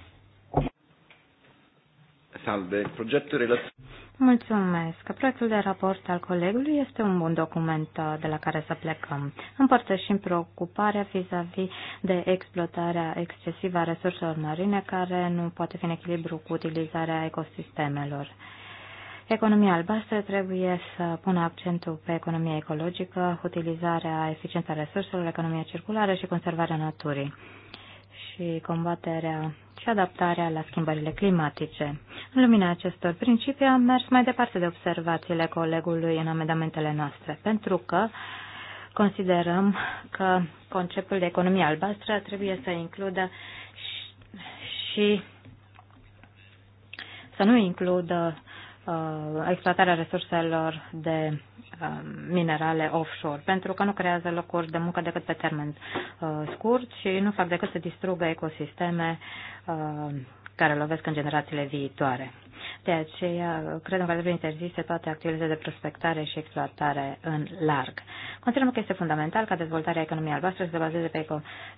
Salve, proiectul relativ. Mulțumesc. Proiectul de raport al colegului este un bun document uh, de la care să plecăm. Împărtășim preocuparea vis-a-vis -vis de exploatarea excesivă a resurselor marine care nu poate fi în echilibru cu utilizarea ecosistemelor. Economia albastră trebuie să pună accentul pe economia ecologică, utilizarea eficientă a resurselor, economia circulară și conservarea naturii și combaterea și adaptarea la schimbările climatice. În lumina acestor principii am mers mai departe de observațiile colegului în amendamentele noastre, pentru că considerăm că conceptul de economie albastră trebuie să includă și, și să nu includă Uh, exploatarea resurselor de um, minerale offshore, pentru că nu creează locuri de muncă decât pe termen uh, scurt și nu fac decât să distrugă ecosisteme uh, care lovesc în generațiile viitoare. De aceea, credem că trebuie interzise toate activitățile de prospectare și exploatare în larg. Considerăm că este fundamental ca dezvoltarea economiei albastre să se bazeze pe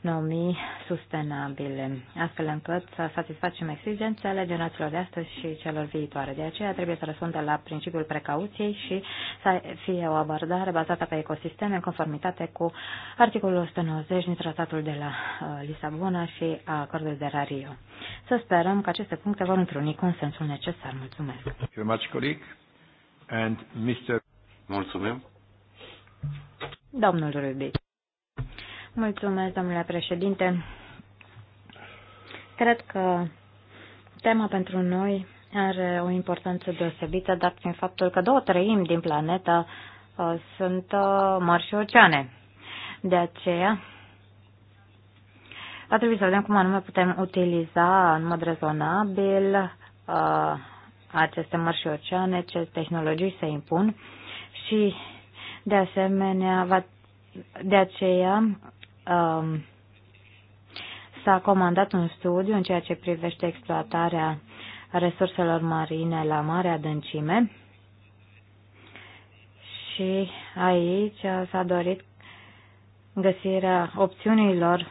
economii sustenabile, astfel încât să satisfacem exigențele generațiilor de astăzi și celor viitoare. De aceea, trebuie să răspundă la principiul precauției și să fie o abordare bazată pe ecosisteme în conformitate cu articolul 190 din Tratatul de la uh, Lisabona și a acordului de la Rio. Să sperăm că aceste puncte vor întruni consensul necesar. Mulțumesc. Mulțumesc, coleg. And Mr. Mulțumim. Domnul Rubic. Mulțumesc, domnule președinte. Cred că tema pentru noi are o importanță deosebită, dat fiind faptul că două treimi din planetă uh, sunt uh, mări și oceane. De aceea, va trebui să vedem cum anume putem utiliza în mod rezonabil uh, aceste mări și oceane, ce tehnologii se impun și de asemenea va, de aceea um, s-a comandat un studiu în ceea ce privește exploatarea resurselor marine la mare adâncime și aici s-a dorit găsirea opțiunilor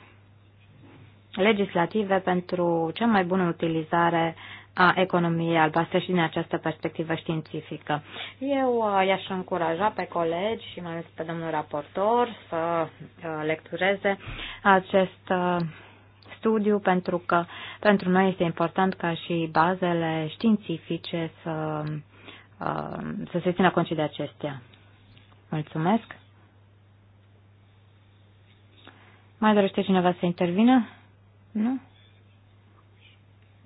legislative pentru cea mai bună utilizare a economiei albastre și din această perspectivă științifică. Eu uh, i-aș încuraja pe colegi și mai ales pe domnul raportor să uh, lectureze acest uh, studiu pentru că pentru noi este important ca și bazele științifice să, să se țină cont de acestea. Mulțumesc! Mai dorește cineva să intervină? Nu?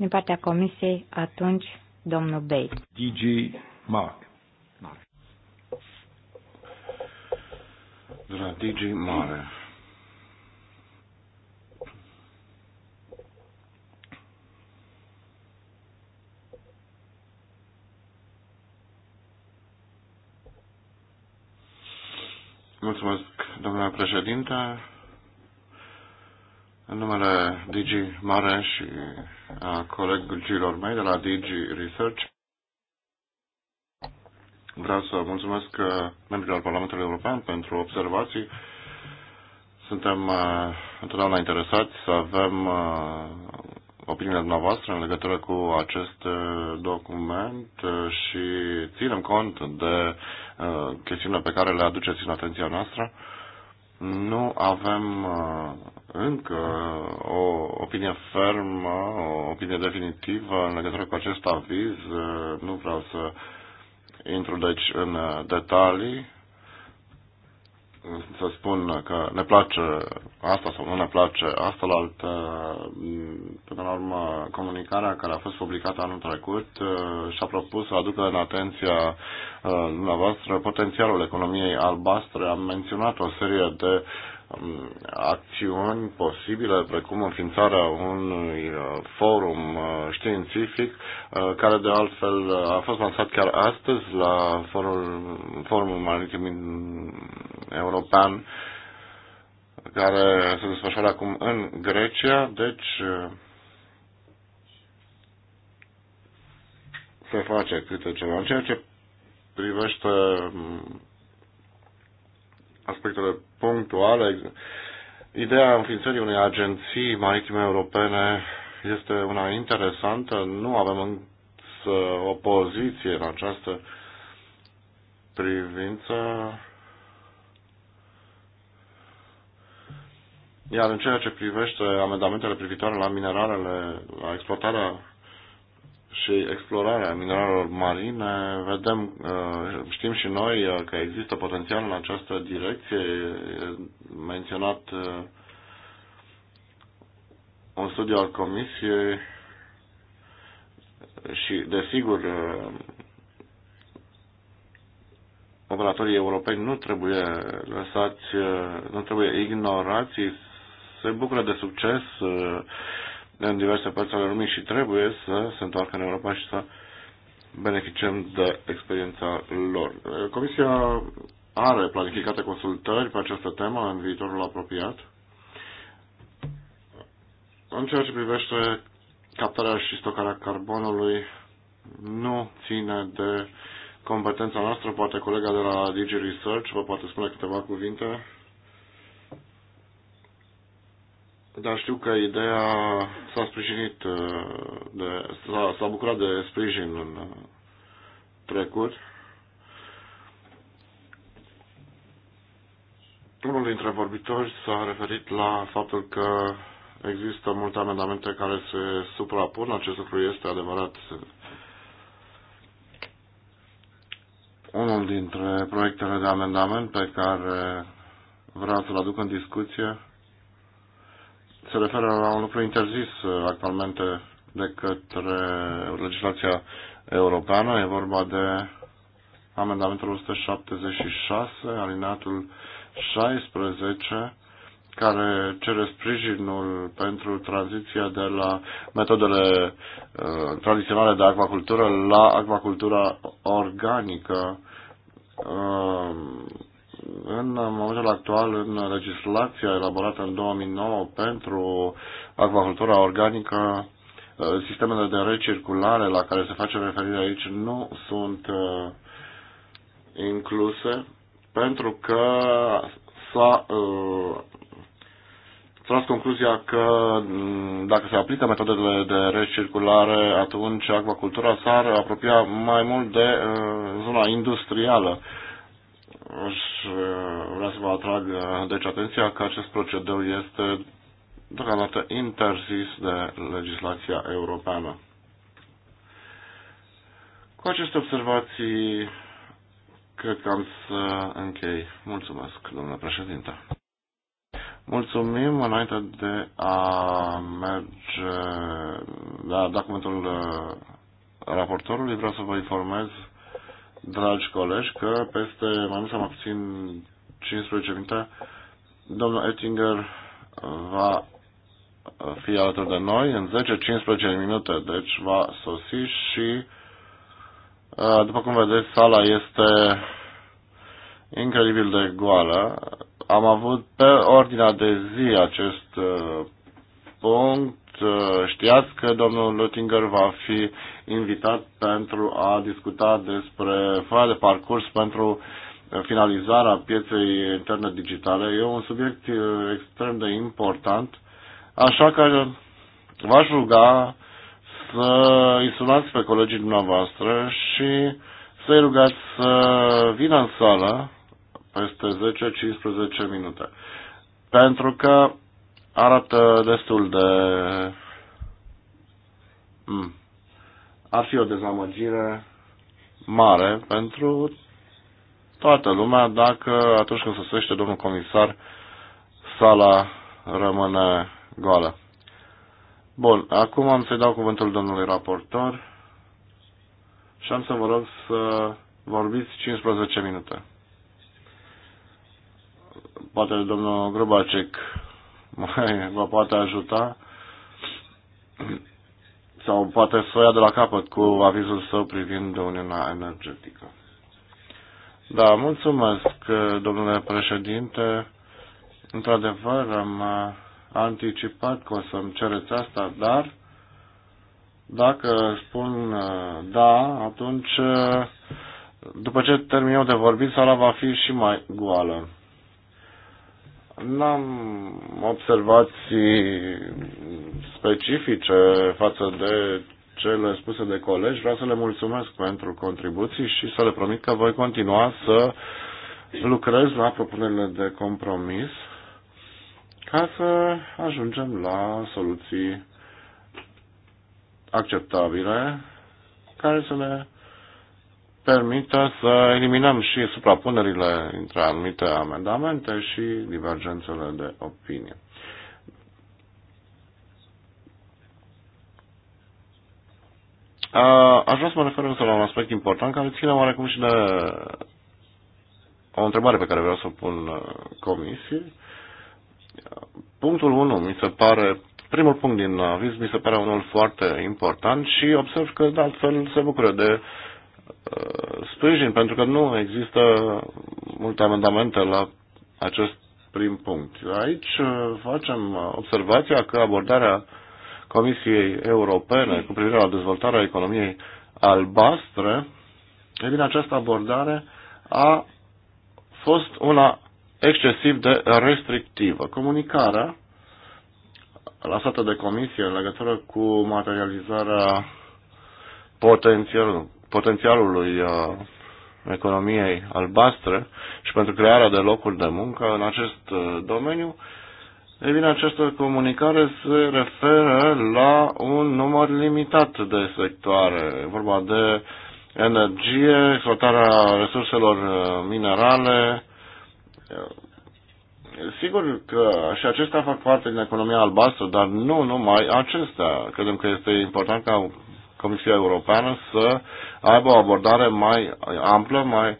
Din partea comisiei, atunci, domnul Bate. DG Mark. Mark. De la DG Mare. Mulțumesc, domnule președinte. În numele Digi Mare și a colegilor mei de la Digi Research, vreau să mulțumesc uh, membrilor Parlamentului European pentru observații. Suntem uh, întotdeauna interesați să avem uh, opiniile dumneavoastră în legătură cu acest document și ținem cont de chestiunile pe care le aduceți în atenția noastră nu avem uh, încă o opinie fermă, o opinie definitivă în legătură cu acest aviz. Uh, nu vreau să intru deci în uh, detalii să spun că ne place asta sau nu ne place asta la altă, uh, până la urmă comunicarea care a fost publicată anul trecut uh, și-a propus să aducă în atenția uh, dumneavoastră potențialul economiei albastre. Am menționat o serie de Um, acțiuni posibile, precum înființarea unui uh, forum uh, științific, uh, care de altfel a fost lansat chiar astăzi la Forumul, Maritim European, care se desfășoară acum în Grecia, deci se face câte ceva. În ceea ce privește um, aspectele punctuală. Ideea înființării unei agenții maritime europene este una interesantă. Nu avem însă o poziție în această privință. Iar în ceea ce privește amendamentele privitoare la mineralele, la exploatarea și explorarea mineralelor marine, vedem, uh, știm și noi uh, că există potențial în această direcție, menționat uh, un studiu al Comisiei și, desigur, operatorii europeni nu trebuie lăsați, nu trebuie ignorați, se bucură de succes în diverse părți ale lumii și trebuie să se întoarcă în Europa și să beneficiem de experiența lor. Comisia are planificate consultări pe această temă în viitorul apropiat. În ceea ce privește captarea și stocarea carbonului, nu ține de competența noastră. Poate colega de la DG Research vă poate spune câteva cuvinte. dar știu că ideea s-a sprijinit, uh, de, s-a, s-a bucurat de sprijin în uh, trecut. Unul dintre vorbitori s-a referit la faptul că există multe amendamente care se suprapun. Acest lucru este adevărat. Unul dintre proiectele de amendament pe care vreau să-l aduc în discuție se referă la un lucru interzis uh, actualmente de către legislația europeană. E vorba de amendamentul 176, alineatul 16, care cere sprijinul pentru tranziția de la metodele uh, tradiționale de acvacultură la acvacultura organică. Uh, în momentul actual, în legislația elaborată în 2009 pentru acvacultura organică, sistemele de recirculare la care se face referire aici nu sunt uh, incluse pentru că s-a uh, tras concluzia că mm, dacă se aplică metodele de recirculare, atunci acvacultura s-ar apropia mai mult de uh, zona industrială aș vrea să vă atrag deci atenția că acest procedeu este deocamdată interzis de legislația europeană. Cu aceste observații, cred că am să închei. Mulțumesc, domnule președinte. Mulțumim înainte de a merge, la documentul da uh, raportorului, vreau să vă informez dragi colegi, că peste mai mult sau mai puțin 15 minute domnul Ettinger uh, va uh, fi alături de noi în 10-15 minute, deci va sosi și uh, după cum vedeți, sala este incredibil de goală. Am avut pe ordinea de zi acest punct Uh, știați că domnul Luttinger va fi invitat pentru a discuta despre foaia de parcurs pentru finalizarea pieței interne digitale. E un subiect uh, extrem de important, așa că v-aș ruga să îi sunați pe colegii dumneavoastră și să-i rugați să vină în sală peste 10-15 minute. Pentru că arată destul de... Mm. Ar fi o dezamăgire mare pentru toată lumea dacă atunci când se sfârșește domnul comisar sala rămâne goală. Bun, acum am să-i dau cuvântul domnului raportor și am să vă rog să vorbiți 15 minute. Poate domnul Grubacic vă poate ajuta sau poate să o ia de la capăt cu avizul său privind Uniunea Energetică. Da, mulțumesc, domnule președinte. Într-adevăr, am anticipat că o să-mi cereți asta, dar dacă spun uh, da, atunci uh, după ce termin eu de vorbit, sala va fi și mai goală. N-am observații specifice față de cele spuse de colegi. Vreau să le mulțumesc pentru contribuții și să le promit că voi continua să lucrez la propunerile de compromis ca să ajungem la soluții acceptabile care să le permite să eliminăm și suprapunerile între anumite amendamente și divergențele de opinie. Aș vrea să mă refer însă la un aspect important care ține oarecum și de o întrebare pe care vreau să o pun uh, comisiei. Punctul 1 mi se pare, primul punct din aviz mi se pare unul foarte important și observ că de altfel se bucură de uh, Uh, sprijin, pentru că nu există multe amendamente la acest prim punct. Aici uh, facem observația că abordarea Comisiei Europene cu privire la dezvoltarea economiei albastre, e bine, această abordare a fost una excesiv de restrictivă. Comunicarea lăsată de comisie în legătură cu materializarea potențialului potențialului uh, economiei albastre și pentru crearea de locuri de muncă în acest uh, domeniu, ei bine, această comunicare se referă la un număr limitat de sectoare. E vorba de energie, exploatarea resurselor uh, minerale. Sigur că și acestea fac parte din economia albastră, dar nu numai acestea. Credem că este important ca Comisia Europeană să aibă o abordare mai amplă, mai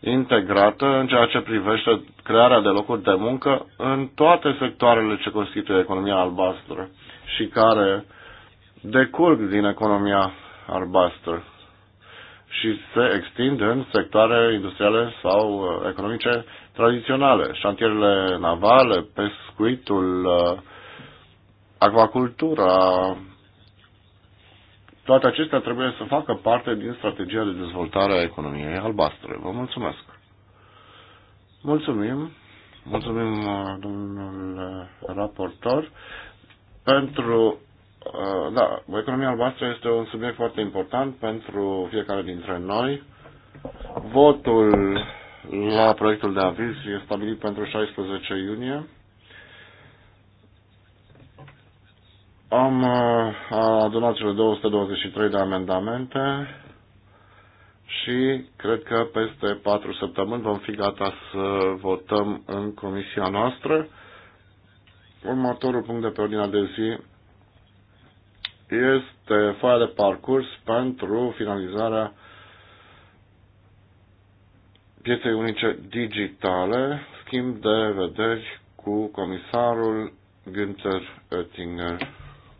integrată în ceea ce privește crearea de locuri de muncă în toate sectoarele ce constituie economia albastră și care decurg din economia albastră și se extind în sectoare industriale sau uh, economice tradiționale, șantierele navale, pescuitul, uh, acvacultura, toate acestea trebuie să facă parte din strategia de dezvoltare a economiei albastre. Vă mulțumesc! Mulțumim! Mulțumim, uh, domnul uh, raportor, pentru uh, da, economia albastră este un subiect foarte important pentru fiecare dintre noi. Votul la proiectul de aviz e stabilit pentru 16 iunie. Am uh, adunat cele 223 de amendamente și cred că peste 4 săptămâni vom fi gata să votăm în comisia noastră. Următorul punct de pe ordinea de zi este foaia de parcurs pentru finalizarea pieței unice digitale, schimb de vederi cu comisarul Günther Oettinger.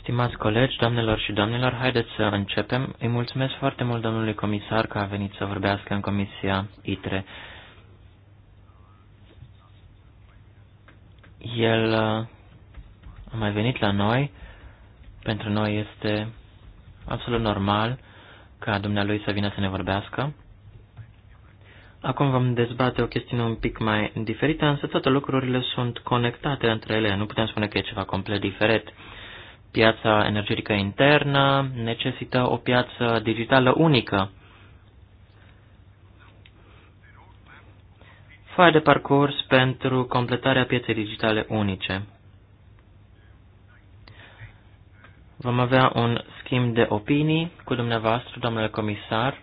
Stimați colegi, doamnelor și domnilor, haideți să începem. Îi mulțumesc foarte mult domnului comisar că a venit să vorbească în Comisia ITRE. El uh, a mai venit la noi. Pentru noi este absolut normal ca dumnealui să vină să ne vorbească. Acum vom dezbate o chestiune un pic mai diferită, însă toate lucrurile sunt conectate între ele. Nu putem spune că e ceva complet diferit. Piața energetică internă necesită o piață digitală unică. Foaia de parcurs pentru completarea pieței digitale unice. Vom avea un schimb de opinii cu dumneavoastră, domnule comisar,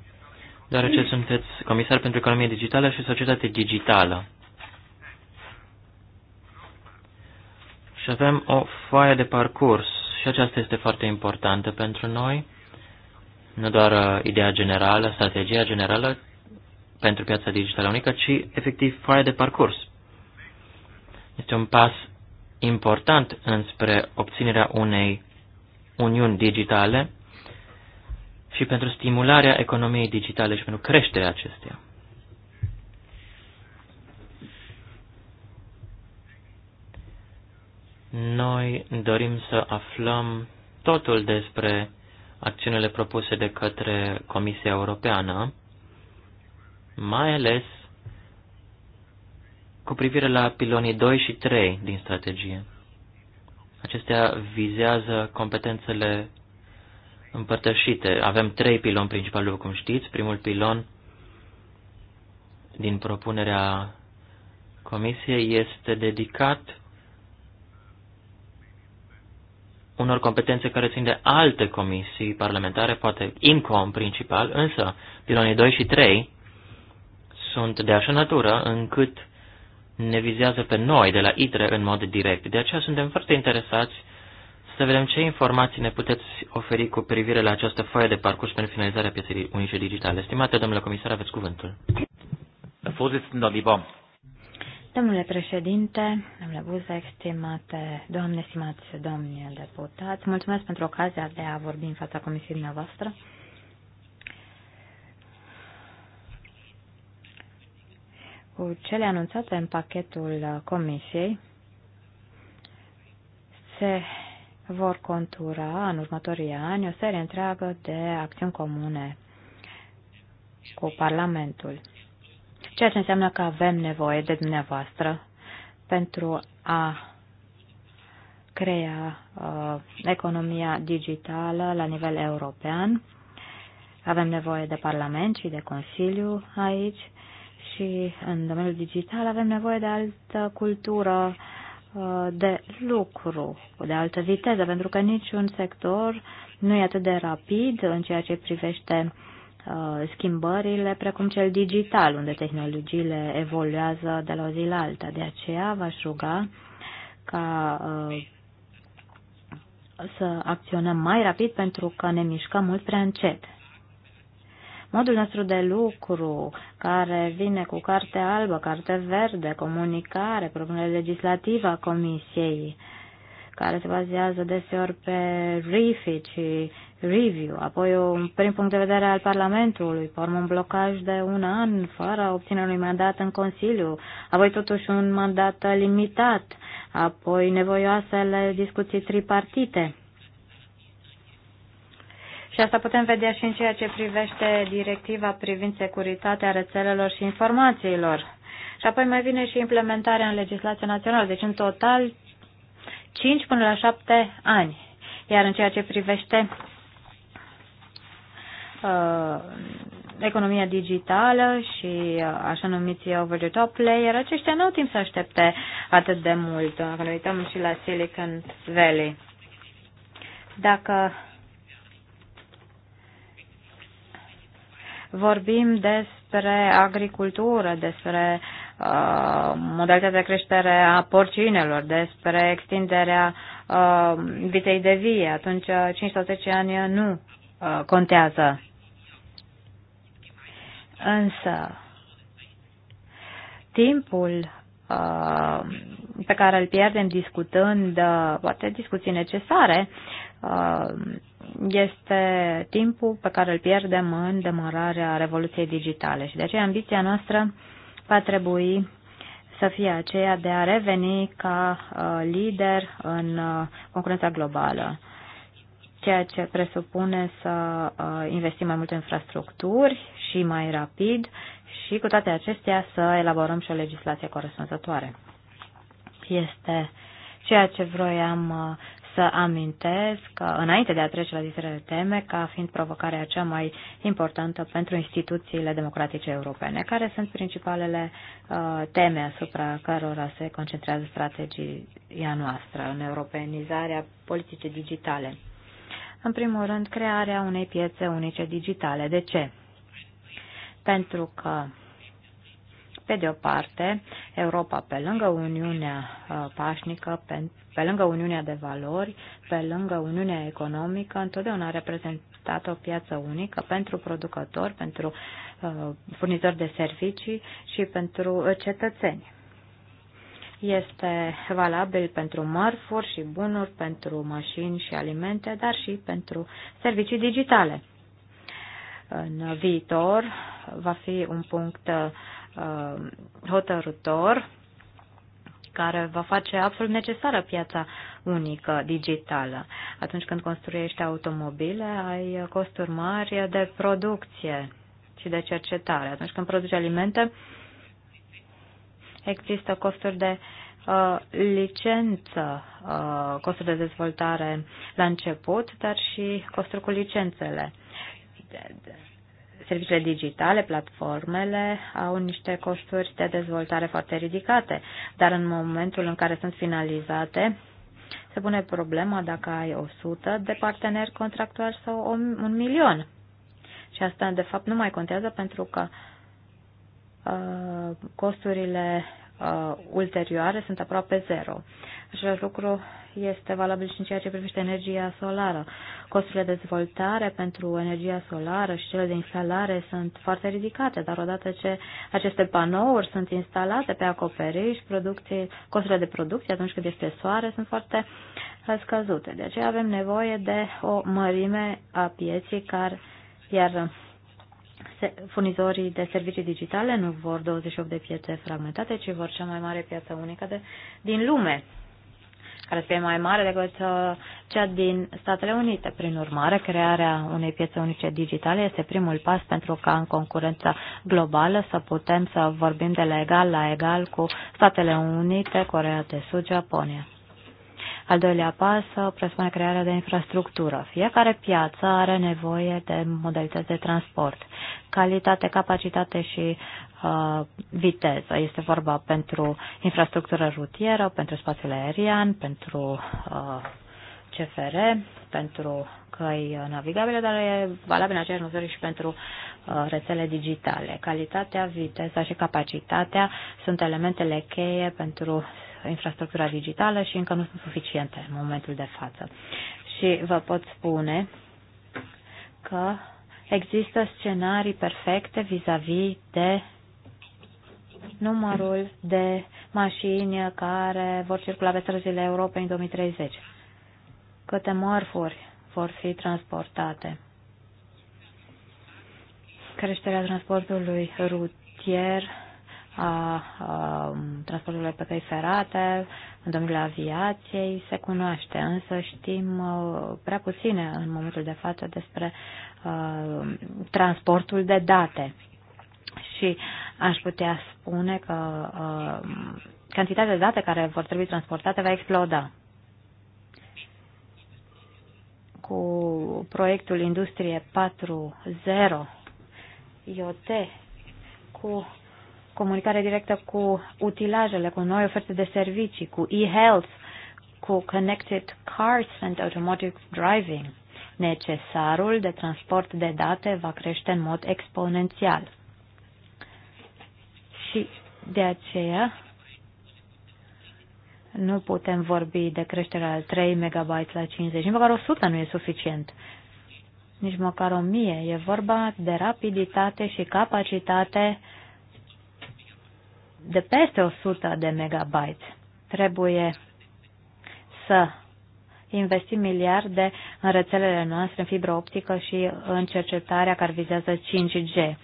deoarece sunteți comisar pentru economie digitală și societate digitală. Și avem o foaie de parcurs și aceasta este foarte importantă pentru noi, nu doar uh, ideea generală, strategia generală pentru piața digitală unică, ci efectiv foaia de parcurs. Este un pas important înspre obținerea unei uniuni digitale și pentru stimularea economiei digitale și pentru creșterea acesteia. Noi dorim să aflăm totul despre acțiunile propuse de către Comisia Europeană, mai ales cu privire la pilonii 2 și 3 din strategie. Acestea vizează competențele împărtășite. Avem trei piloni principali, cum știți. Primul pilon din propunerea comisiei este dedicat unor competențe care țin de alte comisii parlamentare, poate INCOM principal, însă pilonii 2 și 3 sunt de așa natură încât ne vizează pe noi de la ITRE în mod direct. De aceea suntem foarte interesați să vedem ce informații ne puteți oferi cu privire la această foaie de parcurs pentru finalizarea pieței unice digitale. Stimate domnule comisar, aveți cuvântul. Domnule președinte, domnule Buză, stimate doamne, stimați domni deputați, mulțumesc pentru ocazia de a vorbi în fața comisiei dumneavoastră. Cu cele anunțate în pachetul comisiei, se vor contura în următorii ani o serie întreagă de acțiuni comune cu Parlamentul. Ceea ce înseamnă că avem nevoie de dumneavoastră pentru a crea uh, economia digitală la nivel european. Avem nevoie de Parlament și de Consiliu aici și în domeniul digital avem nevoie de altă cultură uh, de lucru de altă viteză, pentru că niciun sector nu e atât de rapid în ceea ce privește uh, schimbările, precum cel digital, unde tehnologiile evoluează de la o zi la alta. De aceea v-aș ruga ca uh, să acționăm mai rapid pentru că ne mișcăm mult prea încet. Modul nostru de lucru, care vine cu carte albă, carte verde, comunicare, propunere legislativă a Comisiei, care se bazează deseori pe refit și review, apoi un prim punct de vedere al Parlamentului, pe un blocaj de un an fără obținerea unui mandat în Consiliu, apoi totuși un mandat limitat, apoi nevoioasele discuții tripartite. Și asta putem vedea și în ceea ce privește directiva privind securitatea rețelelor și informațiilor. Și apoi mai vine și implementarea în legislația națională, deci în total 5 până la 7 ani. Iar în ceea ce privește uh, economia digitală și uh, așa numiți over the top player, aceștia nu au timp să aștepte atât de mult. Dacă ne uităm și la Silicon Valley. Dacă vorbim despre agricultură, despre uh, modalitatea de creștere a porcinelor, despre extinderea uh, vitei de vie, atunci 5 sau 10 ani nu uh, contează. Însă, timpul uh, pe care îl pierdem discutând, uh, poate discuții necesare, uh, este timpul pe care îl pierdem în demararea revoluției digitale și de aceea ambiția noastră va trebui să fie aceea de a reveni ca uh, lider în uh, concurența globală, ceea ce presupune să uh, investim mai mult în infrastructuri și mai rapid și cu toate acestea să elaborăm și o legislație corespunzătoare. Este ceea ce vroiam să amintesc, înainte de a trece la diferite teme, ca fiind provocarea cea mai importantă pentru instituțiile democratice europene, care sunt principalele uh, teme asupra cărora se concentrează strategia noastră în europeanizarea politicii digitale. În primul rând, crearea unei piețe unice digitale. De ce? Pentru că pe de o parte, Europa pe lângă Uniunea uh, pașnică, pe, pe lângă Uniunea de valori, pe lângă Uniunea economică, întotdeauna a reprezentat o piață unică pentru producători, pentru uh, furnizori de servicii și pentru uh, cetățeni este valabil pentru mărfuri și bunuri, pentru mașini și alimente, dar și pentru servicii digitale. În viitor va fi un punct uh, Uh, hotărător care va face absolut necesară piața unică digitală. Atunci când construiești automobile, ai costuri mari de producție și de cercetare. Atunci când produci alimente, există costuri de uh, licență, uh, costuri de dezvoltare la început, dar și costuri cu licențele serviciile digitale, platformele, au niște costuri de dezvoltare foarte ridicate, dar în momentul în care sunt finalizate, se pune problema dacă ai 100 de parteneri contractuali sau un milion. Și asta, de fapt, nu mai contează pentru că uh, costurile uh, ulterioare sunt aproape zero. Același lucru este valabil și în ceea ce privește energia solară. Costurile de dezvoltare pentru energia solară și cele de instalare sunt foarte ridicate, dar odată ce aceste panouri sunt instalate pe acoperiș, producție, costurile de producție atunci când este soare sunt foarte uh, scăzute. De aceea avem nevoie de o mărime a pieții care iar furnizorii de servicii digitale nu vor 28 de piețe fragmentate, ci vor cea mai mare piață unică de, din lume, care să fie mai mare decât uh, cea din Statele Unite. Prin urmare, crearea unei piețe unice digitale este primul pas pentru ca în concurența globală să putem să vorbim de la egal la egal cu Statele Unite, Corea de Sud, Japonia. Al doilea pas presupune crearea de infrastructură. Fiecare piață are nevoie de modalități de transport. Calitate, capacitate și uh, viteză. Este vorba pentru infrastructură rutieră, pentru spațiul aerian, pentru uh, CFR, pentru căi navigabile, dar e valabil în aceeași măsură și pentru uh, rețele digitale. Calitatea, viteza și capacitatea sunt elementele cheie pentru infrastructura digitală și încă nu sunt suficiente în momentul de față. Și vă pot spune că există scenarii perfecte vis-a-vis -vis de numărul de mașini care vor circula pe străzile Europei în 2030. Câte mărfuri vor fi transportate. Creșterea transportului rutier a, a transporturilor pe căi ferate, în domeniul aviației, se cunoaște, însă știm a, prea puține în momentul de față despre a, transportul de date. Și aș putea spune că a, cantitatea de date care vor trebui transportate va exploda. Cu proiectul Industrie 4.0, IoT, cu comunicare directă cu utilajele, cu noi oferte de servicii, cu e-health, cu connected cars and automatic driving. Necesarul de transport de date va crește în mod exponențial. Și de aceea nu putem vorbi de creșterea la 3 MB la 50, nici măcar 100 nu e suficient, nici măcar 1000. E vorba de rapiditate și capacitate de peste 100 de megabytes. Trebuie să investim miliarde în rețelele noastre, în fibră optică și în cercetarea care vizează 5G,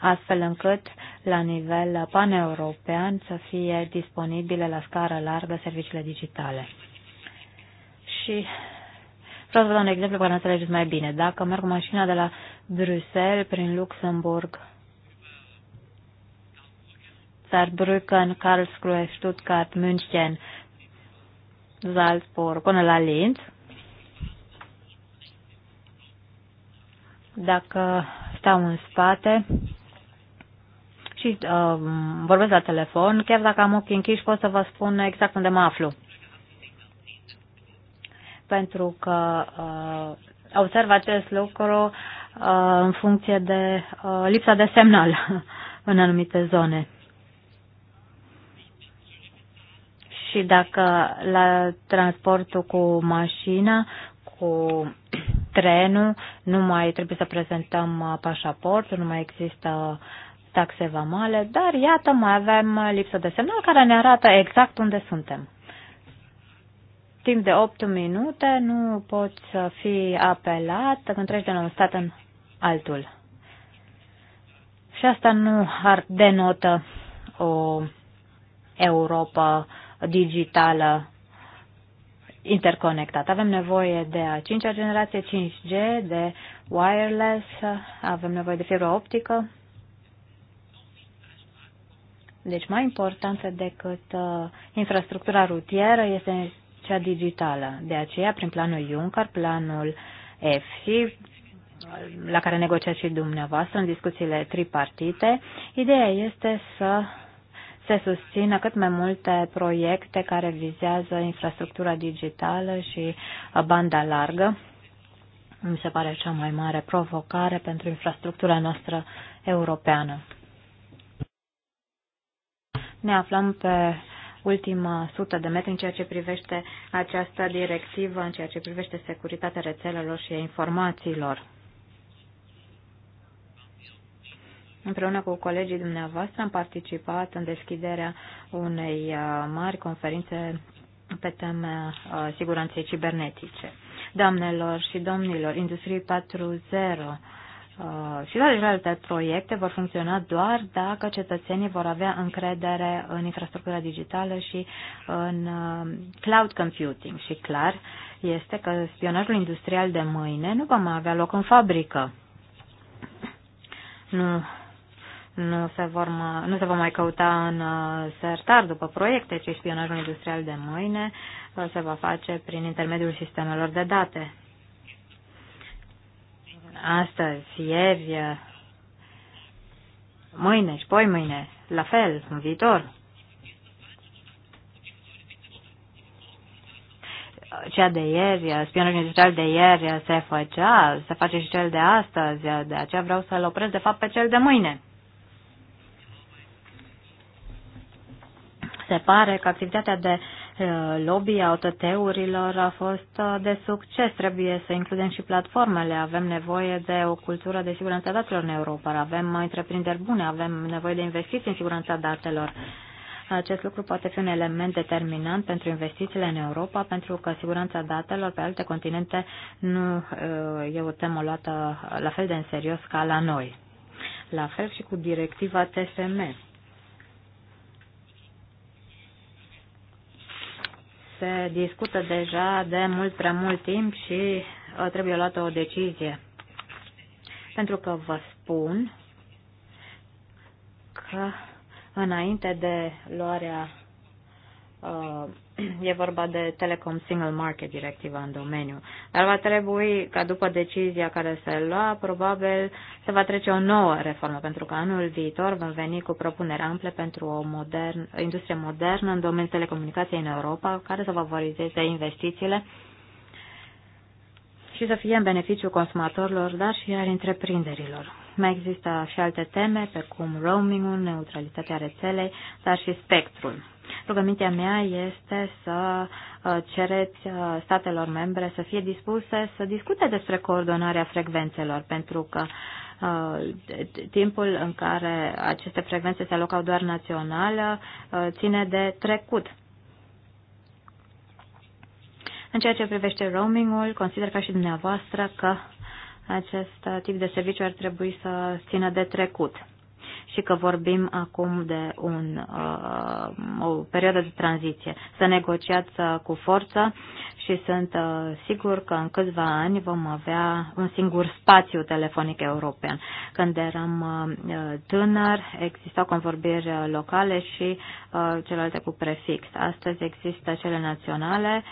astfel încât la nivel paneuropean să fie disponibile la scară largă serviciile digitale. Și vreau să vă dau un exemplu care înțelegeți mai bine. Dacă merg cu mașina de la Bruxelles prin Luxemburg Saarbrücken, Karlsruhe, Stuttgart, München, Salzburg până la Linz. Dacă stau în spate și uh, vorbesc la telefon, chiar dacă am ochii închiși, pot să vă spun exact unde mă aflu. Pentru că uh, observ acest lucru uh, în funcție de uh, lipsa de semnal în anumite zone. și dacă la transportul cu mașina, cu trenul, nu mai trebuie să prezentăm uh, pașaportul, nu mai există taxe vamale, dar iată, mai avem uh, lipsă de semnal care ne arată exact unde suntem. Timp de 8 minute nu poți fi apelat când treci de la un stat în altul. Și asta nu ar denotă o Europa digitală interconectată Avem nevoie de a cincea generație 5G, de wireless, avem nevoie de fibră optică. Deci mai importantă decât uh, infrastructura rutieră este cea digitală. De aceea, prin planul Juncker, planul EFSI, la care negociați și dumneavoastră în discuțiile tripartite, ideea este să se susțină cât mai multe proiecte care vizează infrastructura digitală și uh, banda largă. Mi se pare cea mai mare provocare pentru infrastructura noastră europeană. Ne aflăm pe ultima sută de metri în ceea ce privește această directivă, în ceea ce privește securitatea rețelelor și a informațiilor. Împreună cu colegii dumneavoastră am participat în deschiderea unei uh, mari conferințe pe teme uh, siguranței cibernetice. Doamnelor și domnilor, Industrie 4.0 uh, și toate celelalte proiecte vor funcționa doar dacă cetățenii vor avea încredere în infrastructura digitală și în cloud computing. Și clar este că spionajul industrial de mâine nu va mai avea loc în fabrică. Nu nu se, vor, nu se va mai căuta în uh, sertar după proiecte, ci spionajul industrial de mâine uh, se va face prin intermediul sistemelor de date. Astăzi, ieri, uh, mâine și poi mâine, la fel, în viitor. Cea de ieri, spionajul industrial de ieri se făcea, se face și cel de astăzi, de aceea vreau să-l opresc de fapt pe cel de mâine. se pare că activitatea de uh, lobby a OTT-urilor a fost uh, de succes. Trebuie să includem și platformele. Avem nevoie de o cultură de siguranță a datelor în Europa. Avem întreprinderi bune, avem nevoie de investiții în siguranța datelor. Acest lucru poate fi un element determinant pentru investițiile în Europa, pentru că siguranța datelor pe alte continente nu uh, e o temă luată la fel de în serios ca la noi. La fel și cu directiva TSM. se discută deja de mult prea mult timp și uh, trebuie luată o decizie. Pentru că vă spun că înainte de luarea uh, e vorba de Telecom Single Market Directiva în domeniu. Dar va trebui ca după decizia care se lua, probabil se va trece o nouă reformă, pentru că anul viitor vom veni cu propuneri ample pentru o modern, industrie modernă în domeniul telecomunicației în Europa, care să favorizeze investițiile și să fie în beneficiu consumatorilor, dar și al întreprinderilor. Mai există și alte teme, pe cum roamingul, neutralitatea rețelei, dar și spectrul. Rugămintea mea este să uh, cereți uh, statelor membre să fie dispuse să discute despre coordonarea frecvențelor, pentru că uh, timpul în care aceste frecvențe se alocau doar național ține de trecut. În ceea ce privește roamingul, consider ca și dumneavoastră că acest tip de serviciu ar trebui să țină de trecut și că vorbim acum de un, uh, o perioadă de tranziție. Să negociați uh, cu forță și sunt uh, sigur că în câțiva ani vom avea un singur spațiu telefonic european. Când eram tânăr, existau convorbiri locale și celelalte cu prefix. Astăzi există cele naționale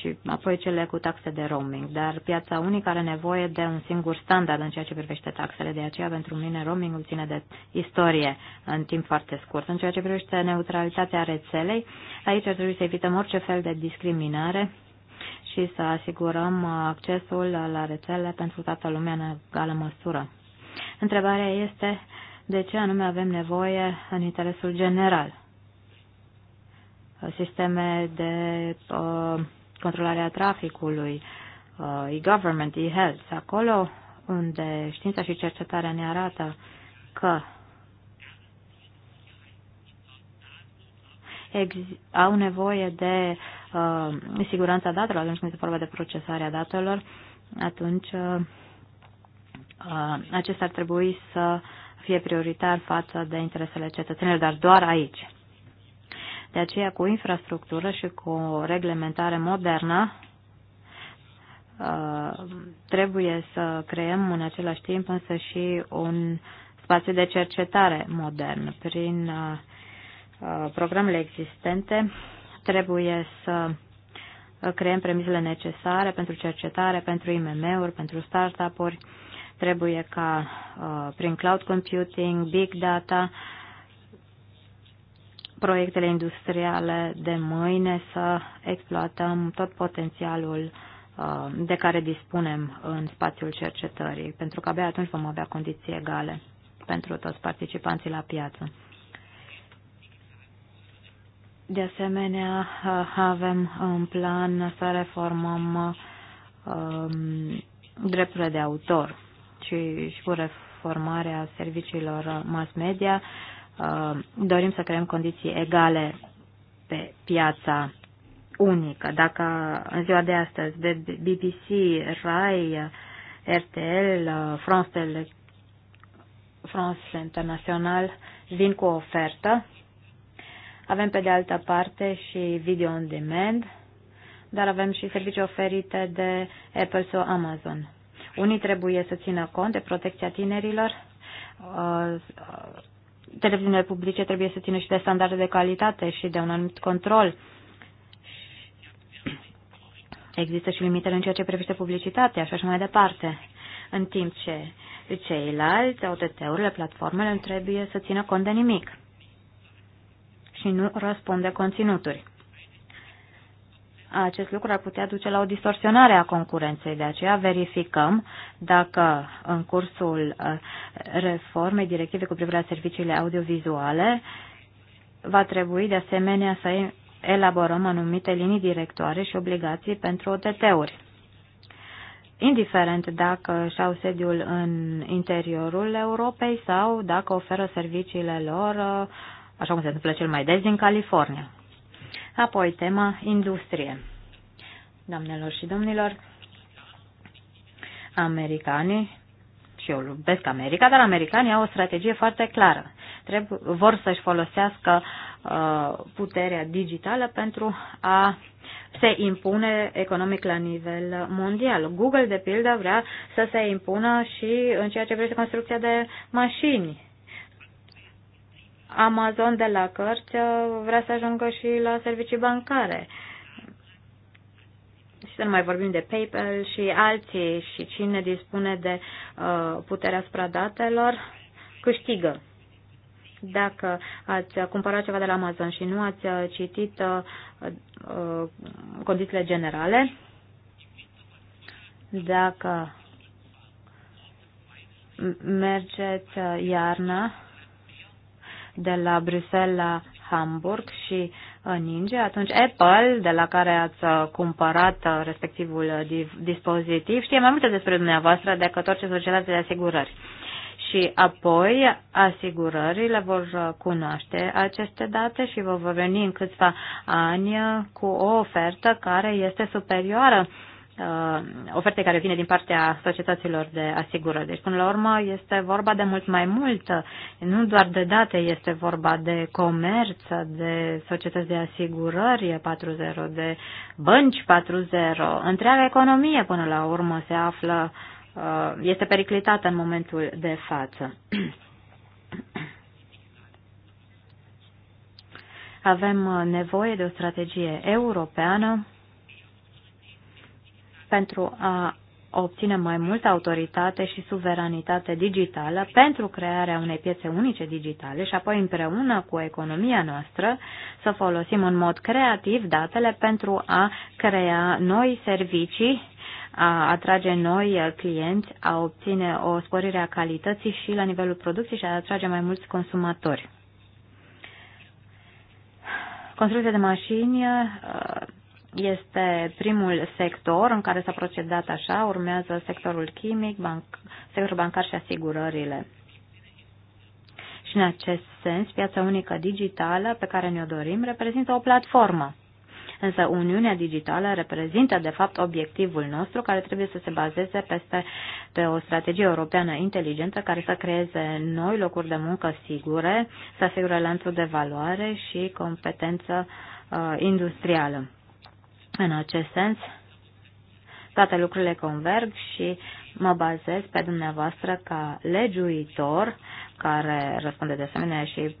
și apoi cele cu taxe de roaming, dar piața unică are nevoie de un singur standard în ceea ce privește taxele, de aceea pentru mine roamingul ține de istorie în timp foarte scurt. În ceea ce privește neutralitatea rețelei, aici ar trebui să evităm orice fel de discriminare și să asigurăm accesul la rețele pentru toată lumea în egală măsură. Întrebarea este de ce anume avem nevoie în interesul general sisteme de uh, controlare a traficului, uh, e-government, e-health, acolo unde știința și cercetarea ne arată că au nevoie de uh, siguranța datelor atunci când se vorba de procesarea datelor, atunci uh, uh, acesta ar trebui să fie prioritar față de interesele cetățenilor, dar doar aici. De aceea, cu infrastructură și cu o reglementare modernă, uh, trebuie să creăm în același timp însă și un spațiu de cercetare modern. Prin uh, uh, programele existente trebuie să creăm premisele necesare pentru cercetare, pentru IMM-uri, pentru startup-uri. Trebuie ca prin cloud computing, big data, proiectele industriale de mâine, să exploatăm tot potențialul uh, de care dispunem în spațiul cercetării, pentru că abia atunci vom avea condiții egale pentru toți participanții la piață. De asemenea, uh, avem în plan să reformăm um, drepturile de autor și, și cu reformarea serviciilor mass media Uh, dorim să creăm condiții egale pe piața unică. Dacă în ziua de astăzi de BBC, RAI, RTL, uh, France, France International vin cu o ofertă, avem pe de altă parte și video on demand, dar avem și servicii oferite de Apple sau Amazon. Unii trebuie să țină cont de protecția tinerilor, uh, televiziunile publice trebuie să țină și de standarde de calitate și de un anumit control. Există și limitele în ceea ce privește publicitatea și așa mai departe. În timp ce ceilalți, OTT-urile, platformele, nu trebuie să țină cont de nimic și nu răspunde conținuturi acest lucru ar putea duce la o distorsionare a concurenței. De aceea verificăm dacă în cursul uh, reformei directive cu privire la serviciile audiovizuale va trebui de asemenea să elaborăm anumite linii directoare și obligații pentru OTT-uri. Indiferent dacă și-au sediul în interiorul Europei sau dacă oferă serviciile lor, uh, așa cum se întâmplă cel mai des, din California. Apoi, tema industrie. Doamnelor și domnilor, americanii, și eu iubesc America, dar americanii au o strategie foarte clară. Trebu- vor să-și folosească uh, puterea digitală pentru a se impune economic la nivel mondial. Google, de pildă, vrea să se impună și în ceea ce privește construcția de mașini Amazon de la cărți uh, vrea să ajungă și la servicii bancare. Și să nu mai vorbim de PayPal și alții și cine dispune de uh, puterea asupra datelor câștigă. Dacă ați cumpărat ceva de la Amazon și nu ați uh, citit uh, uh, condițiile generale, dacă mergeți uh, iarna de la Bruxelles la Hamburg și ninge, atunci Apple, de la care ați cumpărat respectivul dispozitiv, știe mai multe despre dumneavoastră decât orice societate de asigurări. Și apoi asigurările vor cunoaște aceste date și vă vor veni în câțiva ani cu o ofertă care este superioară uh, Uh, oferte care vine din partea societăților de asigurări. Deci, până la urmă, este vorba de mult mai mult. Nu doar de date, este vorba de comerț, de societăți de asigurări 4.0, de bănci 4.0. Întreaga economie, până la urmă, se află, uh, este periclitată în momentul de față. Avem nevoie de o strategie europeană pentru a obține mai multă autoritate și suveranitate digitală pentru crearea unei piețe unice digitale și apoi împreună cu economia noastră să folosim în mod creativ datele pentru a crea noi servicii, a atrage noi clienți, a obține o sporire a calității și la nivelul producției și a atrage mai mulți consumatori. Construcția de mașini este primul sector în care s-a procedat așa, urmează sectorul chimic, banc, sectorul bancar și asigurările. Și în acest sens, piața unică digitală pe care ne-o dorim reprezintă o platformă. Însă Uniunea Digitală reprezintă, de fapt, obiectivul nostru care trebuie să se bazeze peste, pe o strategie europeană inteligentă care să creeze noi locuri de muncă sigure, să asigure lanțul de valoare și competență uh, industrială. În acest sens, toate lucrurile converg și mă bazez pe dumneavoastră ca legiuitor, care răspunde de asemenea și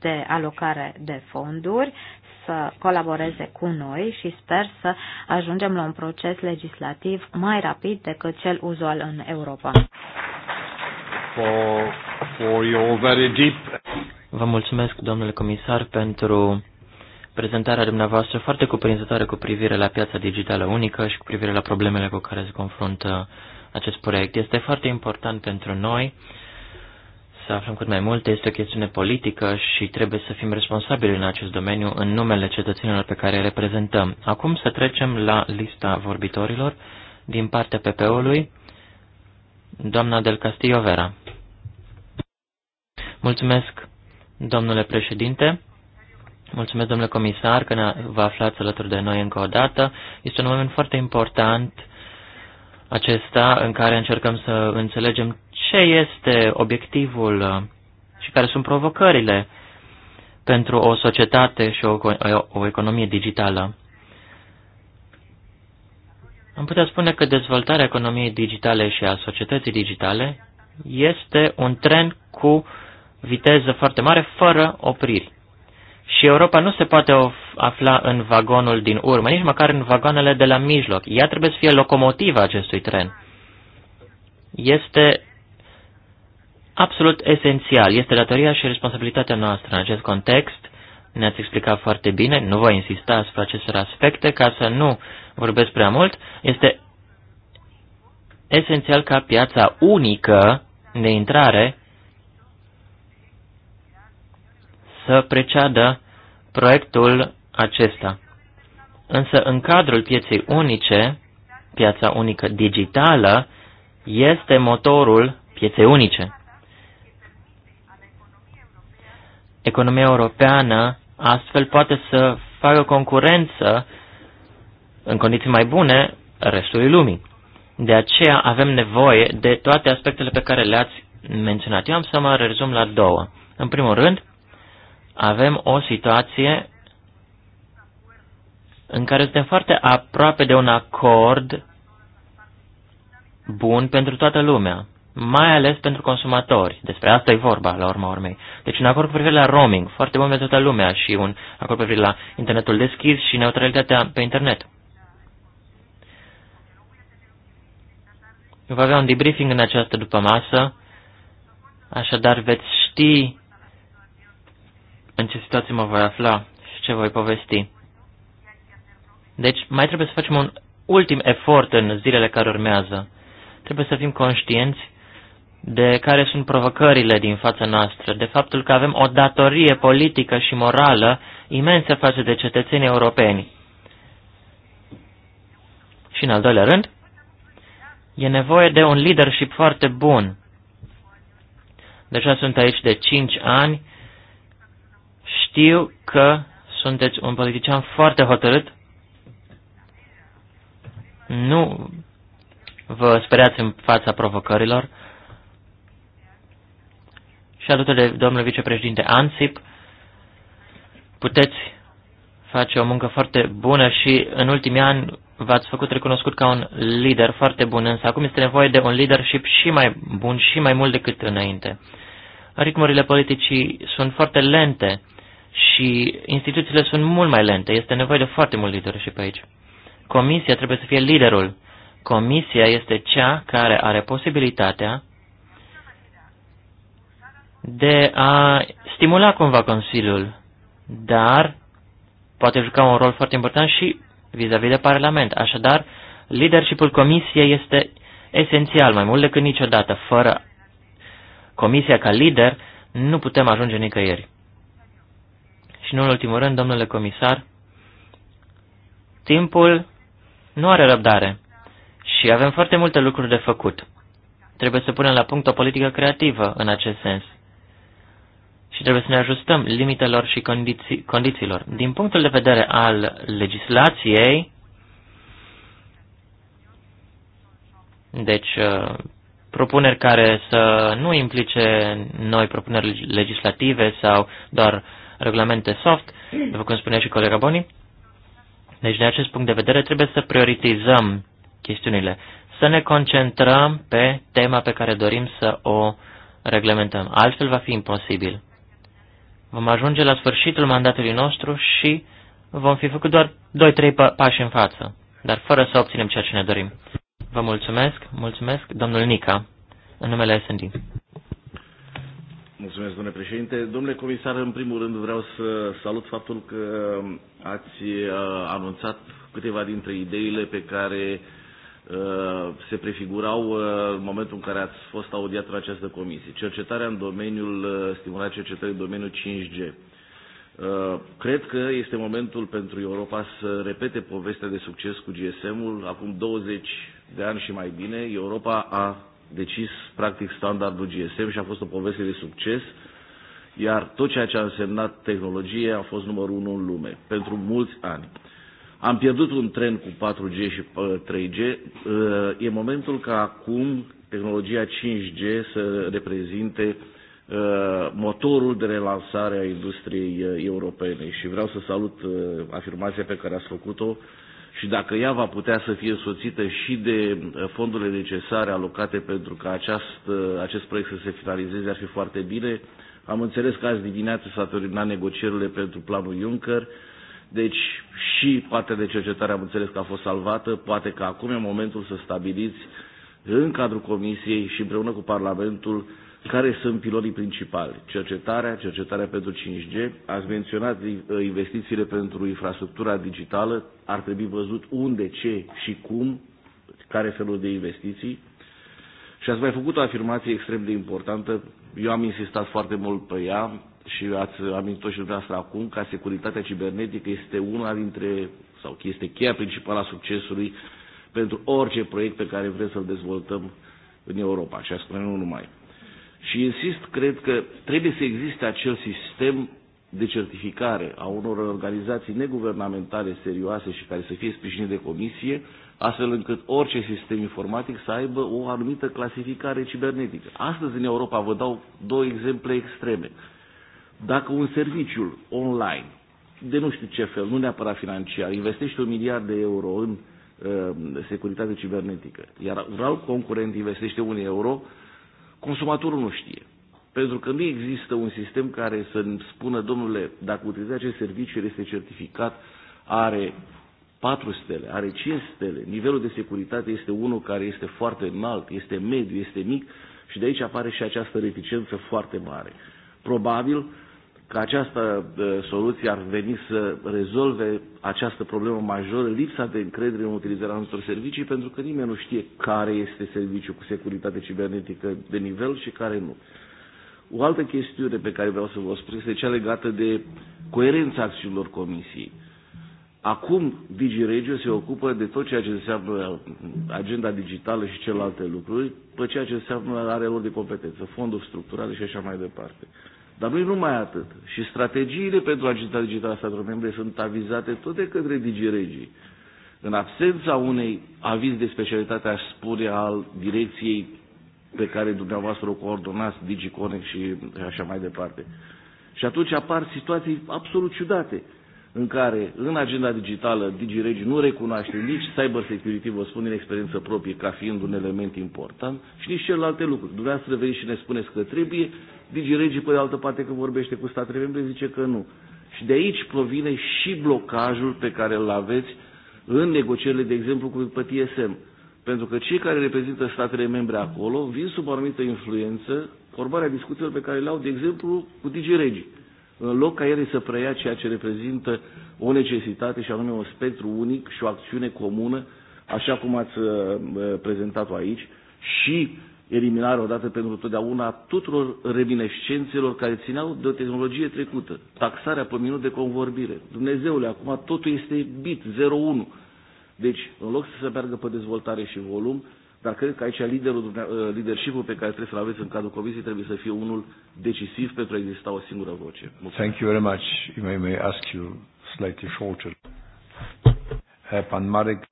de alocare de fonduri, să colaboreze cu noi și sper să ajungem la un proces legislativ mai rapid decât cel uzual în Europa. For, for your very deep... Vă mulțumesc, domnule comisar, pentru prezentarea dumneavoastră foarte cuprinzătoare cu privire la piața digitală unică și cu privire la problemele cu care se confruntă acest proiect. Este foarte important pentru noi să aflăm cât mai multe. Este o chestiune politică și trebuie să fim responsabili în acest domeniu în numele cetățenilor pe care îi reprezentăm. Acum să trecem la lista vorbitorilor din partea PP-ului, doamna Del Castillo Vera. Mulțumesc, domnule președinte. Mulțumesc, domnule comisar, că vă aflați alături de noi încă o dată. Este un moment foarte important acesta în care încercăm să înțelegem ce este obiectivul uh, și care sunt provocările pentru o societate și o, o economie digitală. Am putea spune că dezvoltarea economiei digitale și a societății digitale este un tren cu viteză foarte mare, fără opriri. Și Europa nu se poate afla în vagonul din urmă, nici măcar în vagoanele de la mijloc. Ea trebuie să fie locomotiva acestui tren. Este absolut esențial. Este datoria și responsabilitatea noastră în acest context. Ne-ați explicat foarte bine, nu voi insista asupra acestor aspecte ca să nu vorbesc prea mult. Este esențial ca piața unică de intrare să preceadă proiectul acesta. Însă în cadrul pieței unice, piața unică digitală, este motorul pieței unice. Economia europeană astfel poate să facă concurență în condiții mai bune restului lumii. De aceea avem nevoie de toate aspectele pe care le-ați menționat. Eu am să mă rezum la două. În primul rând, avem o situație în care suntem foarte aproape de un acord bun pentru toată lumea, mai ales pentru consumatori. Despre asta e vorba, la urma urmei. Deci un acord cu privire la roaming, foarte bun pentru toată lumea și un acord cu privire la internetul deschis și neutralitatea pe internet. Va avea un debriefing în această după masă, așadar veți ști în ce situație mă voi afla și ce voi povesti. Deci mai trebuie să facem un ultim efort în zilele care urmează. Trebuie să fim conștienți de care sunt provocările din fața noastră, de faptul că avem o datorie politică și morală imensă față de cetățenii europeni. Și în al doilea rând, e nevoie de un leadership foarte bun. Deja sunt aici de 5 ani știu că sunteți un politician foarte hotărât. Nu vă speriați în fața provocărilor. Și alături de domnul vicepreședinte Ansip, puteți face o muncă foarte bună și în ultimii ani v-ați făcut recunoscut ca un lider foarte bun, însă acum este nevoie de un leadership și mai bun și mai mult decât înainte. Ritmurile politicii sunt foarte lente și instituțiile sunt mult mai lente. Este nevoie de foarte mult leadership aici. Comisia trebuie să fie liderul. Comisia este cea care are posibilitatea de a stimula cumva Consiliul, dar poate juca un rol foarte important și vis-a-vis -vis de Parlament. Așadar, leadershipul Comisiei este esențial, mai mult decât niciodată. Fără Comisia ca lider, nu putem ajunge nicăieri. Și nu în ultimul rând, domnule comisar, timpul nu are răbdare și avem foarte multe lucruri de făcut. Trebuie să punem la punct o politică creativă în acest sens și trebuie să ne ajustăm limitelor și condiții, condițiilor. Din punctul de vedere al legislației, deci uh, propuneri care să nu implice noi propuneri legislative sau doar regulamente soft, după cum spunea și colega Boni. Deci, din acest punct de vedere, trebuie să prioritizăm chestiunile, să ne concentrăm pe tema pe care dorim să o reglementăm. Altfel va fi imposibil. Vom ajunge la sfârșitul mandatului nostru și vom fi făcut doar 2-3 pași în față, dar fără să obținem ceea ce ne dorim. Vă mulțumesc, mulțumesc, domnul Nica, în numele SND. Mulțumesc, domnule președinte. Domnule comisar, în primul rând vreau să salut faptul că um, ați uh, anunțat câteva dintre ideile pe care uh, se prefigurau uh, în momentul în care ați fost audiat în această comisie. Cercetarea în domeniul, stimularea cercetării în domeniul 5G. Cred că este momentul pentru Europa să repete povestea de succes cu GSM-ul. Acum 20 de ani și mai bine, Europa a decis practic standardul GSM și a fost o poveste de succes, iar tot ceea ce a însemnat tehnologie a fost numărul unu în lume, pentru mulți ani. Am pierdut un tren cu 4G și 3G. Ă, e momentul ca acum tehnologia 5G să reprezinte ă, motorul de relansare a industriei ă, europene și vreau să salut afirmația pe care ați făcut-o și dacă ea va putea să fie soțită și de uh, fondurile necesare alocate pentru ca aceast, uh, acest proiect să se finalizeze, ar fi foarte bine. Am înțeles că azi dimineață s-a terminat negocierile pentru planul Juncker, deci și partea de cercetare am înțeles că a fost salvată, poate că acum e momentul să stabiliți în cadrul Comisiei și împreună cu Parlamentul care sunt pilonii principali? Cercetarea, cercetarea pentru 5G, ați menționat uh, investițiile pentru infrastructura digitală, ar trebui văzut unde, ce și cum, care felul de investiții. Și ați mai făcut o afirmație extrem de importantă, eu am insistat foarte mult pe ea și ați amintit-o și dumneavoastră acum, ca securitatea cibernetică este una dintre, sau este cheia principală a succesului pentru orice proiect pe care vrem să-l dezvoltăm în Europa și asta nu numai. Și insist, cred că trebuie să existe acel sistem de certificare a unor organizații neguvernamentale serioase și care să fie sprijinite de comisie, astfel încât orice sistem informatic să aibă o anumită clasificare cibernetică. Astăzi, în Europa, vă dau două exemple extreme. Dacă un serviciu online, de nu știu ce fel, nu neapărat financiar, investește un miliard de euro în uh, securitate cibernetică, iar un alt concurent investește un euro, Consumatorul nu știe. Pentru că nu există un sistem care să spună, domnule, dacă utilizează acest serviciu, este certificat, are 4 stele, are 5 stele, nivelul de securitate este unul care este foarte înalt, este mediu, este mic și de aici apare și această reticență foarte mare. Probabil că această soluție ar veni să rezolve această problemă majoră, lipsa de încredere în utilizarea anumitor servicii, pentru că nimeni nu știe care este serviciul cu securitate cibernetică de nivel și care nu. O altă chestiune pe care vreau să vă spun este cea legată de coerența acțiunilor comisiei. Acum DigiRegio se ocupă de tot ceea ce înseamnă agenda digitală și celelalte lucruri, pe ceea ce înseamnă are lor de competență, fonduri structurale și așa mai departe. Uh, dar nu numai atât. Și strategiile pentru agenda digitală a statelor membre sunt avizate tot de către digiregii. În absența unei aviz de specialitate, aș spune, al direcției pe care dumneavoastră o coordonați, DigiConnect și așa mai departe. Și atunci apar situații absolut ciudate în care în agenda digitală DigiRegi nu recunoaște nici cyber security, vă spun din experiență proprie, ca fiind un element important și nici celelalte lucruri. Dumneavoastră veniți și ne spuneți că trebuie Digiregi, pe de altă parte, când vorbește cu statele membre, zice că nu. Și de aici provine și blocajul pe care îl aveți în negocierile, de exemplu, cu pe TSM. Pentru că cei care reprezintă statele membre acolo vin sub o anumită influență formarea discuțiilor pe care le au, de exemplu, cu DigiRegi. În loc ca ele să preia ceea ce reprezintă o necesitate și anume un spectru unic și o acțiune comună, așa cum ați uh, prezentat-o aici, și eliminarea odată pentru totdeauna a tuturor reminescențelor care țineau de o tehnologie trecută. Taxarea pe minut de convorbire. Dumnezeule, acum totul este bit, 0-1. Deci, în loc să se meargă pe dezvoltare și volum, dar cred că aici liderul, ă, leadership pe care trebuie să-l aveți în cadrul comisiei trebuie să fie unul decisiv pentru a exista o singură voce. Mulțumesc. Thank you very much. You may ask you slightly shorter.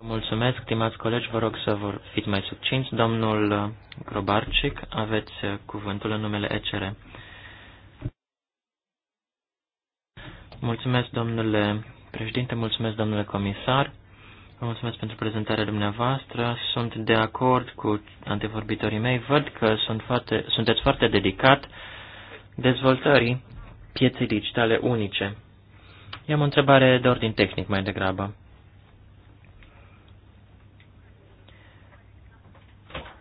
Mulțumesc, stimați colegi, vă rog să vă fiți mai succinți. Domnul Grobarcic, aveți cuvântul în numele ECR. Mulțumesc, domnule președinte, mulțumesc, domnule comisar. Vă mulțumesc pentru prezentarea dumneavoastră. Sunt de acord cu antevorbitorii mei. Văd că sunt foarte, sunteți foarte dedicat dezvoltării pieței digitale unice. Am o întrebare de ordin tehnic mai degrabă.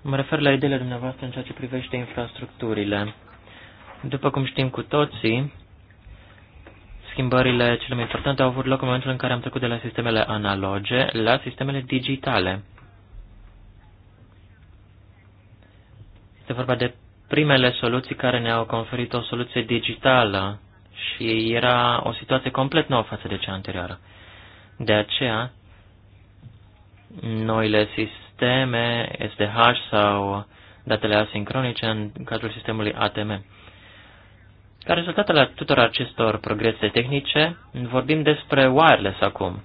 Mă refer la ideile dumneavoastră în ceea ce privește infrastructurile. După cum știm cu toții, schimbările cele mai importante au avut loc în momentul în care am trecut de la sistemele analoge la sistemele digitale. Este vorba de primele soluții care ne-au conferit o soluție digitală și era o situație complet nouă față de cea anterioară. De aceea, noile sisteme, SDH sau datele asincronice în cadrul sistemului ATM. Ca rezultat al tuturor acestor progrese tehnice, vorbim despre wireless acum,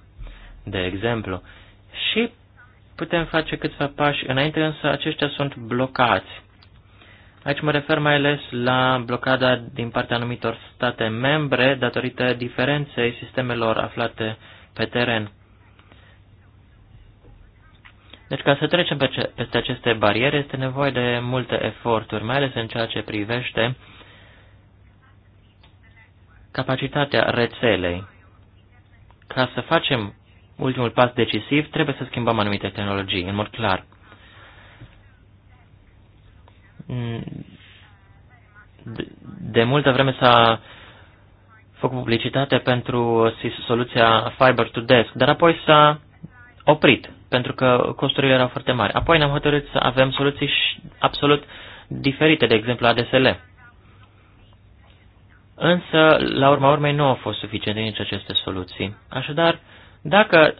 de exemplu, și putem face câțiva pași înainte, însă aceștia sunt blocați. Aici mă refer mai ales la blocada din partea anumitor state membre datorită diferenței sistemelor aflate pe teren. Deci ca să trecem peste aceste bariere este nevoie de multe eforturi, mai ales în ceea ce privește capacitatea rețelei. Ca să facem ultimul pas decisiv, trebuie să schimbăm anumite tehnologii, în mod clar. De multă vreme s-a făcut publicitate pentru soluția Fiber to Desk, dar apoi s-a oprit pentru că costurile erau foarte mari. Apoi ne-am hotărât să avem soluții absolut diferite, de exemplu ADSL. Însă, la urma urmei, nu au fost suficiente nici aceste soluții. Așadar, dacă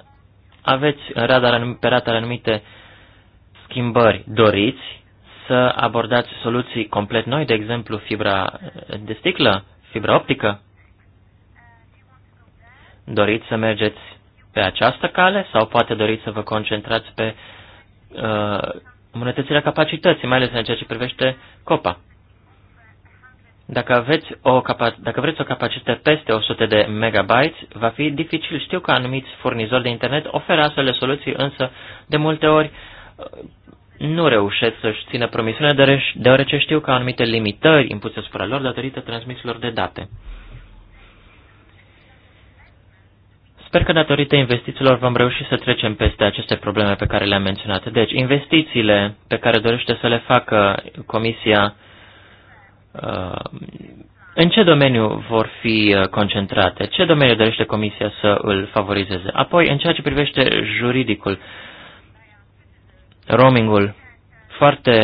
aveți în radar, pe radar anumite schimbări doriți, să abordați soluții complet noi, de exemplu fibra de sticlă, fibra optică, doriți să mergeți pe această cale sau poate doriți să vă concentrați pe uh, îmbunătățirea capacității, mai ales în ceea ce privește COPA. Dacă, aveți o dacă vreți o capacitate peste 100 de megabytes, va fi dificil. Știu că anumiți furnizori de internet oferă astfel de soluții, însă de multe ori uh, nu reușesc să-și țină promisiunea, deoarece știu că anumite limitări impuse asupra lor datorită transmisiilor de date. Sper că datorită investițiilor vom reuși să trecem peste aceste probleme pe care le-am menționat. Deci, investițiile pe care dorește să le facă Comisia, uh, în ce domeniu vor fi uh, concentrate? Ce domeniu dorește Comisia să îl favorizeze? Apoi, în ceea ce privește juridicul, roamingul, foarte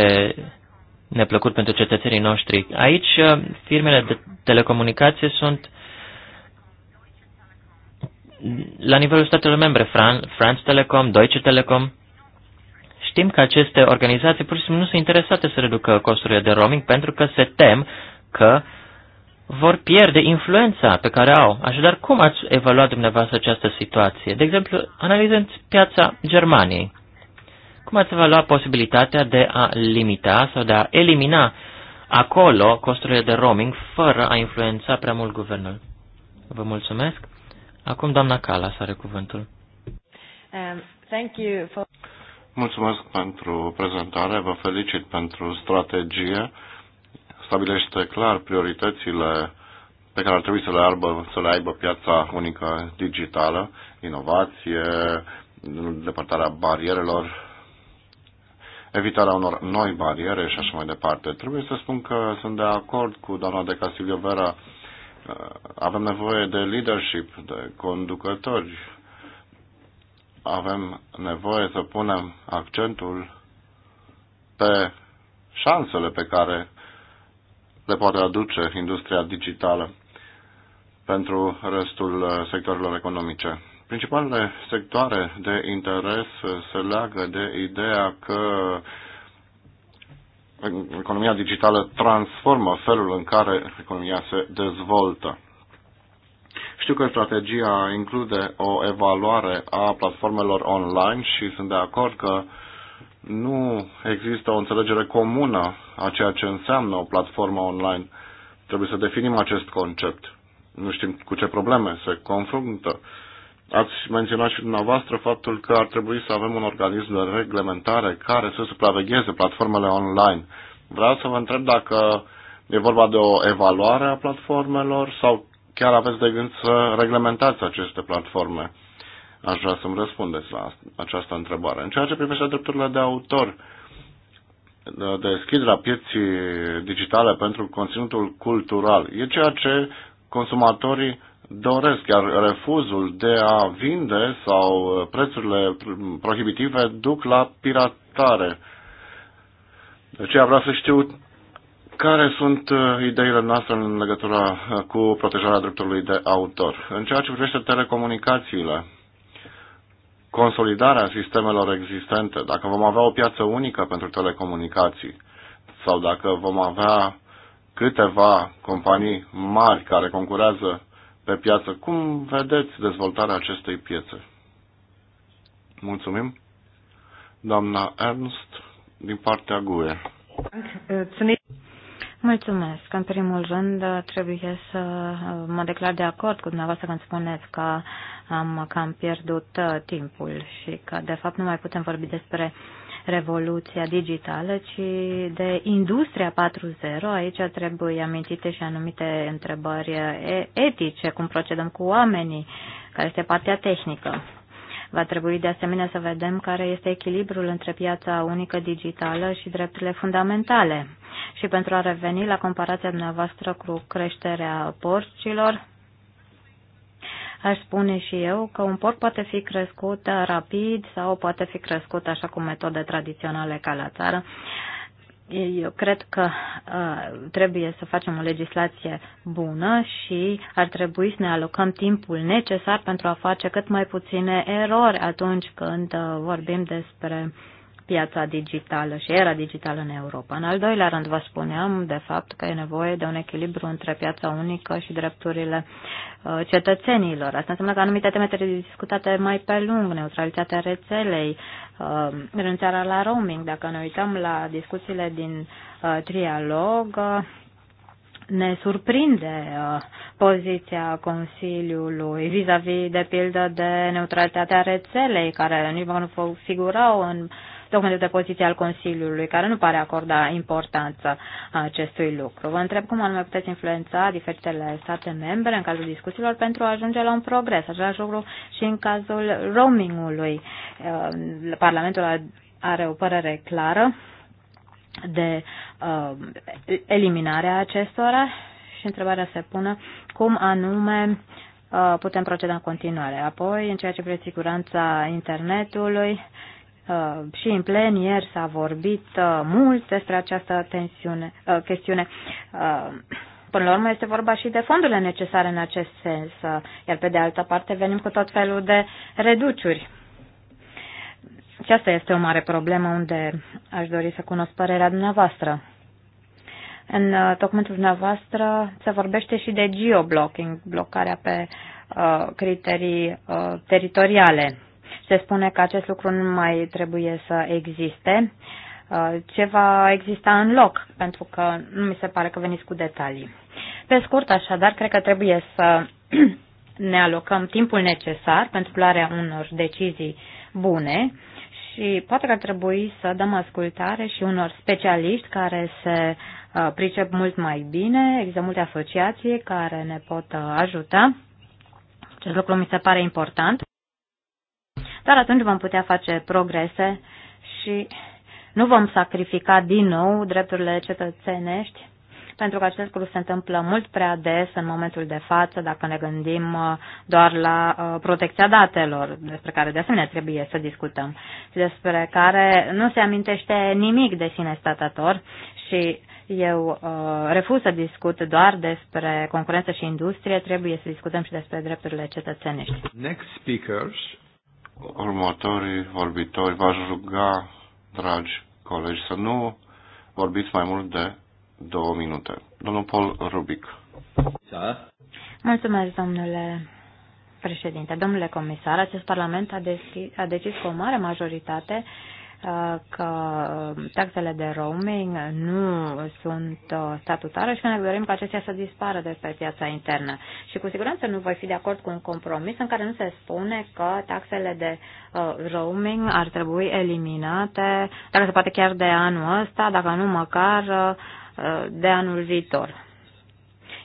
neplăcut pentru cetățenii noștri. Aici, uh, firmele de telecomunicație sunt uh, la nivelul statelor membre, Fran, France Telecom, Deutsche Telecom, știm că aceste organizații pur și simplu nu sunt interesate să reducă costurile de roaming pentru că se tem că vor pierde influența pe care au. Așadar, cum ați evaluat dumneavoastră această situație? De exemplu, analizând piața Germaniei, cum ați evaluat posibilitatea de a limita sau de a elimina acolo costurile de roaming fără a influența prea mult guvernul? Vă mulțumesc. Acum doamna Calas are cuvântul. Um, thank you for... Mulțumesc pentru prezentare, vă felicit pentru strategie. Stabilește clar prioritățile pe care ar trebui să le aibă, să le aibă piața unică digitală, inovație, depărtarea barierelor, evitarea unor noi bariere și așa mai departe. Trebuie să spun că sunt de acord cu doamna de Casilio Vera avem nevoie de leadership, de conducători. Avem nevoie să punem accentul pe șansele pe care le poate aduce industria digitală pentru restul sectorilor economice. Principalele sectoare de interes se leagă de ideea că economia digitală transformă felul în care economia se dezvoltă. Știu că strategia include o evaluare a platformelor online și sunt de acord că nu există o înțelegere comună a ceea ce înseamnă o platformă online. Trebuie să definim acest concept. Nu știm cu ce probleme se confruntă Ați menționat și dumneavoastră faptul că ar trebui să avem un organism de reglementare care să supravegheze platformele online. Vreau să vă întreb dacă e vorba de o evaluare a platformelor sau chiar aveți de gând să reglementați aceste platforme. Aș vrea să-mi răspundeți la această întrebare. În ceea ce privește drepturile de autor, de deschiderea pieții digitale pentru conținutul cultural, e ceea ce consumatorii doresc, chiar refuzul de a vinde sau uh, prețurile prohibitive duc la piratare. De deci aceea vreau să știu care sunt uh, ideile noastre în legătură uh, cu protejarea dreptului de autor. În ceea ce privește telecomunicațiile, consolidarea sistemelor existente, dacă vom avea o piață unică pentru telecomunicații sau dacă vom avea câteva companii mari care concurează pe piață. Cum vedeți dezvoltarea acestei piețe? Mulțumim. Doamna Ernst, din partea GUE. Mulțumesc. În primul rând, trebuie să uh, mă declar de acord cu dumneavoastră când spuneți că am cam pierdut uh, timpul și că, de fapt, nu mai putem vorbi despre uh, revoluția digitală, ci de industria 4.0. Aici trebuie amintite și anumite întrebări etice, cum procedăm cu oamenii, care este partea tehnică. Va trebui de asemenea să vedem care este echilibrul între piața unică digitală și drepturile fundamentale. Și pentru a reveni la comparația dumneavoastră cu creșterea porcilor, aș spune și eu că un porc poate fi crescut rapid sau poate fi crescut așa cu metode tradiționale ca la țară. Eu cred că uh, trebuie să facem o legislație bună și ar trebui să ne alocăm timpul necesar pentru a face cât mai puține erori atunci când uh, vorbim despre uh, piața digitală și era digitală în Europa. În al doilea rând, vă spuneam de fapt că e nevoie de un echilibru între piața unică și drepturile uh, cetățenilor. Asta înseamnă că anumite teme trebuie discutate mai pe lung, neutralitatea rețelei, renunțarea uh, la roaming. Dacă ne uităm la discuțiile din uh, trialog, ne surprinde poziția Consiliului vis-a-vis, -vis, de pildă, de neutralitatea rețelei, care nici nu figurau în uh, documentul de poziție al Consiliului, care nu pare acorda importanță acestui lucru. Vă întreb cum anume puteți influența diferitele state membre în cazul discuțiilor pentru a ajunge la un progres. Același lucru și în cazul roamingului. Uh, Parlamentul are o părere clară de uh, eliminarea acestora și întrebarea se pune cum anume uh, putem proceda în continuare. Apoi, în ceea ce privește siguranța internetului, Uh, și în plen ieri s-a vorbit uh, mult despre această tensiune, uh, chestiune. Până la urmă este vorba și de fondurile necesare în acest sens, iar pe de altă parte venim cu tot felul de reduciuri. Și asta este o mare problemă unde aș dori să cunosc părerea dumneavoastră. În documentul dumneavoastră se vorbește și de geoblocking, blocarea pe uh, criterii uh, teritoriale se spune că acest lucru nu mai trebuie să existe. Uh, ce va exista în loc? Pentru că nu mi se pare că veniți cu detalii. Pe scurt, așadar, cred că trebuie să ne alocăm timpul necesar pentru luarea unor decizii bune și poate că ar trebui să dăm ascultare și unor specialiști care se uh, pricep mult mai bine, există multe asociații care ne pot uh, ajuta. Acest lucru mi se pare important. Dar atunci vom putea face progrese și nu vom sacrifica din nou drepturile cetățenești, pentru că acest lucru se întâmplă mult prea des în momentul de față, dacă ne gândim uh, doar la uh, protecția datelor, despre care de asemenea trebuie să discutăm, despre care nu se amintește nimic de sine statător și eu uh, refuz să discut doar despre concurență și industrie, trebuie să discutăm și despre drepturile cetățenești. Next speakers Următorii vorbitori, v-aș ruga, dragi colegi, să nu vorbiți mai mult de două minute. Domnul Paul Rubic. Da. Mulțumesc, domnule președinte. Domnule comisar, acest parlament a, deschis, a decis cu o mare majoritate că uh, taxele de roaming nu sunt uh, statutare și că ne dorim ca acestea să dispară de pe piața internă. Și cu siguranță nu voi fi de acord cu un compromis în care nu se spune că taxele de uh, roaming ar trebui eliminate, dacă se poate chiar de anul ăsta, dacă nu măcar de anul viitor.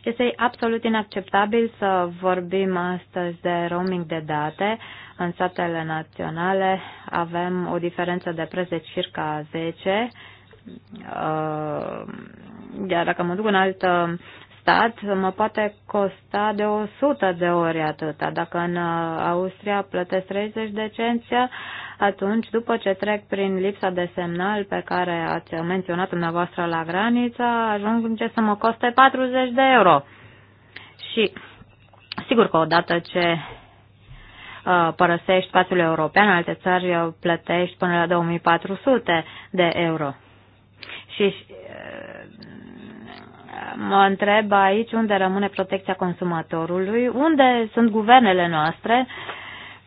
Este absolut inacceptabil să vorbim astăzi de roaming de date, uh, în statele naționale avem o diferență de preț de circa 10, uh, iar dacă mă duc în alt uh, stat, mă poate costa de 100 de ori atâta. Dacă în uh, Austria plătesc 30 de cenți, atunci, după ce trec prin lipsa de semnal pe care ați menționat dumneavoastră la graniță, ajunge să mă coste 40 de euro. Și sigur că odată ce Uh, părăsești spațiul european, în alte țări uh, plătești până la 2400 de euro. Și uh, mă întreb aici unde rămâne protecția consumatorului, unde sunt guvernele noastre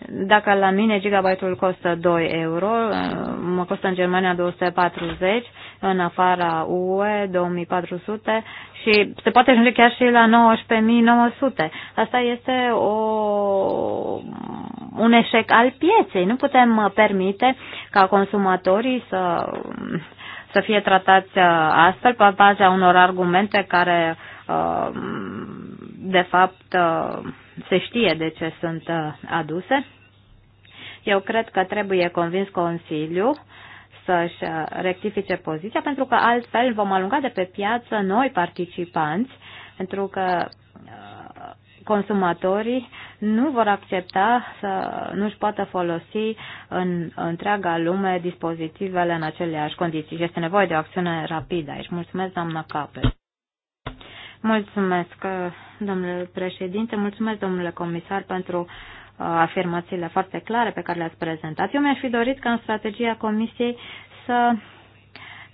dacă la mine gigabyte-ul costă 2 euro, mă costă în Germania 240, în afara UE 2400 și se poate ajunge chiar și la 19.900. Asta este o, un eșec al pieței. Nu putem uh, permite ca consumatorii să, să fie tratați uh, astfel pe baza unor argumente care uh, de fapt se știe de ce sunt uh, aduse. Eu cred că trebuie convins Consiliul să-și uh, rectifice poziția, pentru că altfel vom alunga de pe piață noi participanți, pentru că uh, consumatorii nu vor accepta să nu-și poată folosi în întreaga lume dispozitivele în aceleași condiții. Este nevoie de o acțiune rapidă aici. Mulțumesc, doamna Capel. Mulțumesc, domnule președinte, mulțumesc, domnule comisar, pentru uh, afirmațiile foarte clare pe care le-ați prezentat. Eu mi-aș fi dorit ca în strategia comisiei să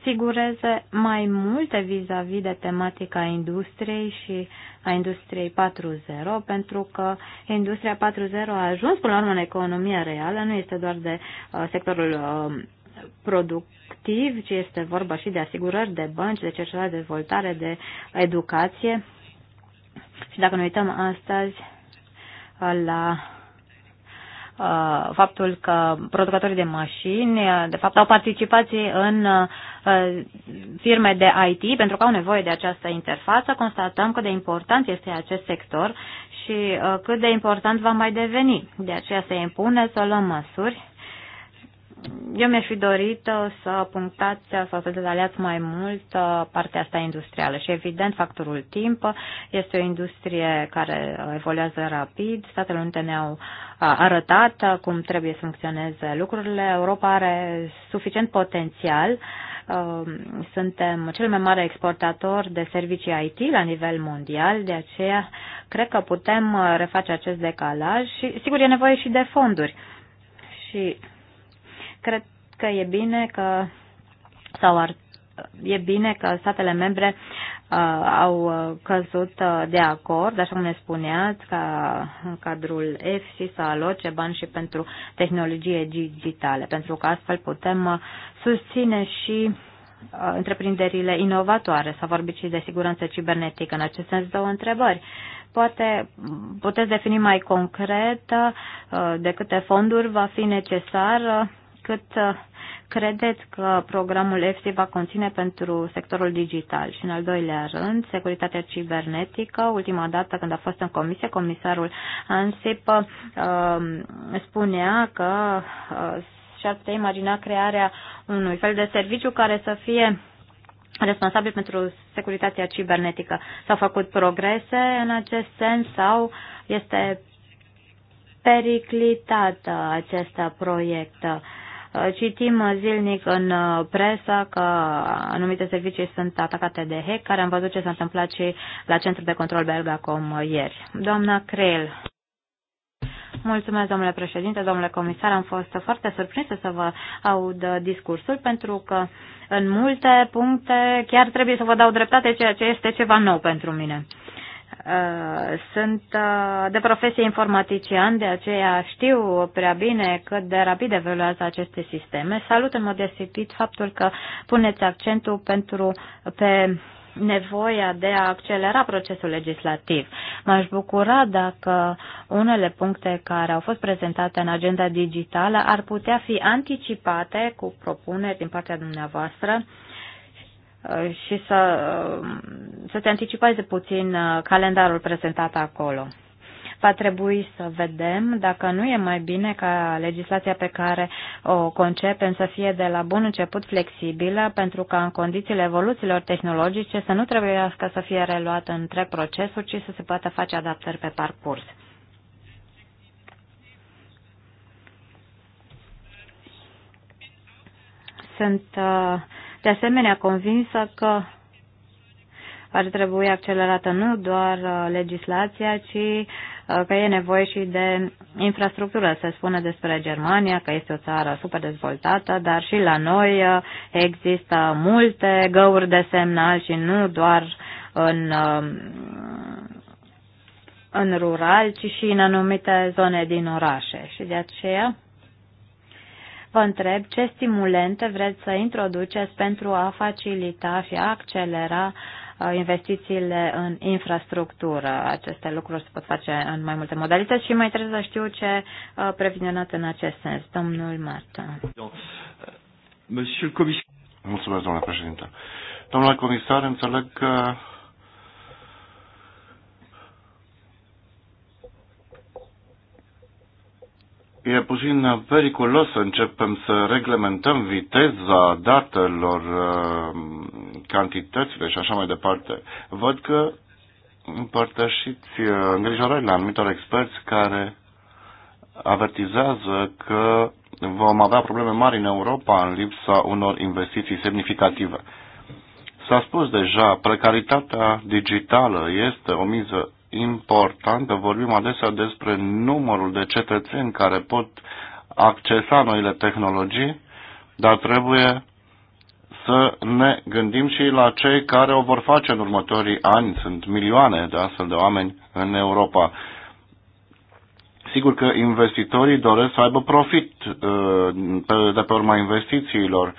figureze mai multe vis-a-vis -vis de tematica industriei și a industriei 4.0, pentru că industria 4.0 a ajuns până la urmă în economia reală, nu este doar de uh, sectorul uh, productiv, ci este vorba și de asigurări, de bănci, de cercetare, de dezvoltare, de educație. Și dacă ne uităm astăzi uh, la uh, faptul că producătorii de mașini, uh, de fapt, au participații în firme de IT pentru că au nevoie de această interfață, constatăm cât de important este acest sector și cât de important va mai deveni. De aceea se impune să luăm măsuri eu mi-aș fi dorit uh, să punctați sau să detaliați mai mult uh, partea asta industrială și evident factorul timp este o industrie care uh, evoluează rapid. Statele Unite ne-au arătat cum trebuie să funcționeze lucrurile. Europa are suficient potențial. Suntem cel mai mare exportator de servicii IT la nivel mondial, de aceea cred că putem reface acest decalaj și sigur e nevoie și de fonduri. Și Cred că e bine că sau ar, e bine că statele membre uh, au uh, căzut uh, de acord, așa cum ne spuneați, ca în cadrul EFSI să aloce bani și pentru tehnologie digitale, pentru că astfel putem uh, susține și uh, întreprinderile inovatoare. S-a vorbit și de siguranță cibernetică. În acest sens, două întrebări. Poate puteți defini mai concret uh, de câte fonduri va fi necesar cât uh, credeți că programul EFSI va conține pentru sectorul digital? Și în al doilea rând, securitatea cibernetică. Ultima dată când a fost în comisie, comisarul Ansip uh, spunea că uh, și-ar putea imagina crearea unui fel de serviciu care să fie responsabil pentru securitatea cibernetică. S-au făcut progrese în acest sens sau este periclitată acest proiect? Uh, citim zilnic în uh, presă că anumite servicii sunt atacate de hack, care am văzut ce s-a întâmplat și la centrul de control acum uh, ieri. Doamna Creel. Mulțumesc, domnule președinte, domnule comisar. Am fost foarte surprinsă să vă aud discursul, pentru că în multe puncte chiar trebuie să vă dau dreptate, ceea ce este ceva nou pentru mine. Uh, sunt uh, de profesie informatician, de aceea știu prea bine cât de rapid evoluează aceste sisteme. Salut în mod desipit faptul că puneți accentul pentru, pe nevoia de a accelera procesul legislativ. M-aș bucura dacă unele puncte care au fost prezentate în agenda digitală ar putea fi anticipate cu propuneri din partea dumneavoastră uh, Uh, și să, uh, să se anticipeze puțin uh, calendarul prezentat acolo. Va trebui să vedem dacă nu e mai bine ca legislația pe care o concepem să fie de la bun început flexibilă, pentru că în condițiile evoluțiilor tehnologice să nu trebuiască să fie reluat întreg procesul, ci să se poată face adaptări pe parcurs. Sunt uh, de asemenea convinsă că ar trebui accelerată nu doar uh, legislația, ci uh, că e nevoie și de infrastructură. Se spune despre Germania că este o țară super dezvoltată, dar și la noi uh, există multe găuri de semnal și nu doar în, în rural, ci și în anumite zone din orașe. Și de aceea vă întreb ce stimulente vreți să introduceți pentru a facilita și a accelera uh, investițiile în infrastructură. Aceste lucruri se pot face în mai multe modalități și mai trebuie să știu ce uh, previzionat în acest sens. Domnul Marta. Mulțumesc, domnule președinte. Domnule comisar, înțeleg că E puțin periculos să începem să reglementăm viteza datelor, uh, cantitățile și așa mai departe. Văd că împărtășiți uh, îngrijorările anumitor experți care avertizează că vom avea probleme mari în Europa în lipsa unor investiții semnificative. S-a spus deja, precaritatea digitală este o miză importantă. Vorbim adesea despre numărul de cetățeni care pot accesa noile tehnologii, dar trebuie să ne gândim și la cei care o vor face în următorii ani. Sunt milioane de astfel de oameni în Europa. Sigur că investitorii doresc să aibă profit uh, de pe urma investițiilor,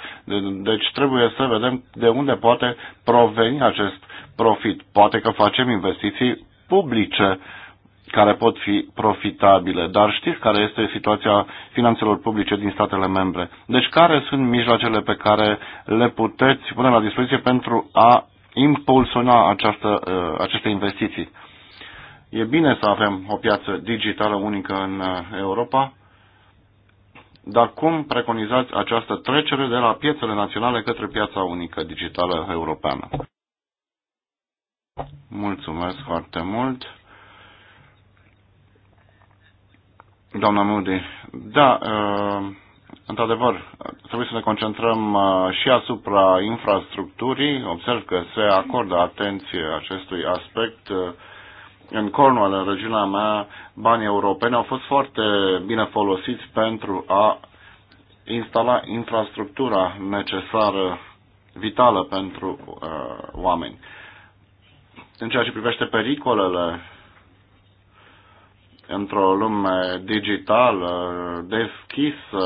deci trebuie să vedem de unde poate proveni acest profit. Poate că facem investiții publice care pot fi profitabile. Dar știți care este situația finanțelor publice din statele membre. Deci care sunt mijloacele pe care le puteți pune la dispoziție pentru a impulsiona această, uh, aceste investiții? E bine să avem o piață digitală unică în uh, Europa, dar cum preconizați această trecere de la piețele naționale către piața unică digitală europeană? Mulțumesc foarte mult. Doamna Moody, da, uh, într-adevăr, trebuie să ne concentrăm uh, și asupra infrastructurii. Observ că se acordă atenție acestui aspect. Uh, în Cornwall, în regiunea mea, banii europeni au fost foarte bine folosiți pentru a instala infrastructura necesară, vitală pentru uh, oameni. În ceea ce privește pericolele într-o lume digitală, deschisă,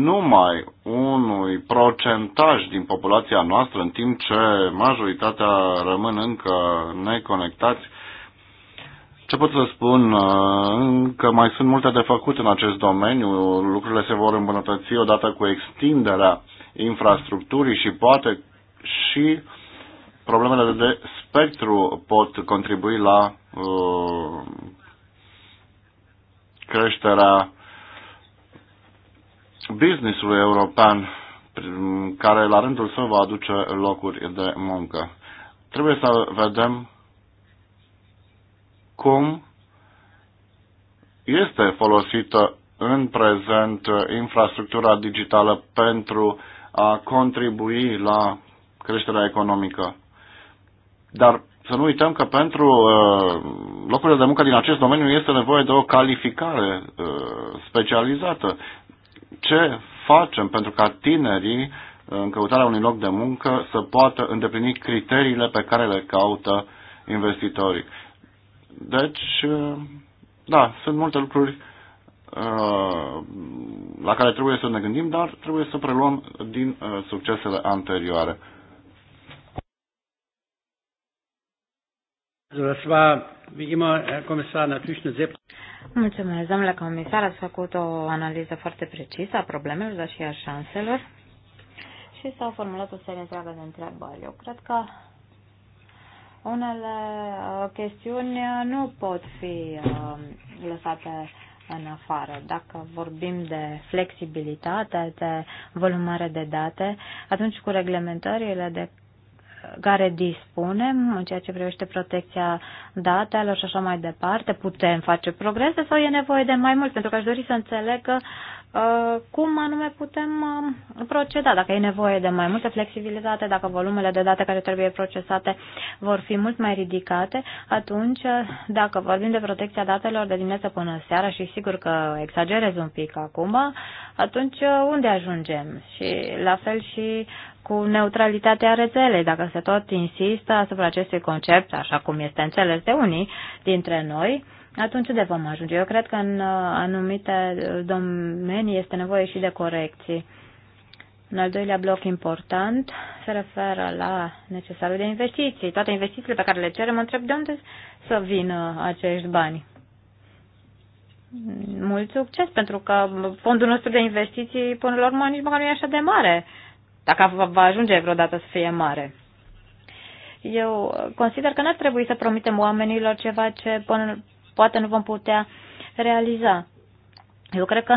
numai unui procentaj din populația noastră, în timp ce majoritatea rămân încă neconectați, ce pot să spun, că mai sunt multe de făcut în acest domeniu, lucrurile se vor îmbunătăți odată cu extinderea infrastructurii și poate și problemele de spectru pot contribui la creșterea uh, creșterea businessului european care la rândul său va aduce locuri de muncă. Trebuie să vedem cum este folosită în prezent infrastructura digitală pentru a contribui la creșterea economică. Dar să nu uităm că pentru uh, locurile de muncă din acest domeniu este nevoie de o calificare uh, specializată. Ce facem pentru ca tinerii uh, în căutarea unui loc de muncă să poată îndeplini criteriile pe care le caută investitorii. Deci, uh, da, sunt multe lucruri uh, la care trebuie să ne gândim, dar trebuie să preluăm din succesele anterioare. Mulțumesc, domnule comisar, ați făcut o analiză foarte precisă a problemelor, dar și a șanselor și s-au formulat o serie întreagă de întrebări. Eu cred că unele uh, chestiuni uh, nu pot fi uh, lăsate în afară. Dacă vorbim de flexibilitate, de volumare de date, atunci cu reglementările de care dispunem în ceea ce privește protecția datelor și așa mai departe, putem face progrese sau e nevoie de mai mult? Pentru că aș dori să înțeleg uh, cum anume putem uh, proceda, dacă e nevoie de mai multă flexibilitate, dacă volumele de date care trebuie procesate vor fi mult mai ridicate, atunci uh, dacă vorbim de protecția datelor de dimineață până seara și sigur că exagerez un pic acum, atunci uh, unde ajungem? Și la fel și cu neutralitatea rețelei. Dacă se tot insistă asupra acestui concept, așa cum este înțeles de unii dintre noi, atunci unde vom ajunge? Eu cred că în uh, anumite uh, domenii este nevoie și de corecții. Un al doilea bloc important se referă la necesarul de investiții. Toate investițiile pe care le cerem, întreb de unde să vină acești bani. Mult succes, pentru că fondul nostru de investiții, până la urmă, nici măcar nu e așa de mare dacă va ajunge vreodată să fie mare. Eu consider că n-ar trebui să promitem oamenilor ceva ce până, poate nu vom putea realiza. Eu cred că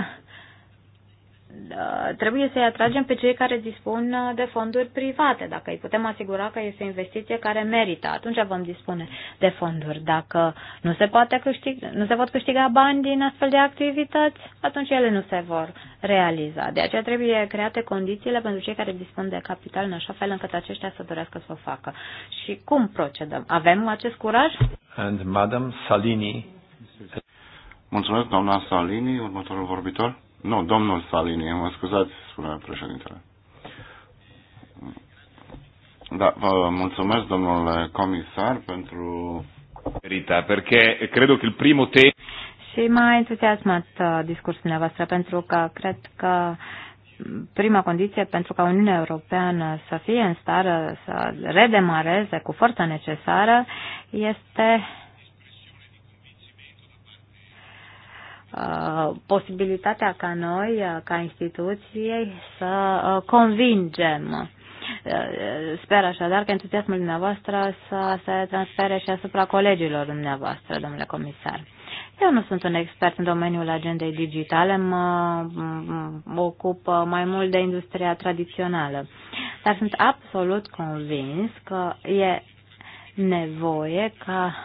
da, trebuie să-i atragem pe cei care dispun uh, de fonduri private. Dacă îi putem asigura că este o investiție care merită, atunci vom dispune de fonduri. Dacă nu se, poate câștig, nu se pot câștiga bani din astfel de activități, atunci ele nu se vor realiza. De aceea trebuie create condițiile pentru cei care dispun de capital în așa fel încât aceștia să dorească să o facă. Și cum procedăm? Avem acest curaj? And Madam Salini. Mulțumesc, doamna Salini, următorul vorbitor. Nu, domnul Salini, mă scuzați, spune președintele. Da, vă mulțumesc, domnule comisar, pentru... Rita, perché credo che il primo te... Și m-a entuziasmat uh, discursul dumneavoastră, pentru că cred că prima condiție pentru ca Uniunea Europeană să fie în stare să redemareze cu forța necesară este Uh, posibilitatea ca noi, uh, ca instituție, să uh, convingem. Sper așadar că entuziasmul dumneavoastră să se transfere și asupra colegilor dumneavoastră, domnule comisar. Eu nu sunt un expert în domeniul agendei digitale, mă ocup mai mult de industria tradițională, dar sunt absolut convins că e nevoie ca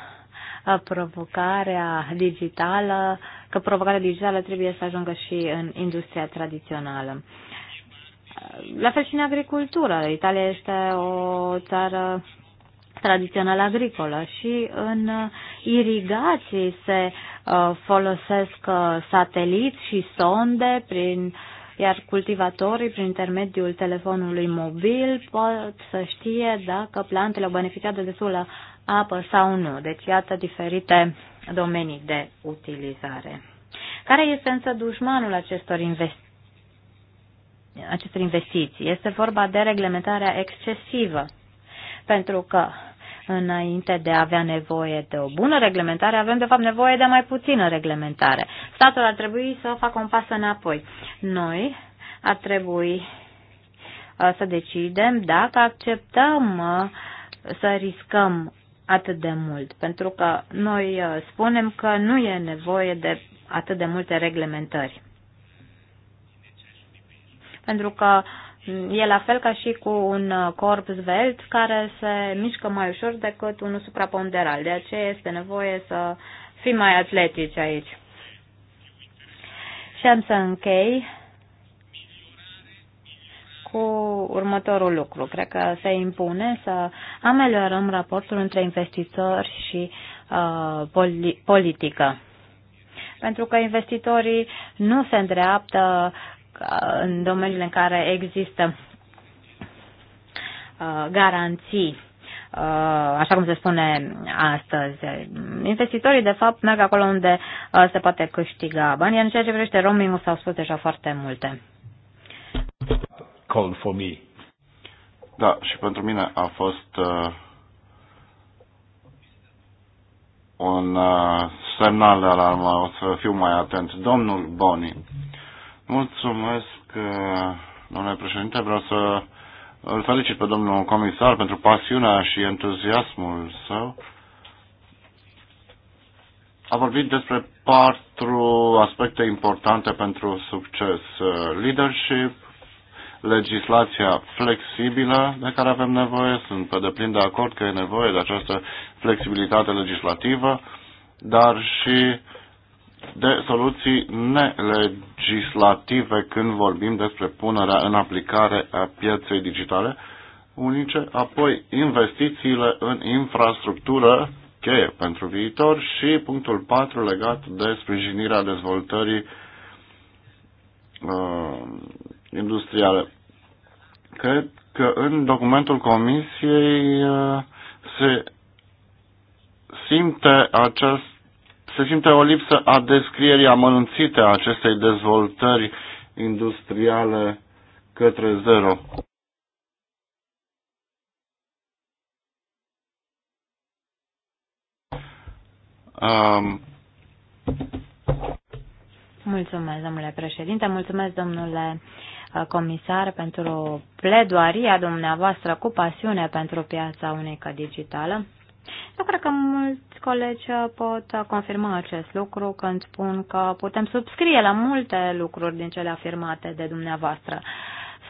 Uh, provocarea digitală, că provocarea digitală trebuie să ajungă și în industria tradițională. Uh, la fel și în agricultură. Italia este o țară tradițională agricolă și în uh, irigații se folosesc sateliți și sonde prin iar cultivatorii, prin intermediul telefonului mobil, pot să știe dacă plantele au beneficiat de destulă apă sau nu. Deci iată diferite domenii de utilizare. Care este însă dușmanul acestor investiții? acestor investiții. Este vorba de reglementarea excesivă, pentru că înainte de a avea nevoie de o bună reglementare, avem de fapt nevoie de mai puțină reglementare. Statul ar trebui să facă un pas înapoi. Noi ar trebui uh, să decidem dacă acceptăm uh, să riscăm atât de mult, pentru că noi uh, spunem că nu e nevoie de atât de multe reglementări. Pentru că e la fel ca și cu un uh, corp zvelt care se mișcă mai ușor decât unul supraponderal. De aceea este nevoie să fim mai atletici aici. Și am să închei cu următorul lucru. Cred că se impune să ameliorăm raportul între investitori și uh, poli- politică. Pentru că investitorii nu se îndreaptă uh, în domeniile în care există uh, garanții uh, așa cum se spune astăzi. Investitorii, de fapt, merg acolo unde se poate câștiga bani, iar în ceea ce privește roaming-ul s-au spus deja foarte multe call for me. Da, și pentru mine a fost uh, un uh, semnal de alarmă, o să fiu mai atent. Domnul Boni, mulțumesc, uh, domnule președinte, vreau să îl felicit pe domnul comisar pentru pasiunea și entuziasmul său. A vorbit despre patru aspecte importante pentru succes. Uh, leadership, legislația flexibilă de care avem nevoie. Sunt pe deplin de acord că e nevoie de această flexibilitate legislativă, dar și de soluții nelegislative când vorbim despre punerea în aplicare a pieței digitale unice, apoi investițiile în infrastructură cheie pentru viitor și punctul 4 legat de sprijinirea dezvoltării uh, industriale. Cred că în documentul comisiei uh, se simte acest se simte o lipsă a descrierii amănunțite a acestei dezvoltări industriale către zero. Um. Mulțumesc, domnule președinte, mulțumesc, domnule comisar, pentru pledoaria dumneavoastră cu pasiune pentru piața unică digitală. Eu cred că mulți colegi pot confirma acest lucru când spun că putem subscrie la multe lucruri din cele afirmate de dumneavoastră.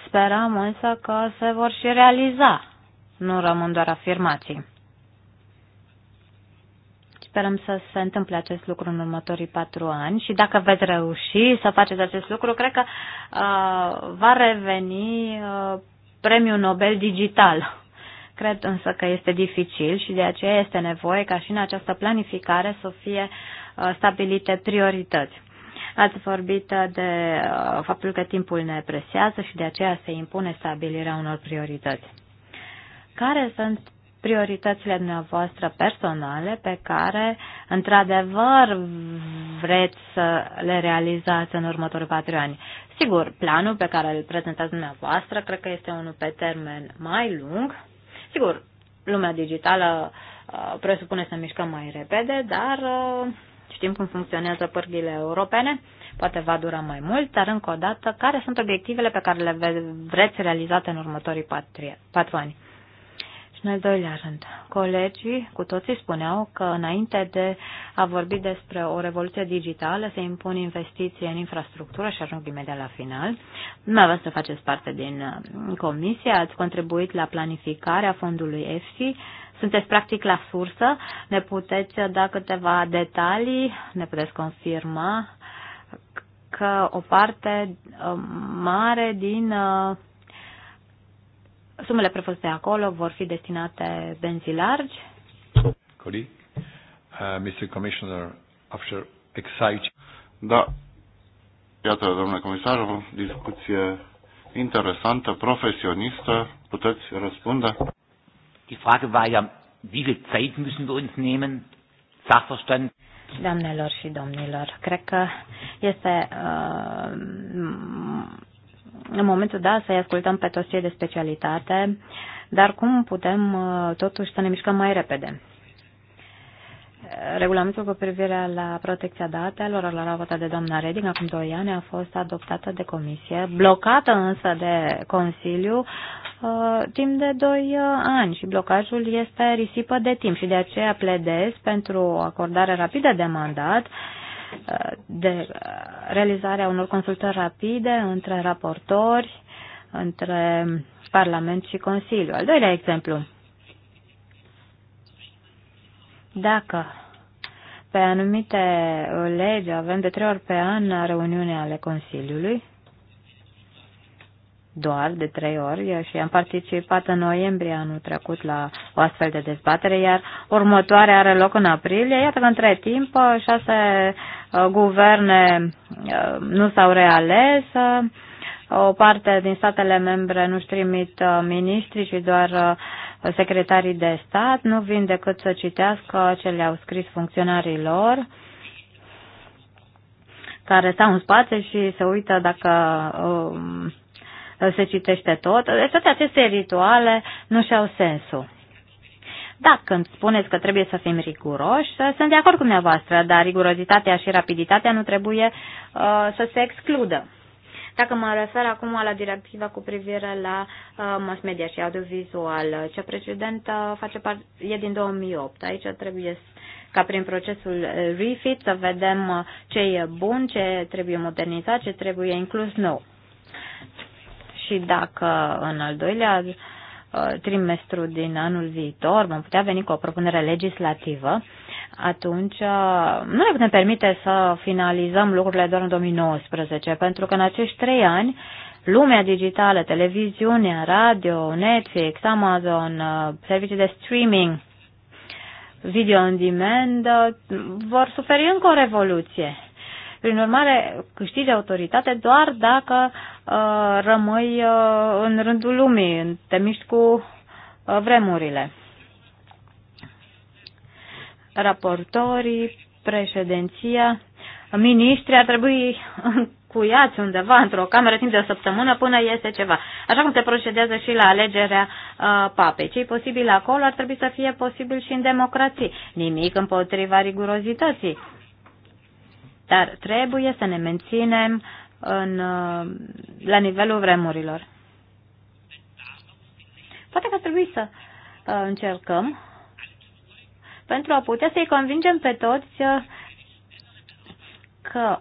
Sperăm însă că se vor și realiza, nu rămân doar afirmații. Sperăm să se întâmple acest lucru în următorii patru ani și dacă veți reuși să faceți acest lucru, cred că uh, va reveni uh, premiul Nobel digital. Cred însă că este dificil și de aceea este nevoie ca și în această planificare să fie uh, stabilite priorități. Ați vorbit uh, de uh, faptul că timpul ne presează și de aceea se impune stabilirea unor priorități. Care sunt prioritățile dumneavoastră personale pe care, într-adevăr, vreți să le realizați în următorii patru ani. Sigur, planul pe care îl prezentați dumneavoastră cred că este unul pe termen mai lung. Sigur, lumea digitală uh, presupune să mișcăm mai repede, dar uh, știm cum funcționează pârghile europene. Poate va dura mai mult, dar încă o dată, care sunt obiectivele pe care le vreți realizate în următorii patru ani? În al doilea rând, colegii cu toții spuneau că înainte de a vorbi despre o revoluție digitală se impun investiții în infrastructură și ajung imediat la final. Dumneavoastră faceți parte din uh, comisie, ați contribuit la planificarea fondului EFSI, sunteți practic la sursă, ne puteți da câteva detalii, ne puteți confirma că o parte uh, mare din uh, Sumele prefăcute acolo vor fi destinate benzii largi. Colleague, uh, Mr. Commissioner, after excite. Da, iată, domnule comisar, o discuție interesantă, profesionistă. Puteți răspunde? Die Frage war ja, wie viel Zeit müssen wir uns nehmen? Sachverstand. Doamnelor și domnilor, cred că este uh, în momentul da să-i ascultăm pe toți cei de specialitate, dar cum putem uh, totuși să ne mișcăm mai repede? Uh, regulamentul cu privire la protecția datelor, la raportat de doamna Reding, acum 2 ani, a fost adoptată de comisie, blocată însă de Consiliu uh, timp de 2 ani și blocajul este risipă de timp și de aceea pledez pentru acordare rapidă de mandat uh, de uh, realizarea unor consultări rapide între raportori, între Parlament și Consiliu. Al doilea exemplu. Dacă pe anumite legi avem de trei ori pe an reuniune ale Consiliului, doar de trei ori și am participat în noiembrie anul trecut la o astfel de dezbatere, iar următoarea are loc în aprilie. Iată că între timp uh, șase uh, guverne uh, nu s-au reales, o parte din statele membre nu-și trimit miniștri, și doar secretarii de stat, nu vin decât să citească ce le-au scris funcționarii lor care stau în spate și se uită dacă uh, se citește tot. Deci toate aceste rituale nu și-au sensul. Da, când spuneți că trebuie să fim riguroși, sunt de acord cu dumneavoastră, dar rigurozitatea și rapiditatea nu trebuie uh, să se excludă. Dacă mă refer acum la directiva cu privire la uh, mass media și audiovizual, cea precedentă face part, e din 2008. Aici trebuie ca prin procesul refit să vedem uh, ce e bun, ce trebuie modernizat, ce trebuie inclus nou și dacă în al doilea uh, trimestru din anul viitor vom putea veni cu o propunere legislativă, atunci uh, nu ne putem permite să finalizăm lucrurile doar în 2019, pentru că în acești trei ani lumea digitală, televiziunea, radio, Netflix, Amazon, uh, servicii de streaming, video on demand vor suferi încă o revoluție. Prin urmare, câștigi autoritate doar dacă Uh, rămâi uh, în rândul lumii, te miști cu uh, vremurile. Raportorii, președinția, miniștri ar trebui încuiați undeva într-o cameră timp de o săptămână până iese ceva. Așa cum se procedează și la alegerea uh, papei. ce posibil acolo ar trebui să fie posibil și în democrații. Nimic împotriva rigurozității. Dar trebuie să ne menținem în, uh, la nivelul vremurilor. Poate că ar trebui să uh, încercăm pentru a putea să-i convingem pe toți uh, că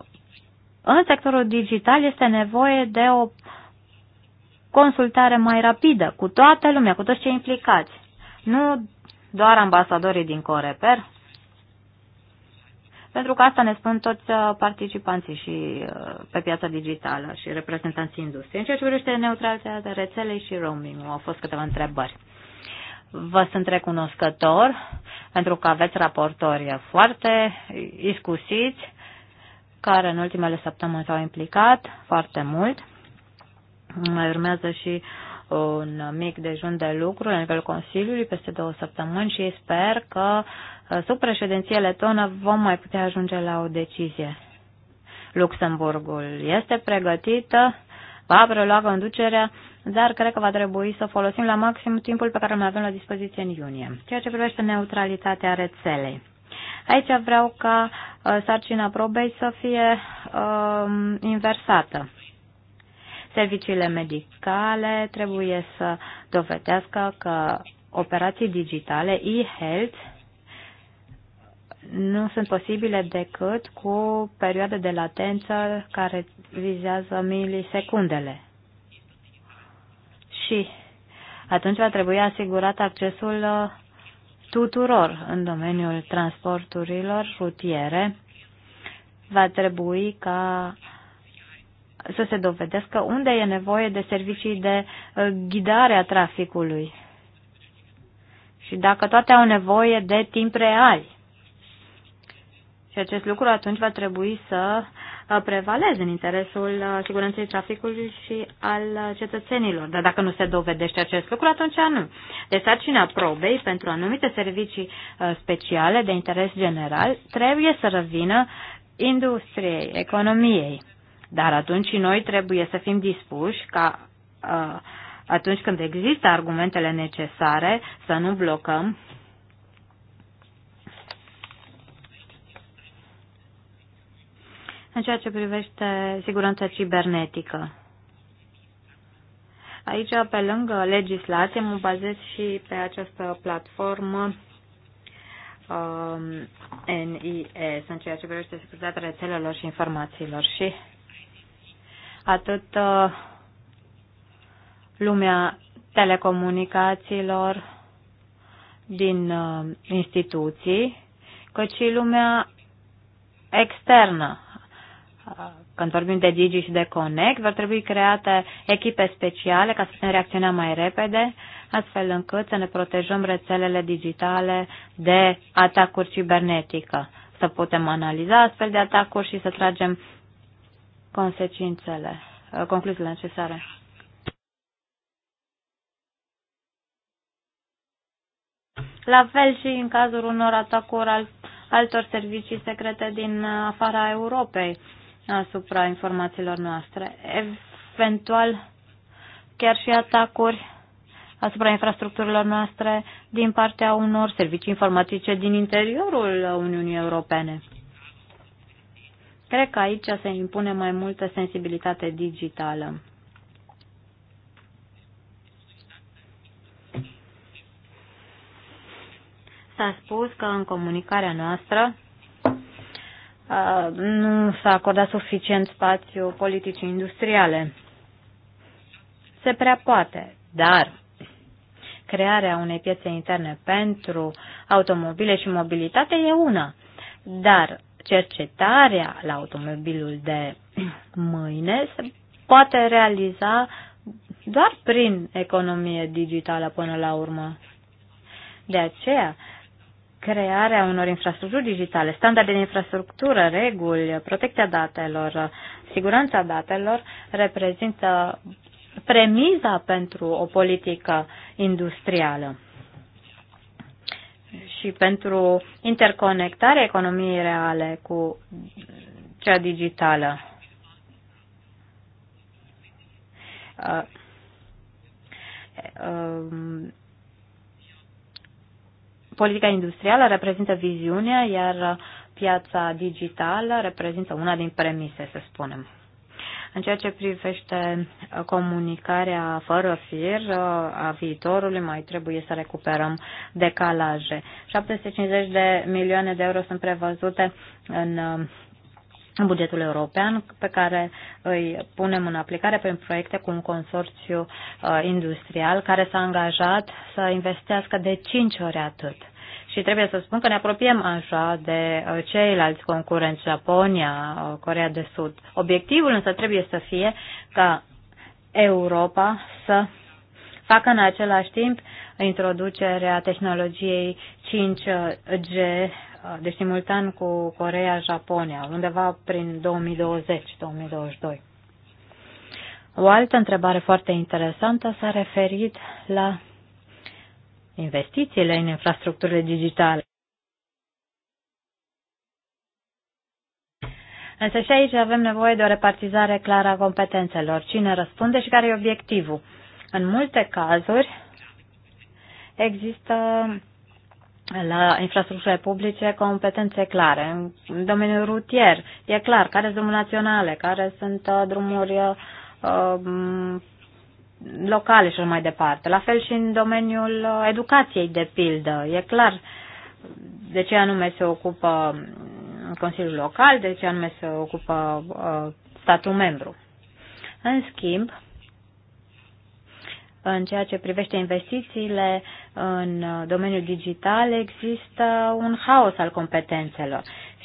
în sectorul digital este nevoie de o consultare mai rapidă cu toată lumea, cu toți cei implicați. Nu doar ambasadorii din Coreper, pentru că asta ne spun toți uh, participanții și uh, pe piața digitală și reprezentanții industriei. În ceea ce privește neutralitatea rețelei și roaming, au fost câteva întrebări. Vă sunt recunoscător pentru că aveți raportori foarte iscusiți care în ultimele săptămâni s-au implicat foarte mult. Mai urmează și un mic dejun de lucru la nivelul Consiliului peste două săptămâni și sper că Uh, sub președinție letonă vom mai putea ajunge la o decizie. Luxemburgul este pregătită, va prelua conducerea, dar cred că va trebui să folosim la maxim timpul pe care îl avem la dispoziție în iunie. Ceea ce privește neutralitatea rețelei. Aici vreau ca uh, sarcina probei să fie um, inversată. Serviciile medicale trebuie să dovedească că operații digitale, e-health, nu sunt posibile decât cu perioade de latență care vizează milisecundele. Și atunci va trebui asigurat accesul uh, tuturor în domeniul transporturilor rutiere. Va trebui ca să se dovedească unde e nevoie de servicii de uh, ghidare a traficului. Și dacă toate au nevoie de timp real. Și acest lucru atunci va trebui să uh, prevaleze în interesul uh, siguranței traficului și al uh, cetățenilor. Dar dacă nu se dovedește acest lucru, atunci nu. De sarcina probei pentru anumite servicii speciale de interes general trebuie să revină industriei, economiei. Dar atunci și noi trebuie să fim dispuși ca atunci când există argumentele necesare să nu blocăm în ceea ce privește siguranța cibernetică. Aici, pe lângă legislație, mă bazez și pe această platformă um, NIS, în ceea ce privește securitatea rețelelor și informațiilor. Și atât uh, lumea telecomunicațiilor din uh, instituții, cât și lumea externă când vorbim de Digi și de Connect, vor trebui create echipe speciale ca să putem reacționa mai repede, astfel încât să ne protejăm rețelele digitale de atacuri cibernetică, să putem analiza astfel de atacuri și să tragem consecințele, uh, concluziile necesare. La fel și în cazul unor atacuri al altor servicii secrete din afara Europei asupra informațiilor noastre. Eventual, chiar și atacuri asupra infrastructurilor noastre din partea unor servicii informatice din interiorul Uniunii Europene. Cred că aici se impune mai multă sensibilitate digitală. S-a spus că în comunicarea noastră Uh, nu s-a acordat suficient spațiu politicii industriale. Se prea poate, dar crearea unei piețe interne pentru automobile și mobilitate e una, dar cercetarea la automobilul de mâine se poate realiza doar prin economie digitală până la urmă. De aceea, crearea unor infrastructuri digitale, standarde de infrastructură, reguli, protecția datelor, siguranța datelor reprezintă premiza pentru o politică industrială și pentru interconectarea economiei reale cu cea digitală. Uh, uh, politica industrială reprezintă viziunea, iar piața digitală reprezintă una din premise, să spunem. În ceea ce privește comunicarea fără fir a viitorului, mai trebuie să recuperăm decalaje. 750 de milioane de euro sunt prevăzute în în bugetul european pe care îi punem în aplicare prin proiecte cu un consorțiu uh, industrial care s-a angajat să investească de 5 ori atât. Și trebuie să spun că ne apropiem așa de uh, ceilalți concurenți, Japonia, uh, Corea de Sud. Obiectivul însă trebuie să fie ca Europa să facă în același timp introducerea tehnologiei 5G Ah, de deci simultan cu Corea, Japonia, undeva prin 2020-2022. O altă întrebare foarte interesantă s-a referit la investițiile în infrastructurile digitale. Însă și aici avem nevoie de o repartizare clară a competențelor. Cine răspunde și care e obiectivul? În multe cazuri există la infrastructurile publice competențe clare. În domeniul rutier e clar care sunt drumurile naționale, care sunt uh, drumuri uh, locale și mai departe. La fel și în domeniul uh, educației, de pildă. E clar de ce anume se ocupă mm, Consiliul Local, de ce anume se ocupă uh, statul membru. În schimb, în ceea ce privește investițiile în domeniul digital, există un haos al competențelor.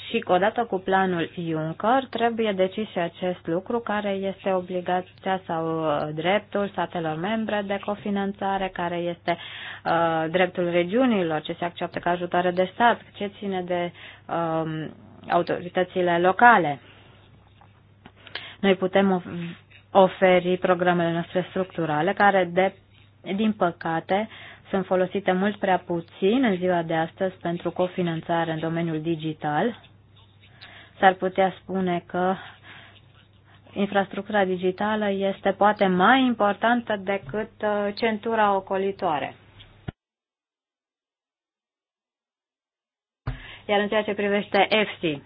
Și odată cu planul Juncker trebuie decis și acest lucru care este obligația sau uh, dreptul statelor membre de cofinanțare, care este uh, dreptul regiunilor, ce se acceptă ca ajutoare de stat, ce ține de uh, autoritățile locale. Noi putem oferi programele noastre structurale, care, de, din păcate, sunt folosite mult prea puțin în ziua de astăzi pentru cofinanțare în domeniul digital. S-ar putea spune că infrastructura digitală este poate mai importantă decât uh, centura ocolitoare. Iar în ceea ce privește EFSI,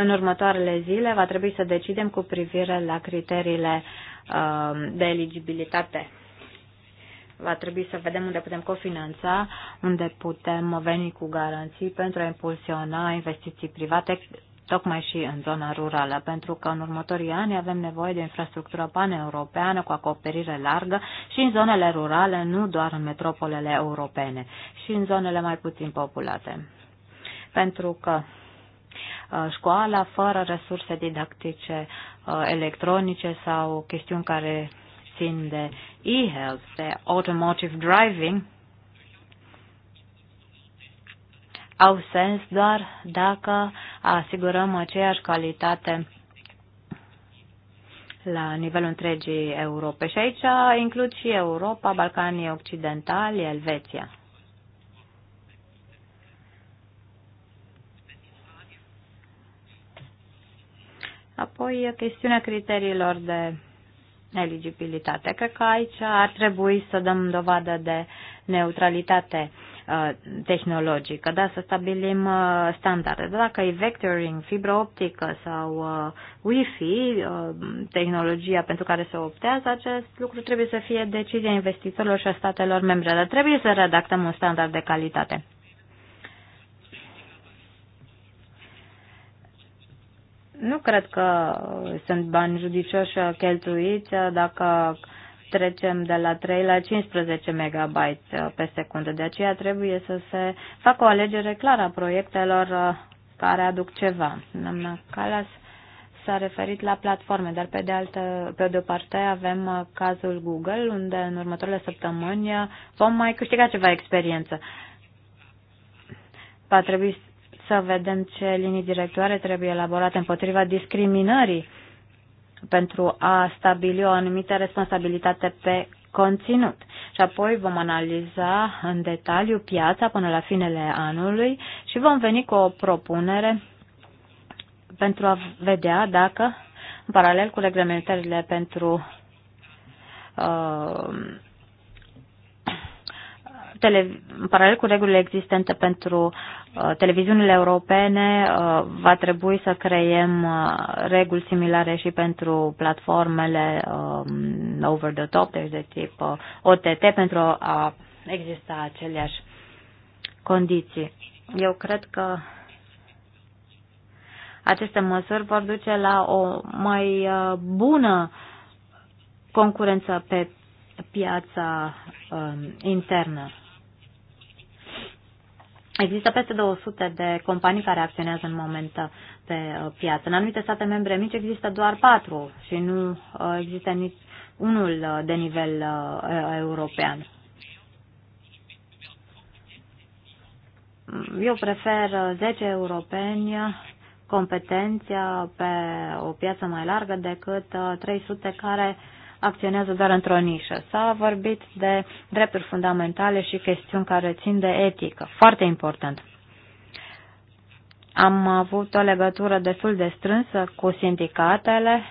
în următoarele zile va trebui să decidem cu privire la criteriile um, de eligibilitate. Va trebui să vedem unde putem cofinanța, unde putem veni cu garanții pentru a impulsiona investiții private tocmai și în zona rurală, pentru că în următorii ani avem nevoie de infrastructură paneuropeană cu acoperire largă și în zonele rurale, nu doar în metropolele europene, și în zonele mai puțin populate. Pentru că Uh, școala fără resurse didactice uh, electronice sau chestiuni care țin de e-health, de automotive driving, au sens doar dacă asigurăm aceeași calitate la nivelul întregii Europe. Și aici includ și Europa, Balcanii Occidentali, Elveția. Apoi, chestiunea criteriilor de eligibilitate. Cred că aici ar trebui să dăm dovadă de neutralitate uh, tehnologică, da, să stabilim uh, standarde. Da, dacă e vectoring, fibra optică sau uh, Wi-Fi, tehnologia pentru care se optează, acest lucru trebuie să fie decizia investitorilor și a statelor membre, dar trebuie să redactăm un standard de calitate. Nu cred că sunt bani judicioși cheltuiți dacă trecem de la 3 la 15 MB uh, pe secundă. De aceea trebuie să se facă o alegere clară a proiectelor uh, care aduc ceva. Doamna Calas s-a referit la platforme, dar pe de, altă, pe de o parte avem uh, cazul Google, unde în următoarele săptămâni vom mai câștiga ceva experiență. Va trebui să vedem ce linii directoare trebuie elaborate împotriva discriminării pentru a stabili o anumită responsabilitate pe conținut. Și apoi vom analiza în detaliu piața până la finele anului și vom veni cu o propunere pentru a vedea dacă, în paralel cu reglementările pentru uh, tele, în paralel cu regulile existente pentru uh, televiziunile europene, uh, va trebui să creiem uh, reguli similare și pentru platformele um, over the top, deci de tip uh, OTT, pentru a exista aceleași condiții. Eu cred că aceste măsuri vor duce la o mai uh, bună concurență pe piața um, internă. Există peste 200 de companii care acționează în moment pe uh, piață. În anumite state membre mici există doar patru și nu uh, există nici unul uh, de nivel european. Mm, eu prefer 10 europeni competenția pe o piață mai largă decât 300 care uh, acționează doar într-o nișă. S-a vorbit de drepturi fundamentale și chestiuni care țin de etică. Foarte important. Am avut o legătură destul de strânsă cu sindicatele,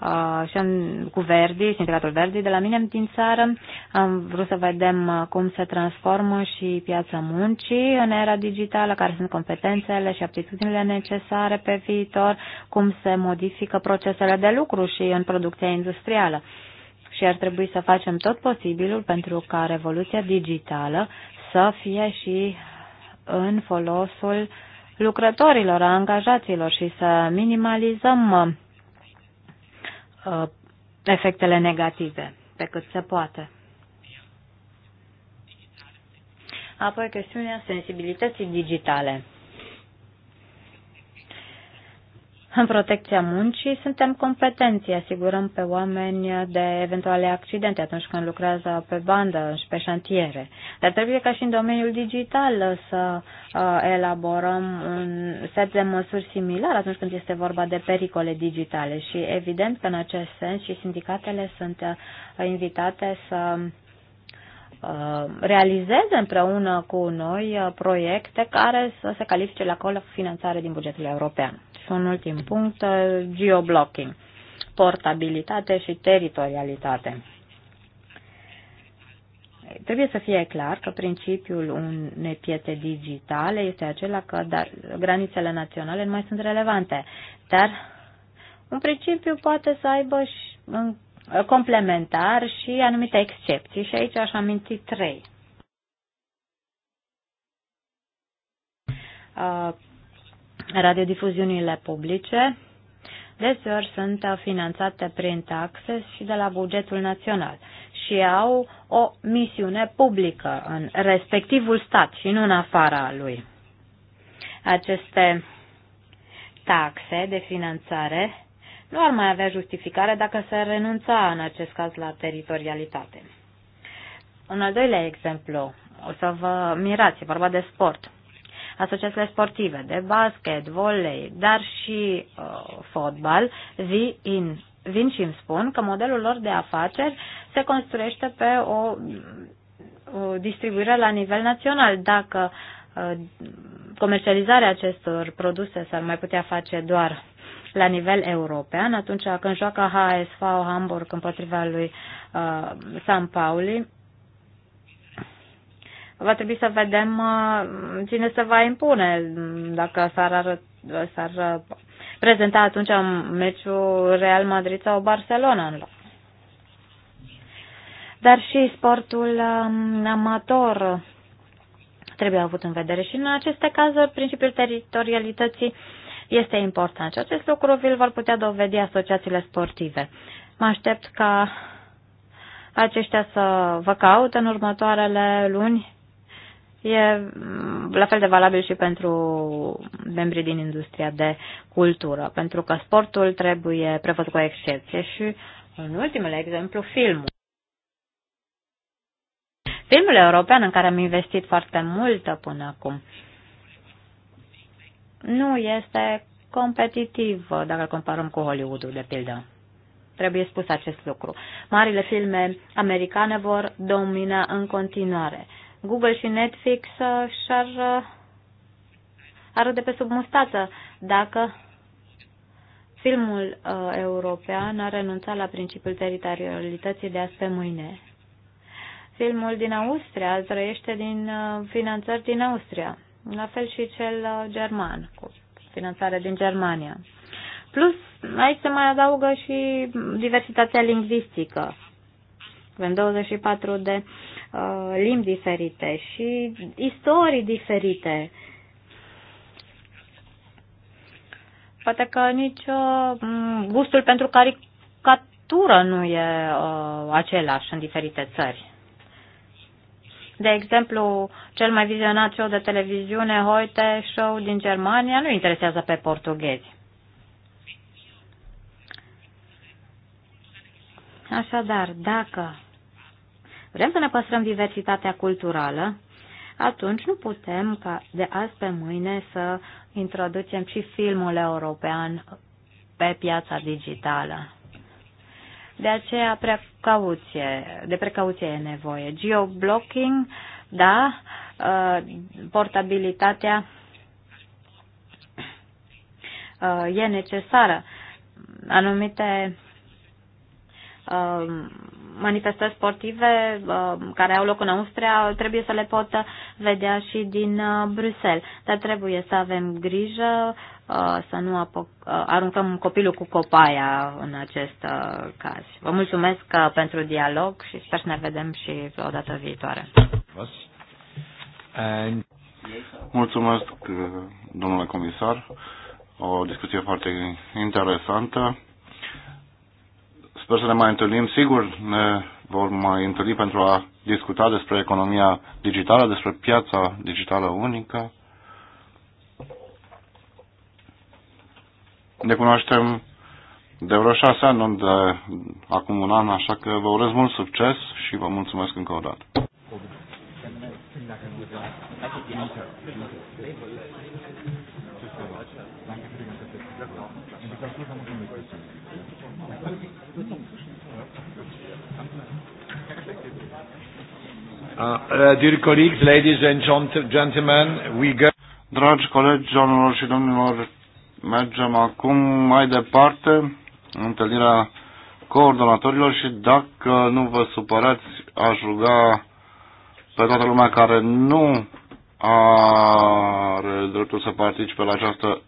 Ah, și în, cu Verdi, Sindicatul Verdi de la mine din țară. Am vrut să vedem ah, cum se transformă și piața muncii în era digitală, care sunt competențele și aptitudinile necesare pe viitor, cum se modifică procesele de lucru și în producția industrială. Și ar trebui să facem tot posibilul pentru ca revoluția digitală să fie și în folosul lucrătorilor, a angajaților și să minimalizăm Uh, efectele negative pe cât se poate. Apoi chestiunea sensibilității digitale. În protecția muncii suntem competenți, asigurăm pe oameni de eventuale accidente atunci când lucrează pe bandă și pe șantiere. Dar trebuie ca și în domeniul digital uh, să uh, elaborăm un set de măsuri similar atunci când este vorba de pericole digitale și evident că în acest sens și sindicatele sunt uh, invitate să realizeze împreună cu noi proiecte care să se califice la finanțare din bugetul european. Și un ultim punct, geoblocking, portabilitate și teritorialitate. Trebuie să fie clar că principiul unei piețe digitale este acela că dar, granițele naționale nu mai sunt relevante, dar un principiu poate să aibă și, în, complementar și anumite excepții și aici aș aminti trei. Uh, radiodifuziunile publice deseori sunt finanțate prin taxe și de la bugetul național și au o misiune publică în respectivul stat și nu în afara lui. Aceste taxe de finanțare nu ar mai avea justificare dacă se renunța în acest caz la teritorialitate. Un al doilea exemplu, o să vă mirați, e vorba de sport. Asociațiile sportive de basket, volei, dar și uh, fotbal, zi in, vin și îmi spun că modelul lor de afaceri se construiește pe o, o distribuire la nivel național. Dacă uh, comercializarea acestor produse s-ar mai putea face doar la nivel european, atunci când joacă HSV Hamburg împotriva lui uh, San Pauli, va trebui să vedem uh, cine se va impune, dacă s-ar, s-ar prezenta atunci un meciul Real Madrid sau Barcelona în loc. Dar și sportul um, amator trebuie avut în vedere și în aceste cazuri principiul teritorialității este important și acest lucru vi-l vor putea dovedi asociațiile sportive. Mă aștept ca aceștia să vă caut în următoarele luni E mm, la fel de valabil și pentru membrii din industria de cultură, pentru că sportul trebuie prevăzut cu o excepție și, în ultimul exemplu, filmul. Filmul european în care am investit foarte mult până acum nu este competitiv dacă îl comparăm cu Hollywoodul, de pildă. Trebuie spus acest lucru. Marile filme americane vor domina în continuare Google și Netflix uh, și-ar uh, arăt de pe sub mustață dacă filmul uh, european a renunțat la principiul teritorialității de azi pe mâine. Filmul din Austria trăiește din uh, finanțări din Austria, la fel și cel uh, german, cu finanțare din Germania. Plus, aici se mai adaugă și diversitatea lingvistică. Avem 24 de Uh, limbi diferite și istorii diferite. Poate că nici uh, gustul pentru caricatură nu e uh, același în diferite țări. De exemplu, cel mai vizionat show de televiziune, Hoite Show din Germania, nu interesează pe portughezi. Așadar, dacă vrem să ne păstrăm diversitatea culturală, atunci nu putem ca de azi pe mâine să introducem și filmul european pe piața digitală. De aceea precauție, de precauție e nevoie. Geoblocking, da, uh, portabilitatea uh, e necesară. Anumite uh, manifestări sportive uh, care au loc în Austria trebuie să le pot vedea și din uh, Bruxelles. Dar trebuie să avem grijă uh, să nu aruncăm copilul cu copaia în acest caz. Vă mulțumesc pentru dialog și sper să ne vedem și o dată viitoare. Mulțumesc, domnule comisar. O discuție foarte interesantă. Sper să ne mai întâlnim. Sigur, ne vor mai întâlni pentru a discuta despre economia digitală, despre piața digitală unică. Ne cunoaștem de vreo șase ani, nu de acum un an, așa că vă urez mult succes și vă mulțumesc încă o dată. Thank you. Uh, uh, ladies and gentlemen, we Dragi colegi, domnilor și domnilor, mergem acum mai departe, în întâlnirea coordonatorilor și dacă nu vă supărați, aș ruga pe toată lumea care nu are dreptul să participe la această